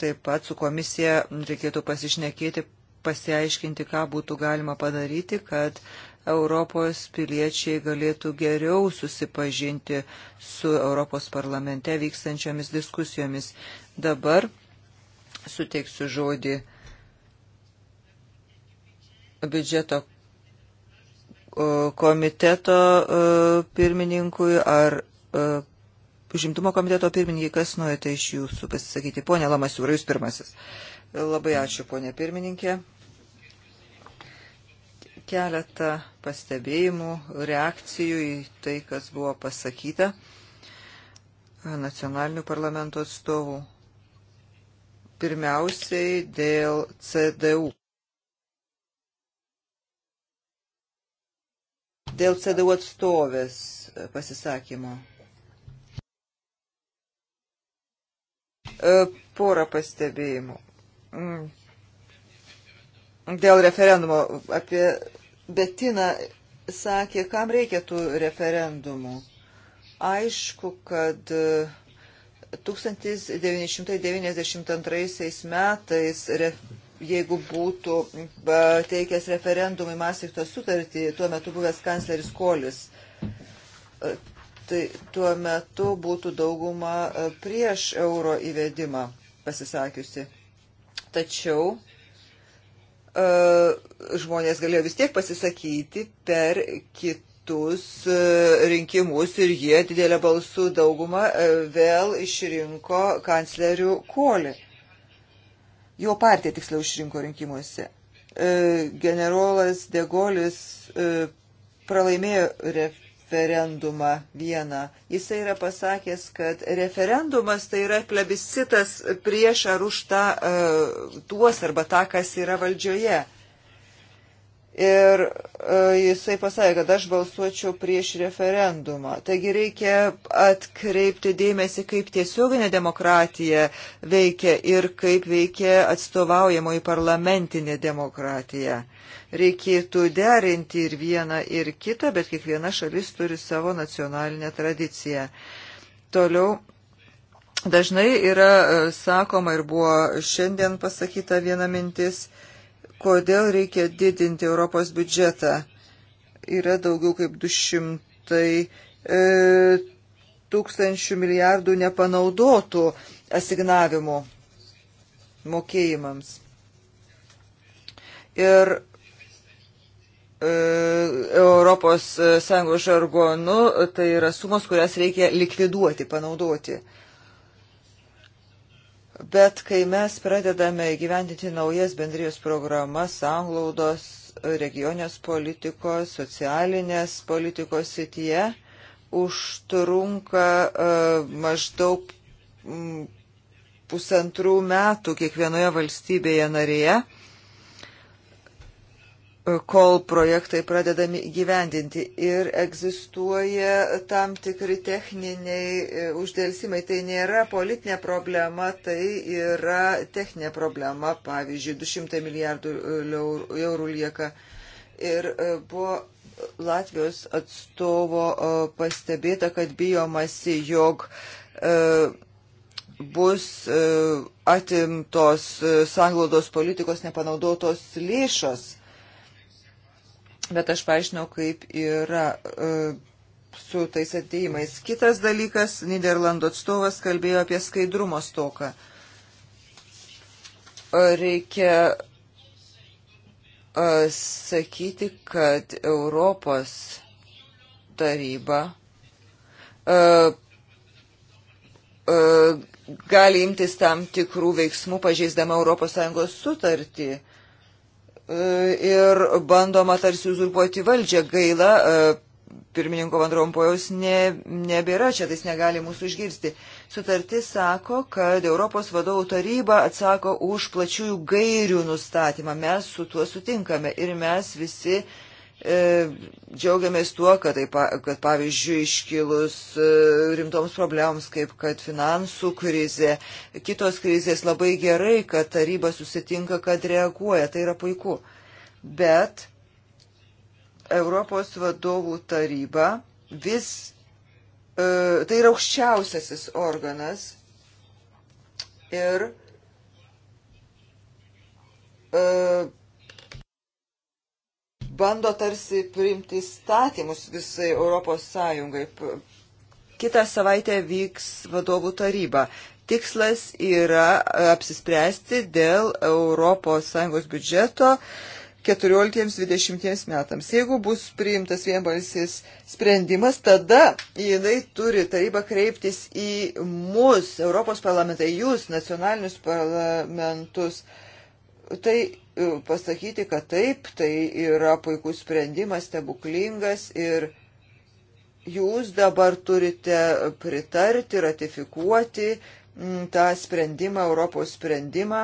taip pat su komisija reikėtų pasišnekėti, pasiaiškinti, ką būtų galima padaryti, kad uh, Europos piliečiai galėtų geriau susipažinti su Europos parlamente vykstančiomis diskusijomis. Dabar suteiksiu žodį biudžeto komiteto pirmininkui ar užimtumo komiteto pirmininkai, kas norite iš jūsų pasisakyti. Pone Lamasiūra, jūs pirmasis. Labai ačiū, ponė pirmininkė keletą pastebėjimų, reakcijų į tai, kas buvo pasakyta nacionalinių parlamento atstovų. Pirmiausiai dėl CDU. Dėl CDU atstovės pasisakymo. E, porą pastebėjimų mm dėl referendumo apie Betina sakė, kam reikia tų referendumų. Aišku, kad 1992 e, metais, jeigu būtų teikęs referendumui Masikto sutartį, tuo metu buvęs kancleris Kolis, e, tai tuo metu būtų dauguma e, prieš euro įvedimą pasisakiusi. Tačiau E, žmonės galėjo vis tiek pasisakyti per kitus e, rinkimus ir jie didelę balsų daugumą e, vėl išrinko kanclerių Kolį. Jo partija tiksliau išrinko rinkimuose. Generolas Degolis pralaimėjo referendumą referendumą vieną. Jis yra pasakęs, kad referendumas tai yra plebiscitas prieš ar už tą, e, tuos arba tą, kas yra valdžioje ir e, jisai pasakė, kad aš balsuočiau prieš referendumą. Taigi reikia atkreipti dėmesį, kaip tiesioginė demokratija veikia ir kaip veikia atstovaujamoji parlamentinė demokratija. Reikėtų derinti ir vieną, ir kitą, bet kiekviena šalis turi savo nacionalinę tradiciją. Toliau. Dažnai yra e, sakoma ir buvo šiandien pasakyta viena mintis, kodėl reikia didinti Europos biudžetą. Yra daugiau kaip 200 e, tūkstančių milijardų nepanaudotų asignavimų mokėjimams. Ir e, Europos e, Sąjungos žargonu tai yra sumos, kurias reikia likviduoti, panaudoti. E, Bet kai mes pradedame gyvendinti naujas bendrijos programas, anglaudos, regionės politikos, socialinės politikos sityje, užtrunka uh, maždaug um, pusantrų metų kiekvienoje valstybėje narėje kol projektai pradedami gyvendinti ir egzistuoja tam tikri techniniai e, uždėlsimai. Tai nėra politinė problema, tai yra techninė problema. Pavyzdžiui, 200 milijardų e, eurų lieka. Ir e, buvo Latvijos atstovo pastebėta, kad bijomasi, jog bus atimtos sanglaudos politikos nepanaudotos lėšos bet aš paaiškinau, kaip yra e, su tais ateimais. Kitas dalykas, Niderlandų atstovas kalbėjo apie skaidrumo stoką. E, reikia e, sakyti, kad Europos taryba gali imtis tam tikrų veiksmų pažeisdama ES sutartį. E, ir bandoma tarsi uzurpuoti valdžią. Gaila, e, pirmininko Vandrompojaus ne, nebėra čia, tai jis negali mūsų išgirsti. Sutartis sako, kad Europos vadovų taryba atsako už plačiųjų gairių nustatymą. Mes su tuo sutinkame ir mes visi uh, E, džiaugiamės tuo, kad, taip, kad pavyzdžiui iškilus e, rimtoms problemams, kaip kad finansų krizė, kitos krizės labai gerai, kad taryba susitinka, kad reaguoja, tai yra puiku. Bet Europos vadovų taryba vis, e, tai yra aukščiausiasis organas ir bando tarsi priimti įstatymus visai Europos Sąjungai. Kitą savaitę vyks vadovų taryba. Tikslas yra e, apsispręsti dėl Europos Sąjungos biudžeto 14-20 metams. Jeigu bus priimtas vienbalsis sprendimas, tada jinai turi taryba kreiptis į mus, Europos parlamentai, jūs, nacionalinius parlamentus. Tai pasakyti, kad taip, tai yra puikus sprendimas, stebuklingas ir jūs dabar turite pritarti, ratifikuoti mm, tą sprendimą, Europos sprendimą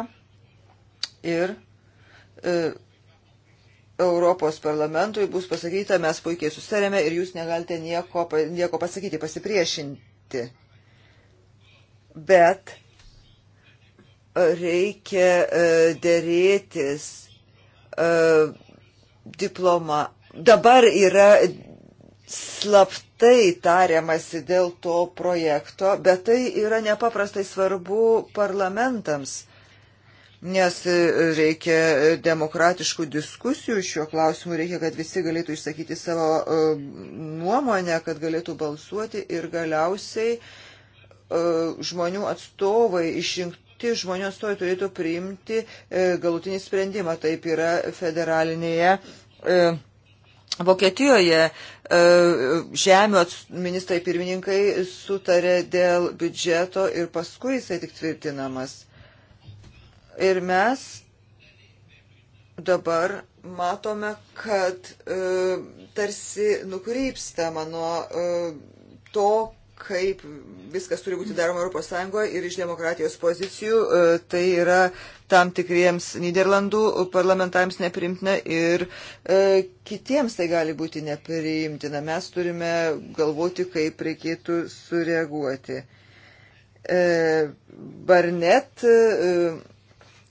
ir e, Europos parlamentui bus pasakyta, mes puikiai sustarėme ir jūs negalite nieko, nieko pasakyti, pasipriešinti. Bet reikia e, dėrėtis e, diploma. Dabar yra slaptai tariamasi dėl to projekto, bet tai yra nepaprastai svarbu parlamentams, nes e, reikia demokratiškų diskusijų šiuo klausimu, reikia, kad visi galėtų išsakyti savo nuomonę, kad galėtų balsuoti ir galiausiai žmonių atstovai išrinktų dirbti, žmonės toj turėtų priimti e, galutinį sprendimą. Taip yra federalinėje. E, Vokietijoje e, žemio ministrai pirmininkai sutarė dėl biudžeto ir paskui jisai tik tvirtinamas. Ir mes dabar matome, kad e, tarsi nukrypstama nuo e, to, kaip viskas turi būti daroma ES ir iš demokratijos pozicijų, e, tai yra tam tikriems Niderlandų parlamentams neprimtina ir e, kitiems tai gali būti neprimtina. Mes turime galvoti, kaip reikėtų sureaguoti. E, Barnet. E,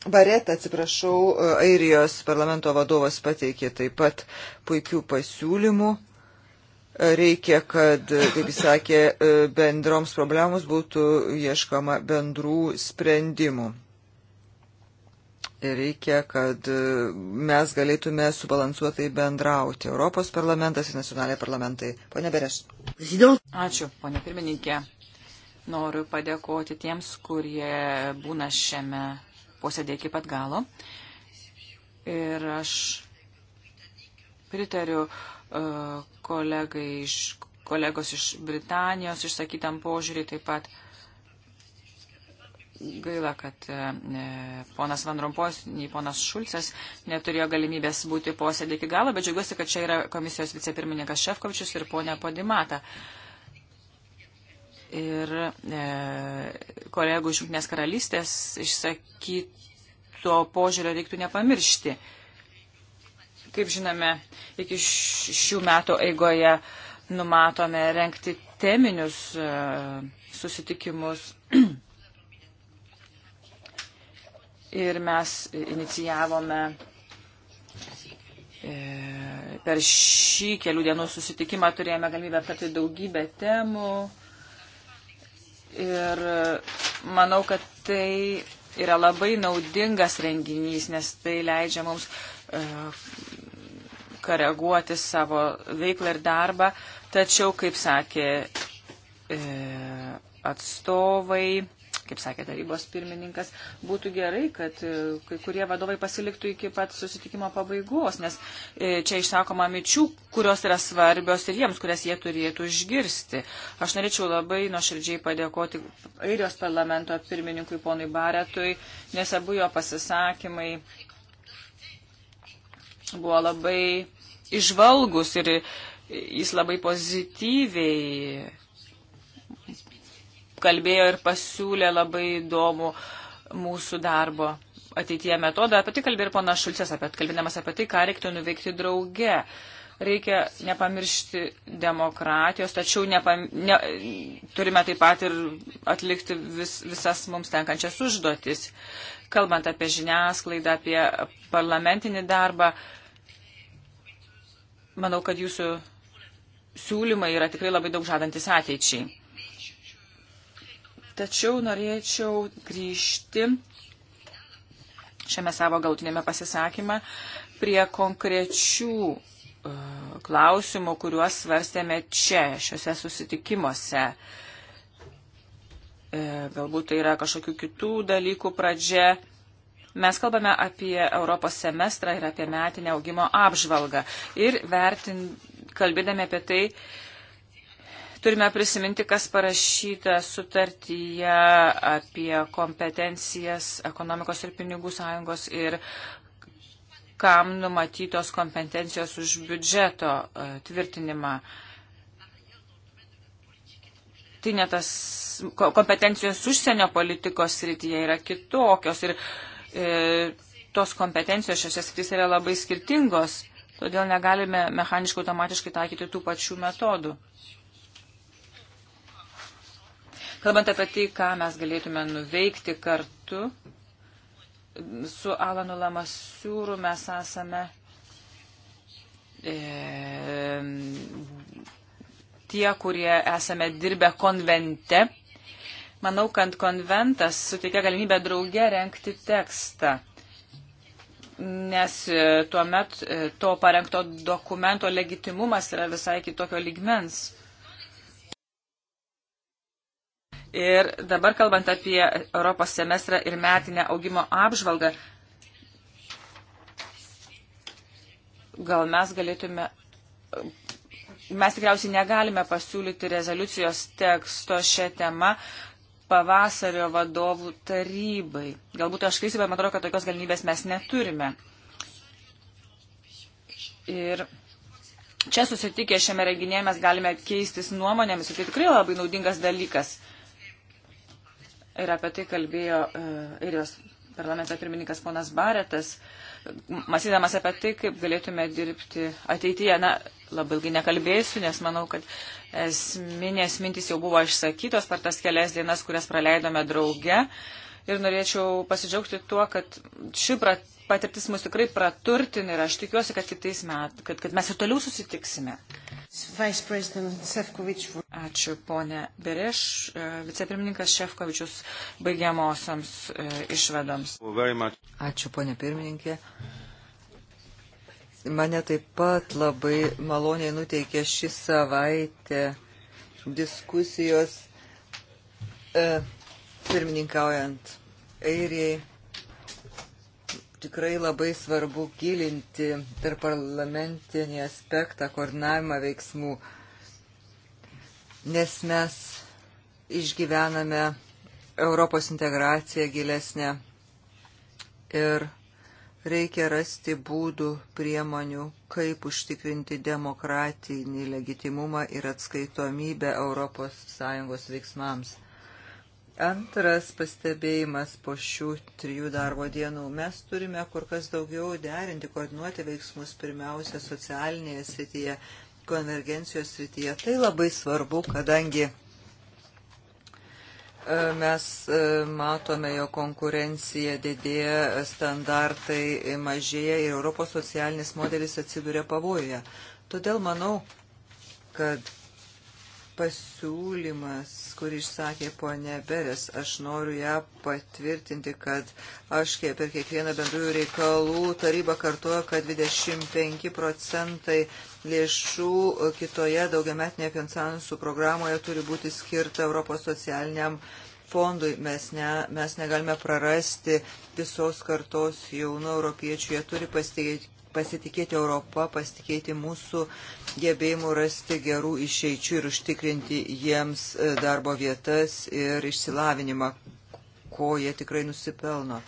Baret, atsiprašau, e, Airijos parlamento vadovas pateikė taip pat puikių pasiūlymų Reikia, kad, kaip jis sakė, e, bendroms problemams būtų ieškama bendrų sprendimų. Reikia, kad e, mes galėtume subalansuotai bendrauti. Europos parlamentas ir nacionaliai parlamentai. Pone Bereš. Ačiū, pone pirmininkė. Noriu padėkoti tiems, kurie būna šiame posėdė iki pat galo. Ir aš pritariu uh, E, kolegai iš, kolegos iš Britanijos išsakytam požiūrį taip pat. Gaila, kad e, ne, ponas Van Rompos, nei ponas Šulcas neturėjo galimybės būti posėdė iki galo, bet džiaugiuosi, kad čia yra komisijos vicepirmininkas Šefkovičius ir ponia Podimata. Ir e, kolegų iš Junktinės karalystės išsakyto požiūrio reiktų nepamiršti. E, Kaip žinome, iki šių metų eigoje numatome renkti teminius e, susitikimus. [CLEARS THROAT] Ir mes inicijavome e, per šį kelių dienų susitikimą turėjome galimybę aptarti daugybę temų. Ir e, manau, kad tai yra labai naudingas renginys, nes tai leidžia mums koreguoti savo veiklą ir darbą, tačiau, kaip sakė e, atstovai, kaip sakė tarybos pirmininkas, būtų gerai, kad e, kai kurie vadovai pasiliktų iki pat susitikimo pabaigos, nes e, čia išsakoma mičių, kurios yra svarbios ir jiems, kurias jie turėtų išgirsti. Aš norėčiau labai nuoširdžiai padėkoti Airijos parlamento pirmininkui ponui Baretui, nes abu jo pasisakymai buvo labai išvalgus ir jis labai pozityviai kalbėjo ir pasiūlė labai įdomų mūsų darbo ateityje metodą. Apie tai kalbėjo ir pana Šulcės, apie, kalbėdamas apie tai, ką reiktų nuveikti drauge. Reikia nepamiršti demokratijos, tačiau nepam, ne, turime taip pat ir atlikti vis, visas mums tenkančias užduotis. Kalbant apie žiniasklaidą, apie parlamentinį darbą, uh, Manau, kad jūsų siūlymai yra tikrai labai daug žadantis ateičiai. Tačiau norėčiau grįžti šiame savo gautinėme pasisakymą prie konkrečių e, klausimų, kuriuos svarstėme čia, šiuose susitikimuose. E, galbūt tai yra kažkokių kitų dalykų pradžia, Mes kalbame apie Europos semestrą ir apie metinę augimo apžvalgą. Ir vertin, kalbėdami apie tai, turime prisiminti, kas parašyta sutartyje apie kompetencijas ekonomikos ir pinigų sąjungos ir kam numatytos kompetencijos už biudžeto e, tvirtinimą. Tai ne tas kompetencijos užsienio politikos srityje yra kitokios ir e, tos kompetencijos šiose srityse yra labai skirtingos, todėl negalime mechaniškai automatiškai taikyti tų pačių metodų. Kalbant apie tai, ką mes galėtume nuveikti kartu, su Alanu Lamasiūru mes esame e, tie, kurie esame dirbę konvente Manau, kad konventas suteikia galimybę drauge renkti tekstą, nes e, tuomet e, to parengto dokumento legitimumas yra visai kitokio ligmens. Ir dabar kalbant apie Europos semestrą ir metinę augimo apžvalgą, gal mes galėtume mes tikriausiai negalime pasiūlyti rezoliucijos teksto šią temą, pavasario vadovų tarybai. Galbūt aš klysiu, bet man atrodo, kad tokios galimybės mes neturime. Ir čia susitikę šiame renginėje mes galime keistis nuomonėmis ir tai tikrai labai naudingas dalykas. Ir apie tai kalbėjo uh, e, Irijos parlamento pirmininkas ponas Baretas. Uh, masydamas apie tai, kaip galėtume dirbti ateityje. Na, labai ilgai nekalbėsiu, nes manau, kad esminės mintis jau buvo išsakytos per tas kelias dienas, kurias praleidome drauge. Ir norėčiau pasidžiaugti tuo, kad ši prat patirtis mus tikrai praturtina ir aš tikiuosi, kad kitais metais, kad, kad mes ir toliau susitiksime. Ačiū, ponė Bereš, e, vicepirmininkas Šefkovičius baigiamosioms e, išvedams. Ačiū, ponė pirmininkė. Mane taip pat labai maloniai nuteikė šį savaitę diskusijos e, pirmininkaujant Airijai tikrai labai svarbu gilinti tarp parlamentinį aspektą, koordinavimą veiksmų, nes mes išgyvename Europos integraciją gilesnę ir reikia rasti būdų, priemonių, kaip užtikrinti demokratinį legitimumą ir atskaitomybę ES veiksmams. Antras pastebėjimas po šių trijų darbo dienų. Mes turime kur kas daugiau derinti, koordinuoti veiksmus pirmiausia socialinėje srityje, konvergencijos srityje. Tai labai svarbu, kadangi e, mes e, matome, jo konkurencija didėja, standartai mažėja ir Europos socialinis modelis atsiduria pavojuje. Todėl manau, kad pasiūlymas kurį išsakė ponė Beres. Aš noriu ją patvirtinti, kad aš kaip per kiekvieną bendrųjų reikalų tarybą kartuoju, kad 25 procentai lėšų kitoje daugiametinėje finansų programoje turi būti skirta Europos socialiniam fondui. Mes, ne, mes negalime prarasti visos kartos jaunų europiečių. Jie turi pasitikėti pasitikėti Europą, pasitikėti mūsų gebėjimu rasti gerų išeičių ir užtikrinti jiems e, darbo vietas ir išsilavinimą, ko jie tikrai nusipelno.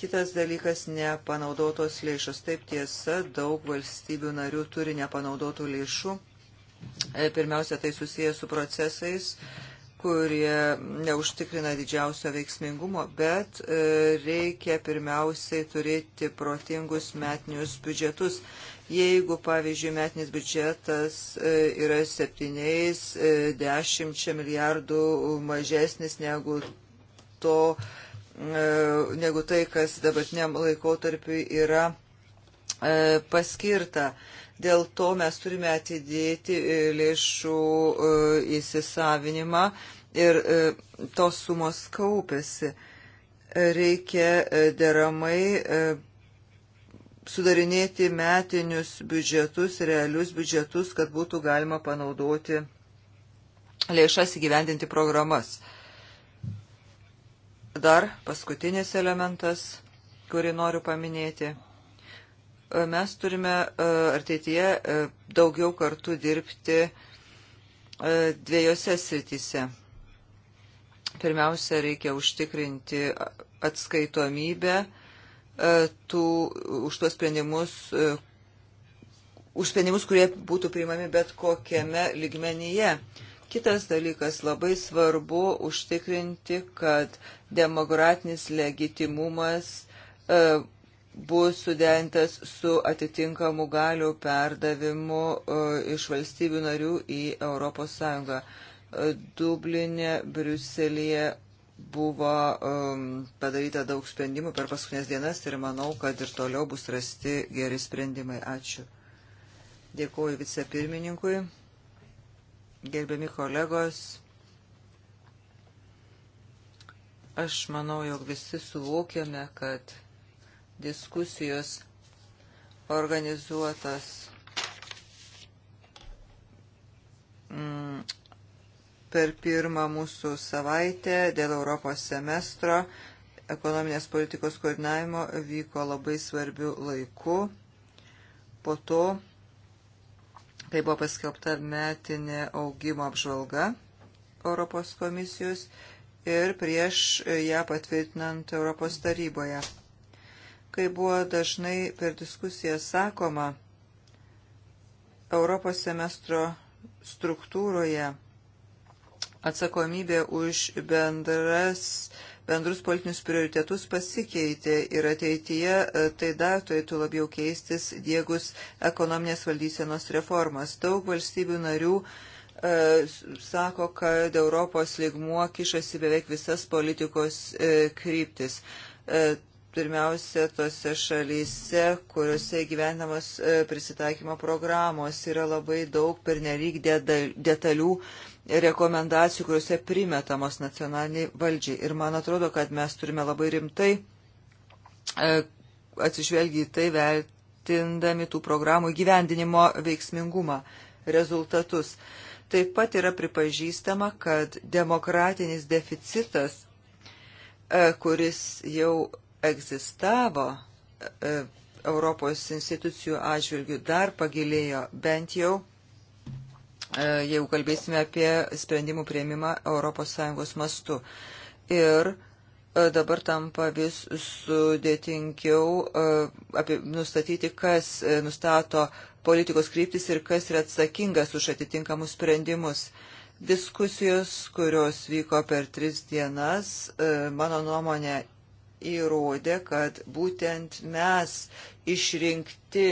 Kitas dalykas - nepanaudotos lėšos. Taip tiesa, daug valstybių narių turi nepanaudotų lėšų. E, pirmiausia, tai susijęs su procesais kurie neužtikrina didžiausio veiksmingumo, bet e, reikia pirmiausiai turėti protingus metinius biudžetus. Jeigu, pavyzdžiui, metinis biudžetas e, yra 7-10 e, milijardų mažesnis negu, to, negu tai, kas dabartiniam laikotarpiu yra paskirta, Dėl to mes turime atidėti e, lėšų e, įsisavinimą ir e, tos sumos kaupėsi. Reikia deramai sudarinėti metinius biudžetus, realius biudžetus, kad būtų galima panaudoti lėšas įgyvendinti programas. Dar paskutinis elementas, kurį noriu paminėti Mes turime e, ateityje e, daugiau kartų dirbti e, dviejose srityse. Pirmiausia, reikia užtikrinti atskaitomybę tų, už tuos sprendimus, už sprendimus, kurie būtų priimami bet kokiame lygmenyje. Kitas dalykas labai svarbu užtikrinti, kad demokratinis legitimumas bus sudentas su atitinkamu galių perdavimu e, iš valstybių narių į ES. E, Dublinė, Briuselėje buvo um, padaryta daug sprendimų per paskutinės dienas ir manau, kad ir toliau bus rasti geri sprendimai. Ačiū. Dėkuoju vicepirmininkui. Gerbiami kolegos, aš manau, jog visi suvokiame, kad diskusijos organizuotas mm, per pirmą mūsų savaitę dėl Europos semestro ekonominės politikos koordinavimo vyko labai svarbių laikų. Po to, kai buvo paskelbta metinė augimo apžvalga Europos komisijos ir prieš ją patvirtinant Europos taryboje. Kai buvo dažnai per diskusiją sakoma, Europos semestro struktūroje atsakomybė už bendras, bendrus politinius prioritetus pasikeitė ir ateityje e, tai dar turėtų labiau keistis dėgus ekonominės valdysenos reformas. Daug valstybių narių e, sako, kad Europos ligmuo kišasi beveik visas politikos e, kryptis pirmiausia tose šalyse, kuriuose gyvenamos e, prisitaikymo programos yra labai daug pernelyg detalių rekomendacijų, kuriuose primetamos nacionaliniai valdžiai. Ir man atrodo, kad mes turime labai rimtai e, atsižvelgi į tai vertindami tų programų gyvendinimo veiksmingumą, rezultatus. Taip pat yra pripažįstama, kad demokratinis deficitas e, kuris jau egzistavo e, Europos institucijų atžvilgių, dar pagilėjo bent jau, e, jeigu kalbėsime apie sprendimų prieimimą ES mastu. Ir e, dabar tampa vis sudėtingiau apie, nustatyti, kas nustato politikos kryptis ir kas yra atsakingas už atitinkamus sprendimus. Diskusijos, kurios vyko per tris dienas, mano nuomonė įrodė, kad būtent mes išrinkti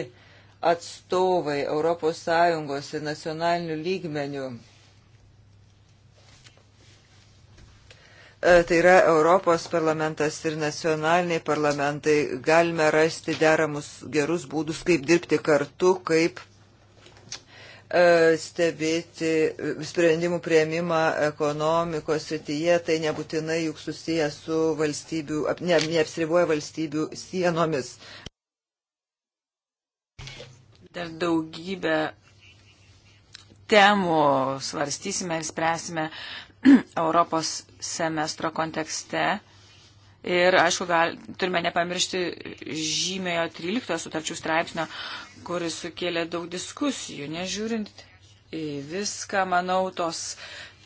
atstovai ES ir nacionalinių lygmenių e, tai yra Europos parlamentas ir nacionaliniai parlamentai, galime rasti deramus gerus būdus, kaip dirbti kartu, kaip E, stebėti sprendimų prieimimą ekonomikos srityje, tai nebūtinai juk susiję su valstybių, ne, neapsiriboja valstybių sienomis. Dar daugybę temų svarstysime ir spręsime [CLEARS THROAT] Europos semestro kontekste. Ir, aišku, gal, turime nepamiršti žymėjo 13 sutarčių straipsnio, kuris sukėlė daug diskusijų. Nežiūrint į viską, manau, tos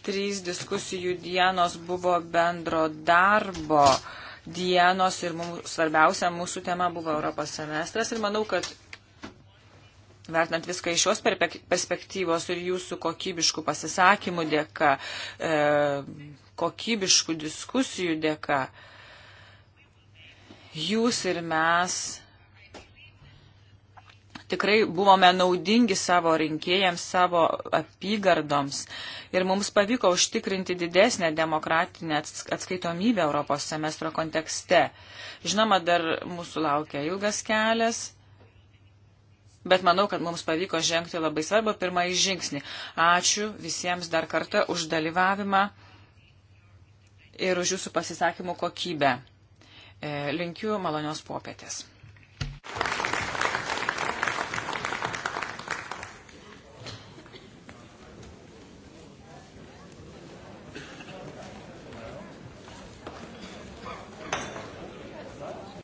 trys diskusijų dienos buvo bendro darbo dienos ir mums, svarbiausia mūsų tema buvo Europos semestras ir manau, kad vertinant viską iš šios perspektyvos ir jūsų kokybiškų pasisakymų dėka, e, kokybiškų diskusijų dėka, jūs ir mes tikrai buvome naudingi savo rinkėjams, savo apygardoms ir mums pavyko užtikrinti didesnę demokratinę atskaitomybę Europos semestro kontekste. Žinoma, dar mūsų laukia ilgas kelias. Bet manau, kad mums pavyko žengti labai svarbu pirmąjį žingsnį. Ačiū visiems dar kartą už dalyvavimą ir už jūsų pasisakymų kokybę. E, linkiu malonios popietės.